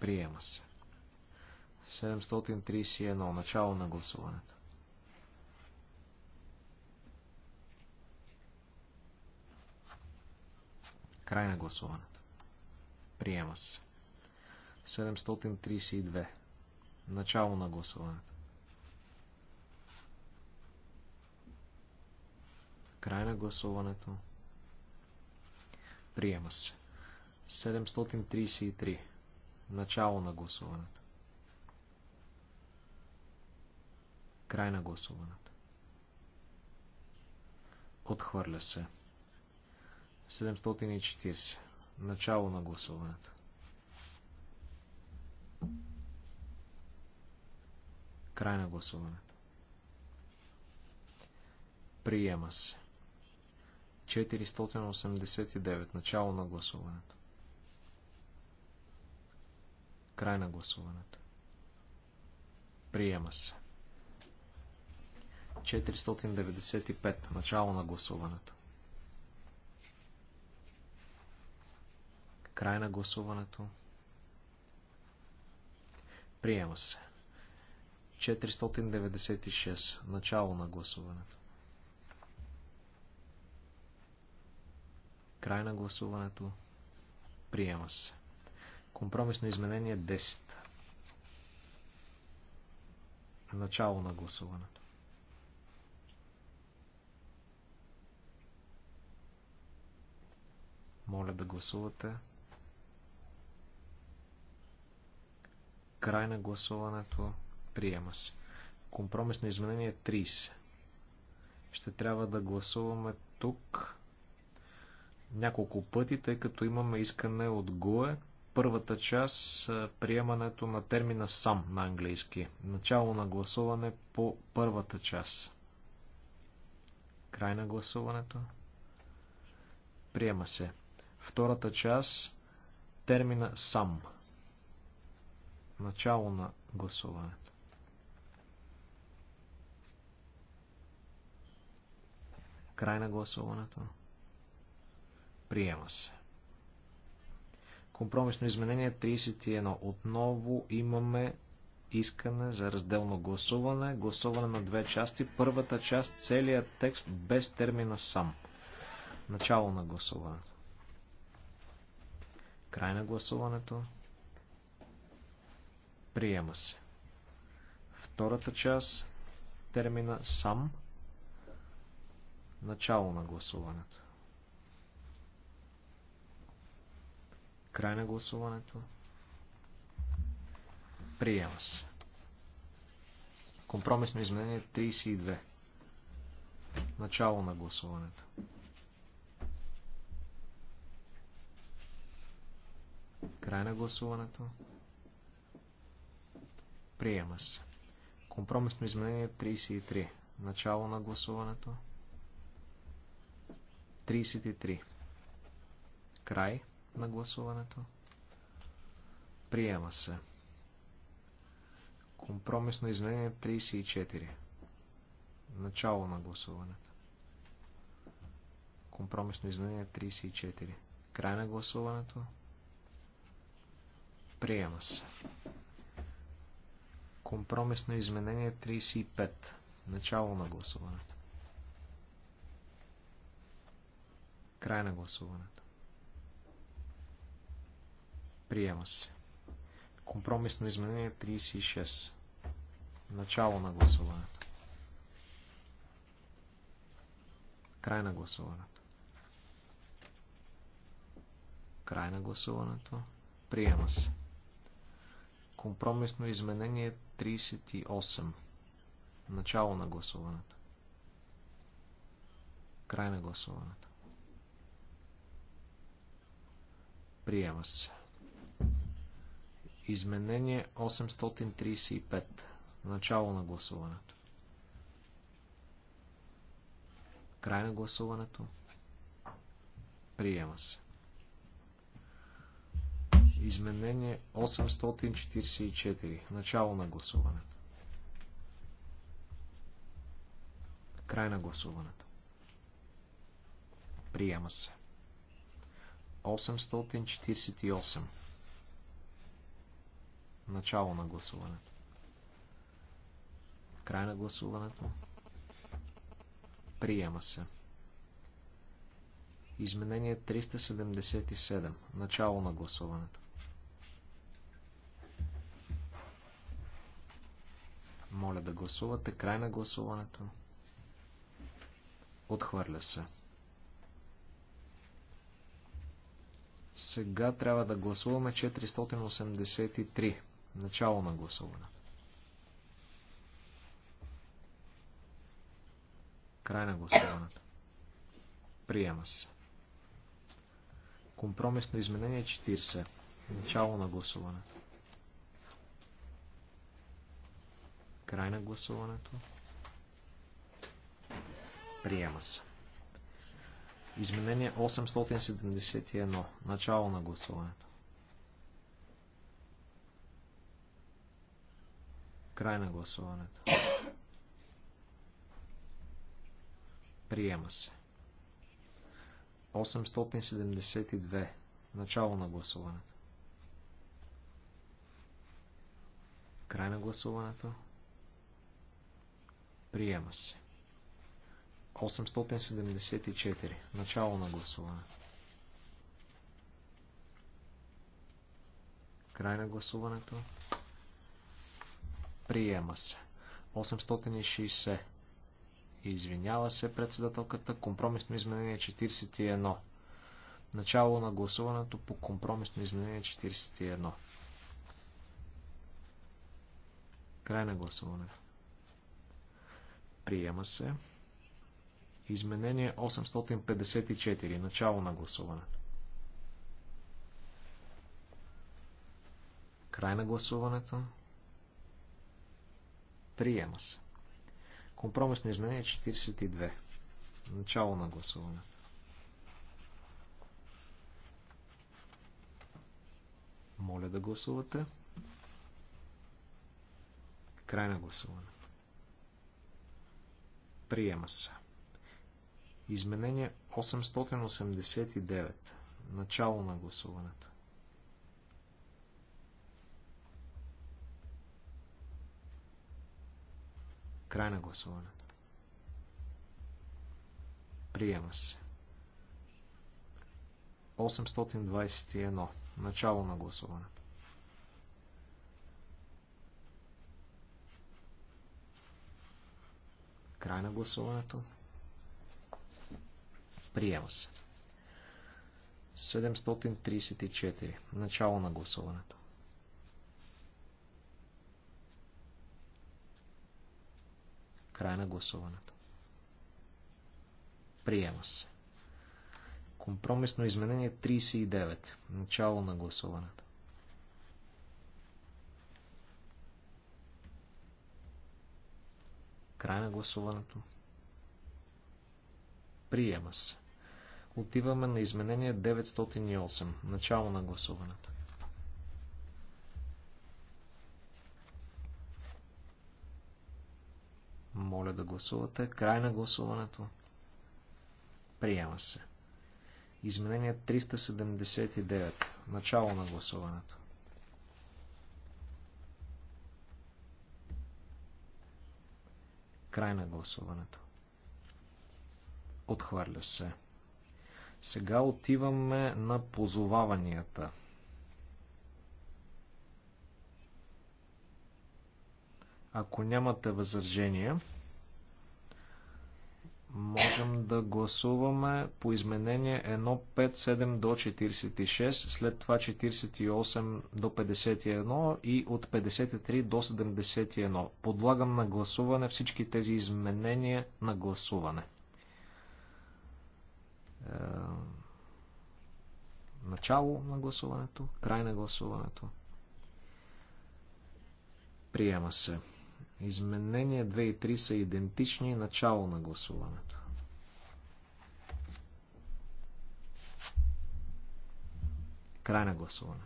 Приема се. 731. Начало на гласуването. Край на гласуването. Приема се. 732. Начало на гласуването. Край на гласуването. Приема се. 733. Начало на гласуването. Край на гласуването. Отхвърля се. 734. 740. Начало на гласуването. Край на гласуването. Приема се. 489. Начало на гласуването. Край на гласуването. Приема се. 495. Начало на гласуването. Край на гласуването. Приема се. 496. Начало на гласуването. Край на гласуването. Приема се. Компромисно изменение 10. Начало на гласуването. Моля да гласувате. Край на гласуването. Приема се. Компромисно изменение 30. Ще трябва да гласуваме тук няколко пъти, тъй като имаме искане от ГУЕ. Първата част приемането на термина сам на английски. Начало на гласуване по първата част. Край на гласуването. Приема се. Втората част термина сам. Начало на гласуването. Край на гласуването. Приема се. Компромисно изменение 31. Отново имаме искане за разделно гласуване. Гласуване на две части. Първата част, целият текст без термина сам. Начало на гласуването. Край на гласуването. Приема се. Втората част, термина сам, начало на гласуването. Край на гласуването. Приема се. Компромисно изменение 32. Начало на гласуването. Край на гласуването. Приема се. Компромисно изменение 33. Начало на гласуването. 33. Край на гласуването. Приема се. Компромисно изменение 34. Начало на гласуването. Компромисно изменение 34. Край на гласуването. Приема се. Компромисно изменение 35. Начало на гласуването. Край на гласуването. Приема се. Компромисно изменение 36. Начало на гласуването. Край на гласуването. Край на гласуването. Приема се. Компромисно изменение 38. Начало на гласуването. Край на гласуването. Приема се. Изменение 835. Начало на гласуването. Край на гласуването. Приема се. Изменение 844. Начало на гласуването. Край на гласуването. Приема се. 848. Начало на гласуването. Край на гласуването. Приема се. Изменение 377. Начало на гласуването. Моля да гласувате. Край на гласуването. Отхвърля се. Сега трябва да гласуваме 483. Начало на гласуване. Край на гласуването. Приема се. Компромисно изменение 40. Начало на гласуването. Край на гласуването. Приема се. Изменение 871. Начало на гласуването. Край на гласуването. Приема се. 872. Начало на гласуването. Край на гласуването. Приема се. 874. Начало на гласуване. Край на гласуването. Приема се. 860. Извинява се председателката. Компромисно изменение 41. Начало на гласуването по компромисно изменение 41. Край на гласуването. Приема се. Изменение 854. Начало на гласуване. Край на гласуването. Приема се. Компромисно изменение 42. Начало на гласуването. Моля да гласувате. Край на гласуване. Приема се. Изменение 889. Начало на гласуването. Край на гласуването. Приема се. 821. Начало на гласуването. Край на гласуването. Приема се. 734. Начало на гласуването. Край на гласуването. Приема се. Компромисно изменение 39. Начало на гласуването. Край на гласуването. Приема се. Отиваме на изменение 908. Начало на гласуването. Моля да гласувате. Край на гласуването. Приема се. Изменение 379. Начало на гласуването. Край на гласуването. Отхвърля се. Сега отиваме на позоваванията. Ако нямате възражения, можем да гласуваме по изменение 1.5.7 до 46, след това 48 до 51 и от 53 до 71. Подлагам на гласуване всички тези изменения на гласуване. Е... Начало на гласуването, край на гласуването. Приема се. Изменения 2 и 3 са идентични. Начало на гласуването. Край на гласуването.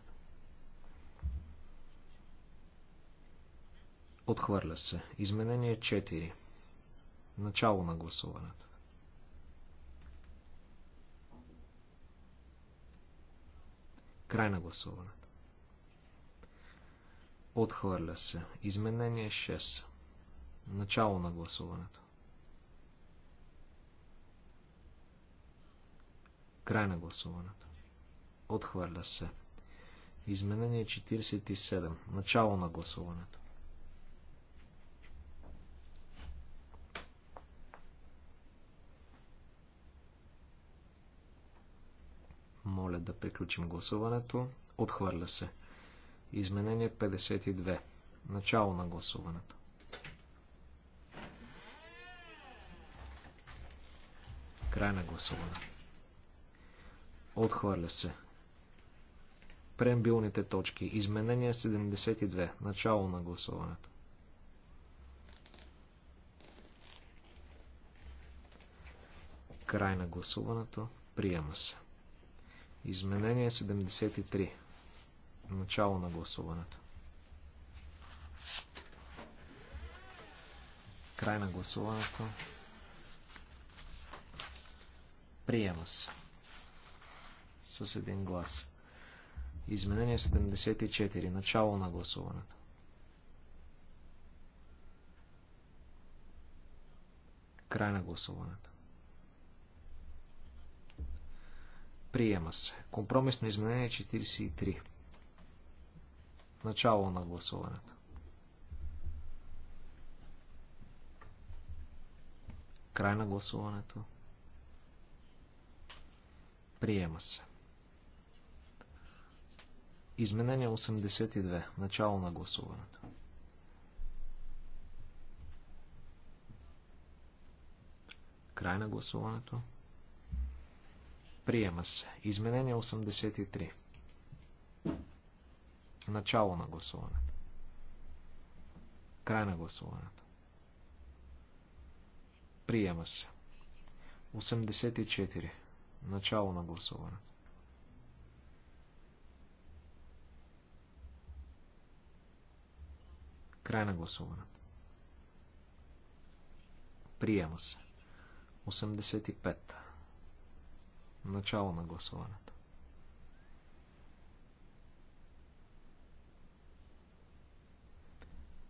Отхвърля се. Изменение 4. Начало на гласуването. Край на гласуването. Отхвърля се. Изменение 6. Начало на гласуването. Край на гласуването. Отхвърля се. Изменение 47. Начало на гласуването. Моля да приключим гласуването. Отхвърля се. Изменение 52. Начало на гласуването. Край на гласуване. Отхвърля се. Прембилните точки. Изменение 72. Начало на гласуването. Край на гласуването. Приема се. Изменение 73. Начало на гласуването. Край на гласуването. Приема се. С един глас. Изменение 74. Начало на гласуването. Край на гласуването. Приема се. Компромисно изменение 43. Начало на гласуването. Край на гласуването. Приема се. Изменение 82. Начало на гласуването. Край на гласуването. Приема се. Изменение 83. Начало на гласуването. Край на гласуването. Приема се. 84. Начало на гласуването. Край на гласуването. Приема се. 85. Начало на гласуване.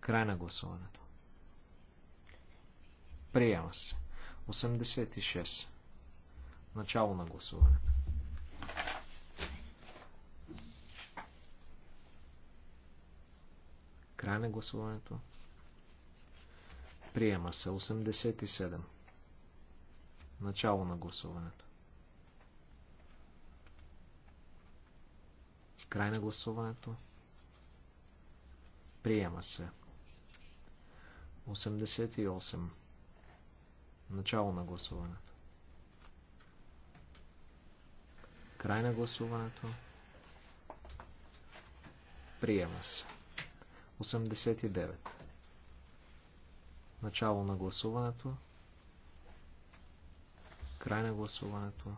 Край на гласуването. Приема се. 86. Начало на гласуването. Край на гласуването. Приема се 87. Начало на гласуването. Край на гласуването. Приема се 88. Начало на гласуването. Край на гласуването. Приема се. 89. Начало на гласуването. Край на гласуването.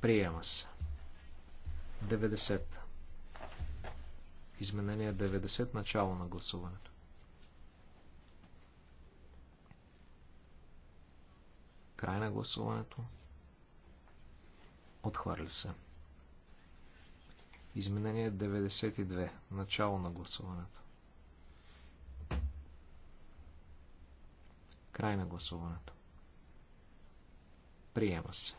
Приема се. 90. Изменение 90, начало на гласуването. Край на гласуването. Отхвърля се. Изменение 92. Начало на гласуването. Край на гласуването. Приема се.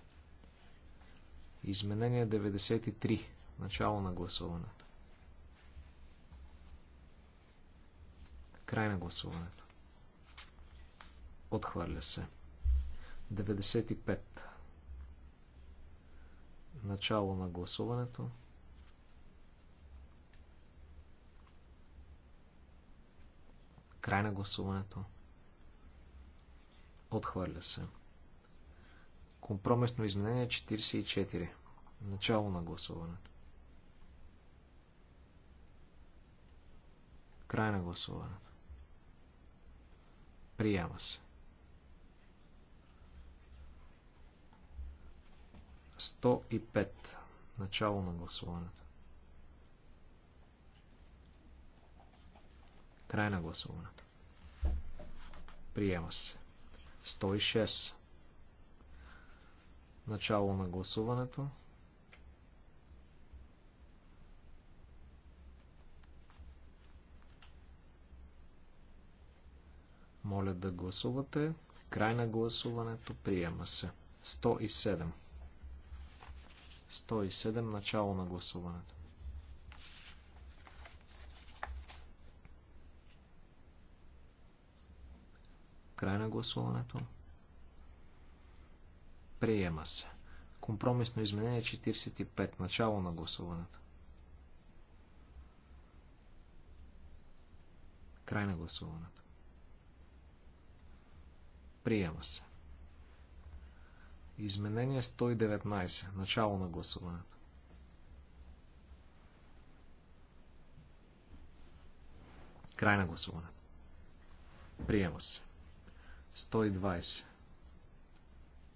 Изменение 93. Начало на гласуване. Край на гласуването. Отхвърля се. 95. Начало на гласуването. Край на гласуването. Отхвърля се. Компромисно изменение 44. Начало на гласуването. Край на гласуването. Приема се. 105. Начало на гласуването. Край на гласуването. Приема се. 106. Начало на гласуването. Моля да гласувате. Край на гласуването. Приема се. 107. 107. Начало на гласуването. Край на гласуването. Приема се. Компромисно изменение 45. Начало на гласуването. Край на гласуването. Приема се. Изменение 119. Начало на гласуването. Край на гласуването. Приема се. 120.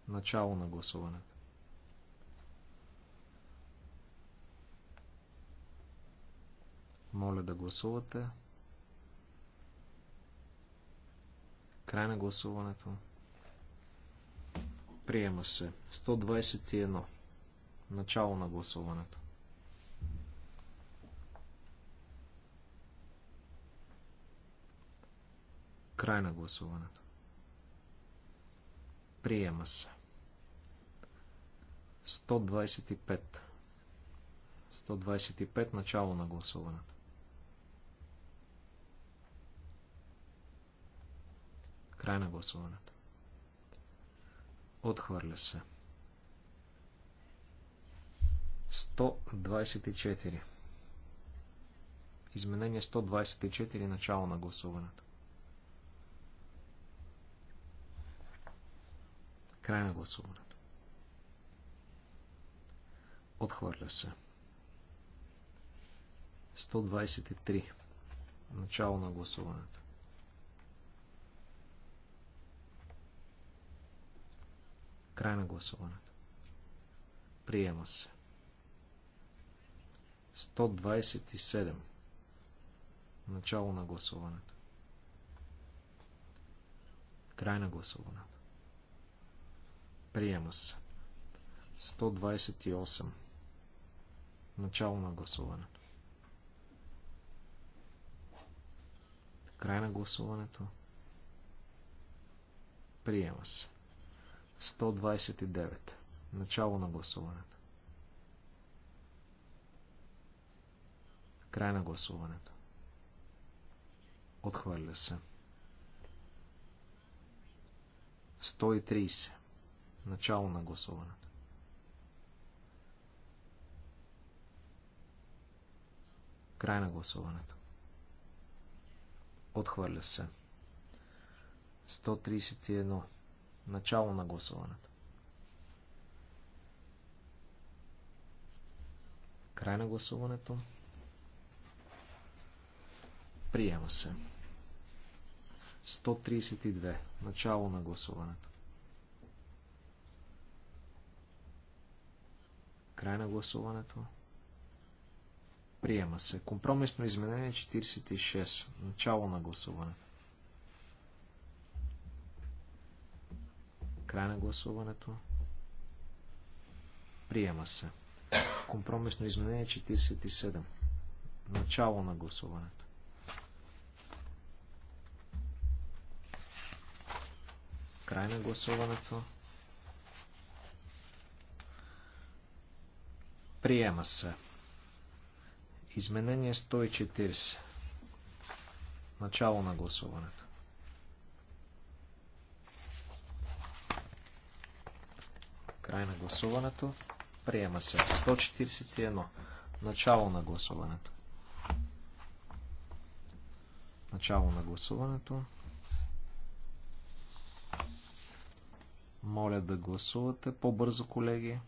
Начало на гласуването. Моля да гласувате. Край на гласуването. Приема се. 121. Начало на гласуването. Край на гласуването. Приема се. 125. 125. Начало на гласуването. Край на гласуването. Отхвърля се. 124. Изменение 124. Начало на гласуването. Край на гласуването. Отхвърля се. 123. Начало на гласуването. Край на гласуването. Приема се. 127. Начало на гласуването. Край на гласуването. Приема се. 128. Начало на гласуването. Край на гласуването. Приема се. 129. Начало на гласуването. Край на гласуването. Отхвърля се. 130. Начало на гласуването. Край на гласуването. Отхвърля се. 131. Начало на гласуването. Край на гласуването. Приема се. 132. Начало на гласуването. Край на гласуването. Приема се. Компромисно изменение 46. Начало на гласуването. Край на гласуването. Приема се. Компромисно изменение 47. Начало на гласуването. Край на гласуването. Приема се. Изменение 140. Начало на гласуването. Край на гласуването. Приема се. 141. Начало на гласуването. Начало на гласуването. Моля да гласувате по-бързо, колеги.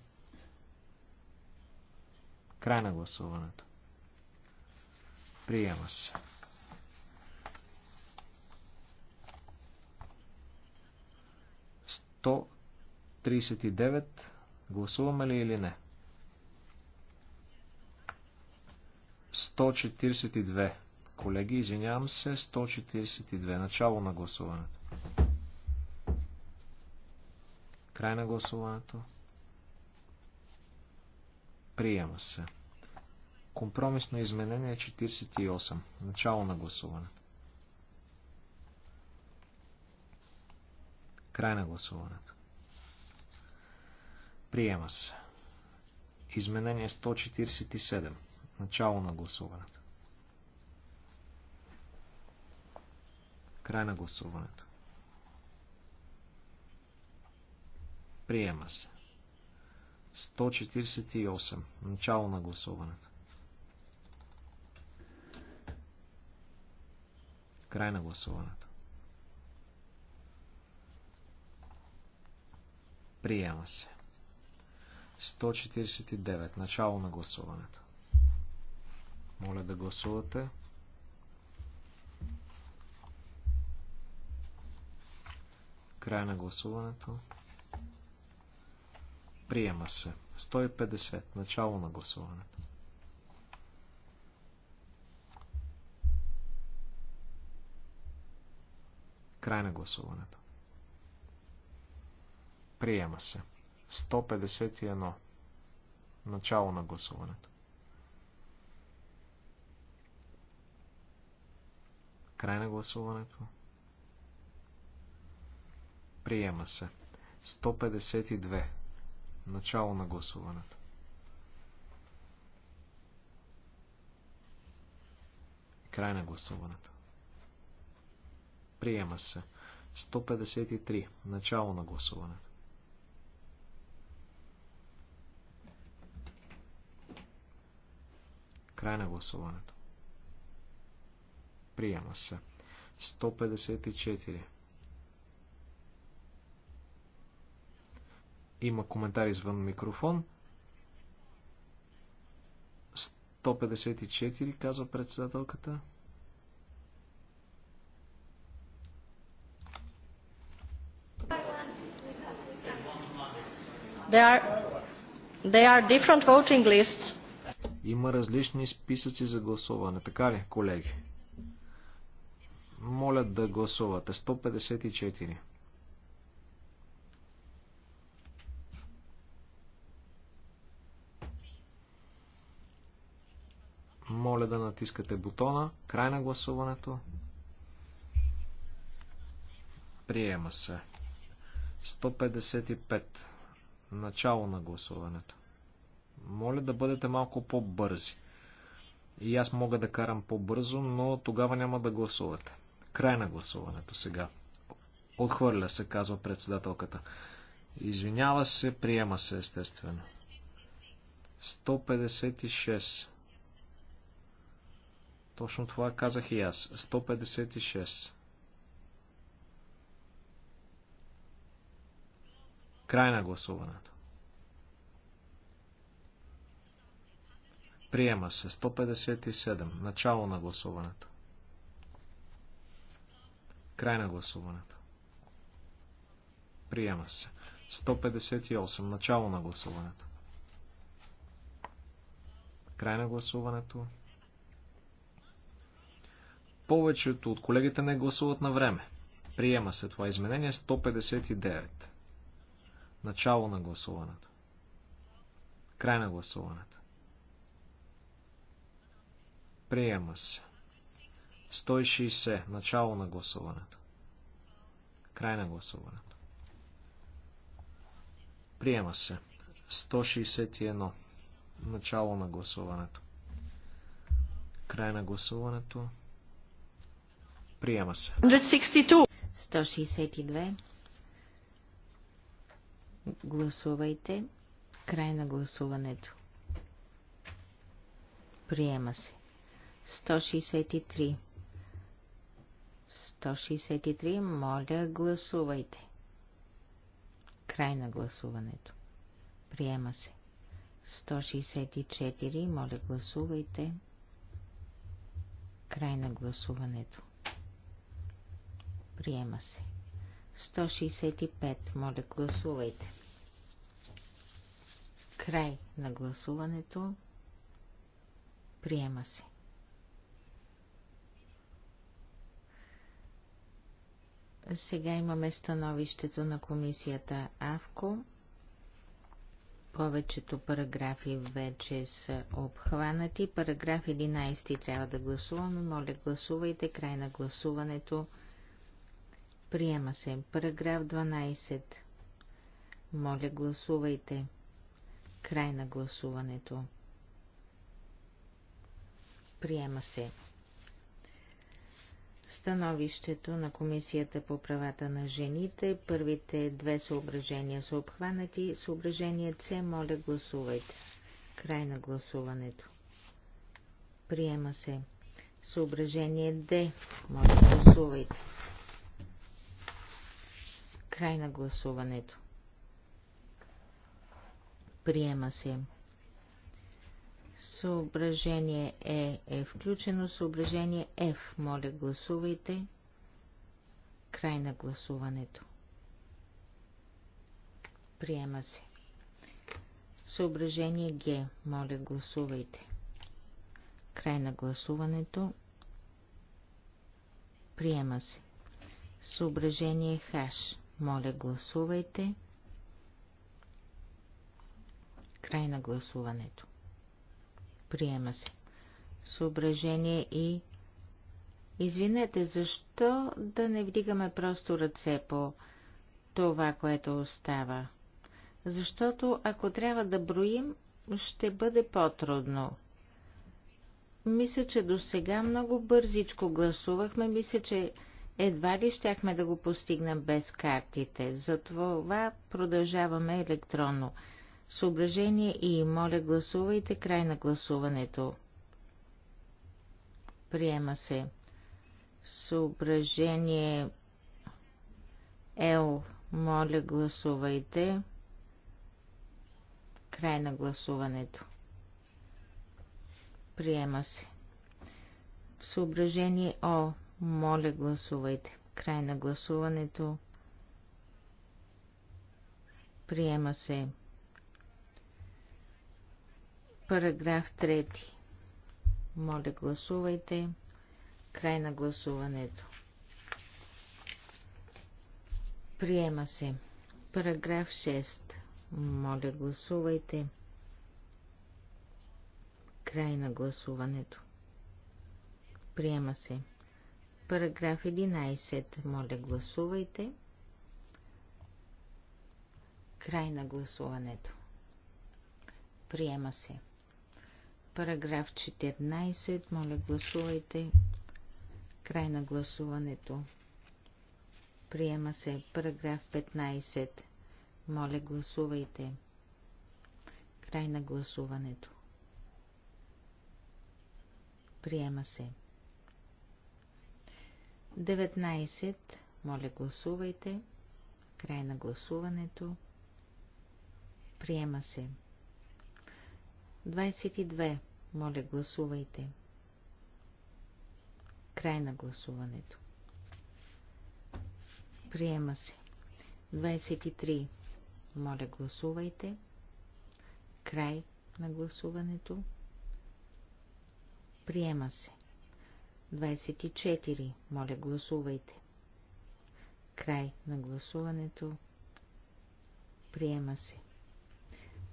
Край на гласуването. Приема се. Сто 39. Гласуваме ли или не? 142. Колеги, извинявам се, 142. Начало на гласуването. Край на гласуването. Приема се. Компромисно изменение 48. Начало на гласуване. Край на гласуването. Приема се. Изменение 147. Начало на гласуването. Край на гласуването. Приема се. 148. Начало на гласуването. Край на гласуването. Приема се. 149. Начало на гласуването. Моля да гласувате. Край на гласуването. Приема се. 150. Начало на гласуването. Край на гласуването. Приема се. 151. Начало на гласуването. Край на гласуването. Приема се. 152. Начало на гласуването. Край на гласуването. Приема се. 153. Начало на гласуването. Край на гласуването. Приема се. 154. Има коментар извън микрофон. 154, казва председателката. There are, they are different voting lists. Има различни списъци за гласуване, така ли, колеги? Моля да гласувате. 154. Моля да натискате бутона. Край на гласуването. Приема се. 155. Начало на гласуването. Моля да бъдете малко по-бързи. И аз мога да карам по-бързо, но тогава няма да гласувате. Край на гласуването сега. Отхвърля се, казва председателката. Извинява се, приема се, естествено. 156. Точно това казах и аз. 156. Край на гласуването. Приема се. 157. Начало на гласуването. Край на гласуването. Приема се. 158. Начало на гласуването. Край на гласуването. Повечето от колегите не гласуват на време. Приема се това изменение 159. Начало на гласуването. Край на гласуването. Приема се. 160. Начало на гласуването. Край на гласуването. Приема се. 161. Начало на гласуването. Край на гласуването. Приема се. 162. 162. Гласувайте. Край на гласуването. Приема се. 163. 163, моля, гласувайте. Край на гласуването. Приема се. 164, моля, гласувайте. Край на гласуването. Приема се. 165, моля, гласувайте. Край на гласуването. Приема се. Сега имаме становището на комисията АВКО. Повечето параграфи вече са обхванати. Параграф 11 трябва да гласуваме. Моля, гласувайте. Край на гласуването. Приема се. Параграф 12. Моля, гласувайте. Край на гласуването. Приема се становището на Комисията по правата на жените. Първите две съображения са обхванати. Съображение С. Моля, гласувайте. Край на гласуването. Приема се. Съображение Д. Моля, гласувайте. Край на гласуването. Приема се. Съображение Е е включено. Съображение F. Моля, гласувайте. Край на гласуването. Приема се. Съображение Г. Моля, гласувайте. Край на гласуването. Приема се. Съображение Х. Моля, гласувайте. Край на гласуването. Приема се. Съображение и... Извинете, защо да не вдигаме просто ръце по това, което остава? Защото ако трябва да броим, ще бъде по-трудно. Мисля, че до сега много бързичко гласувахме. Мисля, че едва ли щяхме да го постигнем без картите. Затова продължаваме електронно съображение и моля гласувайте край на гласуването. Приема се. Съображение Л. Моля гласувайте. Край на гласуването. Приема се. Съображение О. Моля гласувайте. Край на гласуването. Приема се. Параграф 3. Моля, гласувайте. Край на гласуването. Приема се. Параграф 6. Моля, гласувайте. Край на гласуването. Приема се. Параграф 11. Моля, гласувайте. Край на гласуването. Приема се. Параграф 14. Моля, гласувайте. Край на гласуването. Приема се. Параграф 15. Моля, гласувайте. Край на гласуването. Приема се. 19. Моля, гласувайте. Край на гласуването. Приема се. 22. Моля, гласувайте. Край на гласуването. Приема се. 23. Моля, гласувайте. Край на гласуването. Приема се. 24. Моля, гласувайте. Край на гласуването. Приема се. 25.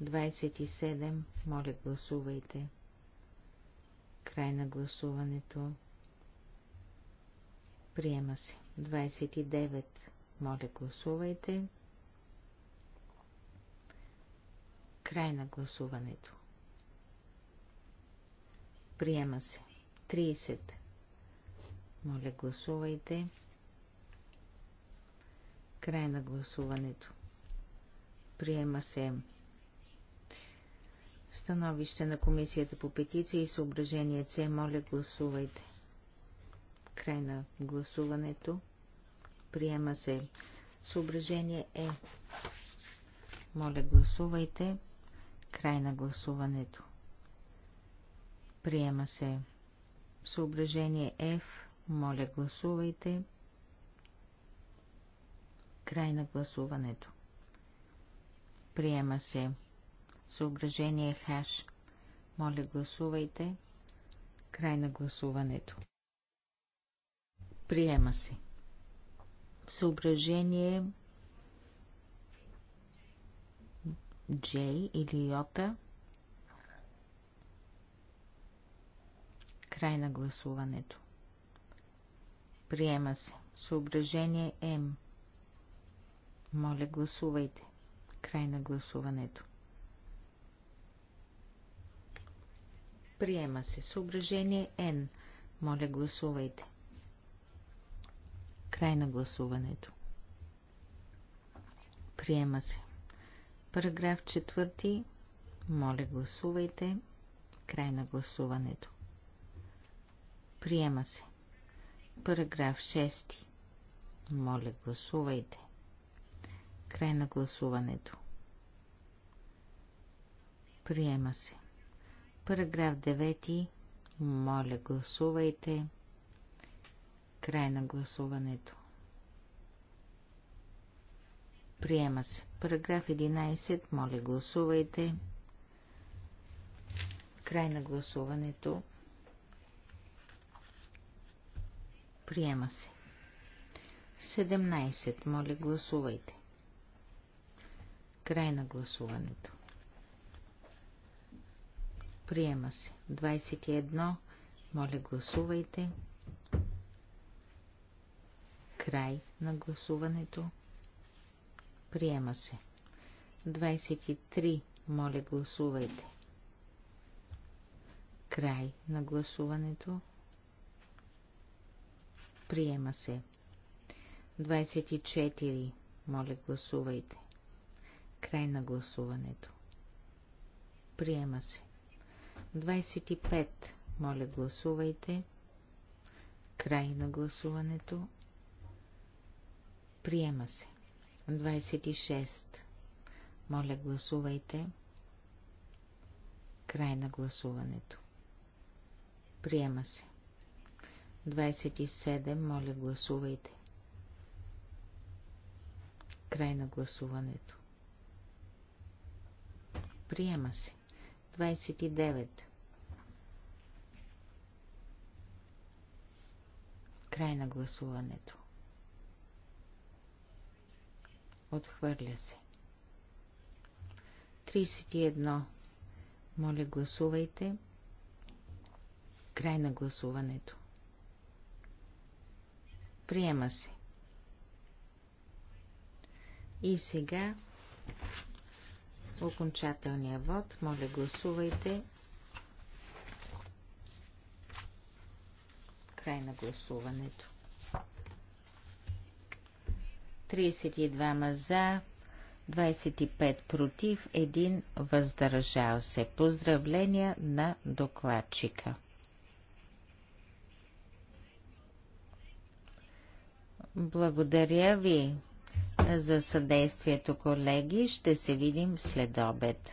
27. Моля, гласувайте. Край на гласуването. Приема се. 29. Моля, гласувайте. Край на гласуването. Приема се. 30. Моля, гласувайте. Край на гласуването. Приема се. Становище на Комисията по петиции и съображение С. Моля, гласувайте. Край на гласуването. Приема се. Съображение Е. Моля, гласувайте. Край на гласуването. Приема се. Съображение Ф. Моля, гласувайте. Край на гласуването. Приема се. Съображение Хаш. Моля, гласувайте. Край на гласуването. Приема се. Съображение Джей или Йота. Край на гласуването. Приема се. Съображение М. Моля, гласувайте. Край на гласуването. Приема се. Съображение Н. Моля, гласувайте. Край на гласуването. Приема се. Параграф 4. Моля, гласувайте. Край на гласуването. Приема се. Параграф 6. Моля, гласувайте. Край на гласуването. Приема се. Параграф 9. Моля, гласувайте. Край на гласуването. Приема се. Параграф 11. Моля, гласувайте. Край на гласуването. Приема се. 17. Моля, гласувайте. Край на гласуването. Приема се. 21. Моля, гласувайте. Край на гласуването. Приема се. 23. Моля, гласувайте. Край на гласуването. Приема се. 24. Моля, гласувайте. Край на гласуването. Приема се. 25. Моля, гласувайте. Край на гласуването. Приема се. 26. Моля, гласувайте. Край на гласуването. Приема се. 27. Моля, гласувайте. Край на гласуването. Приема се. 29. Край на гласуването. Отхвърля се. 31. Моля, гласувайте. Край на гласуването. Приема се. И сега окончателния вод. Моля, гласувайте. Край на гласуването. 32 за, 25 против, 1 въздържал се. Поздравления на докладчика. Благодаря ви, за съдействието, колеги. Ще се видим след обед.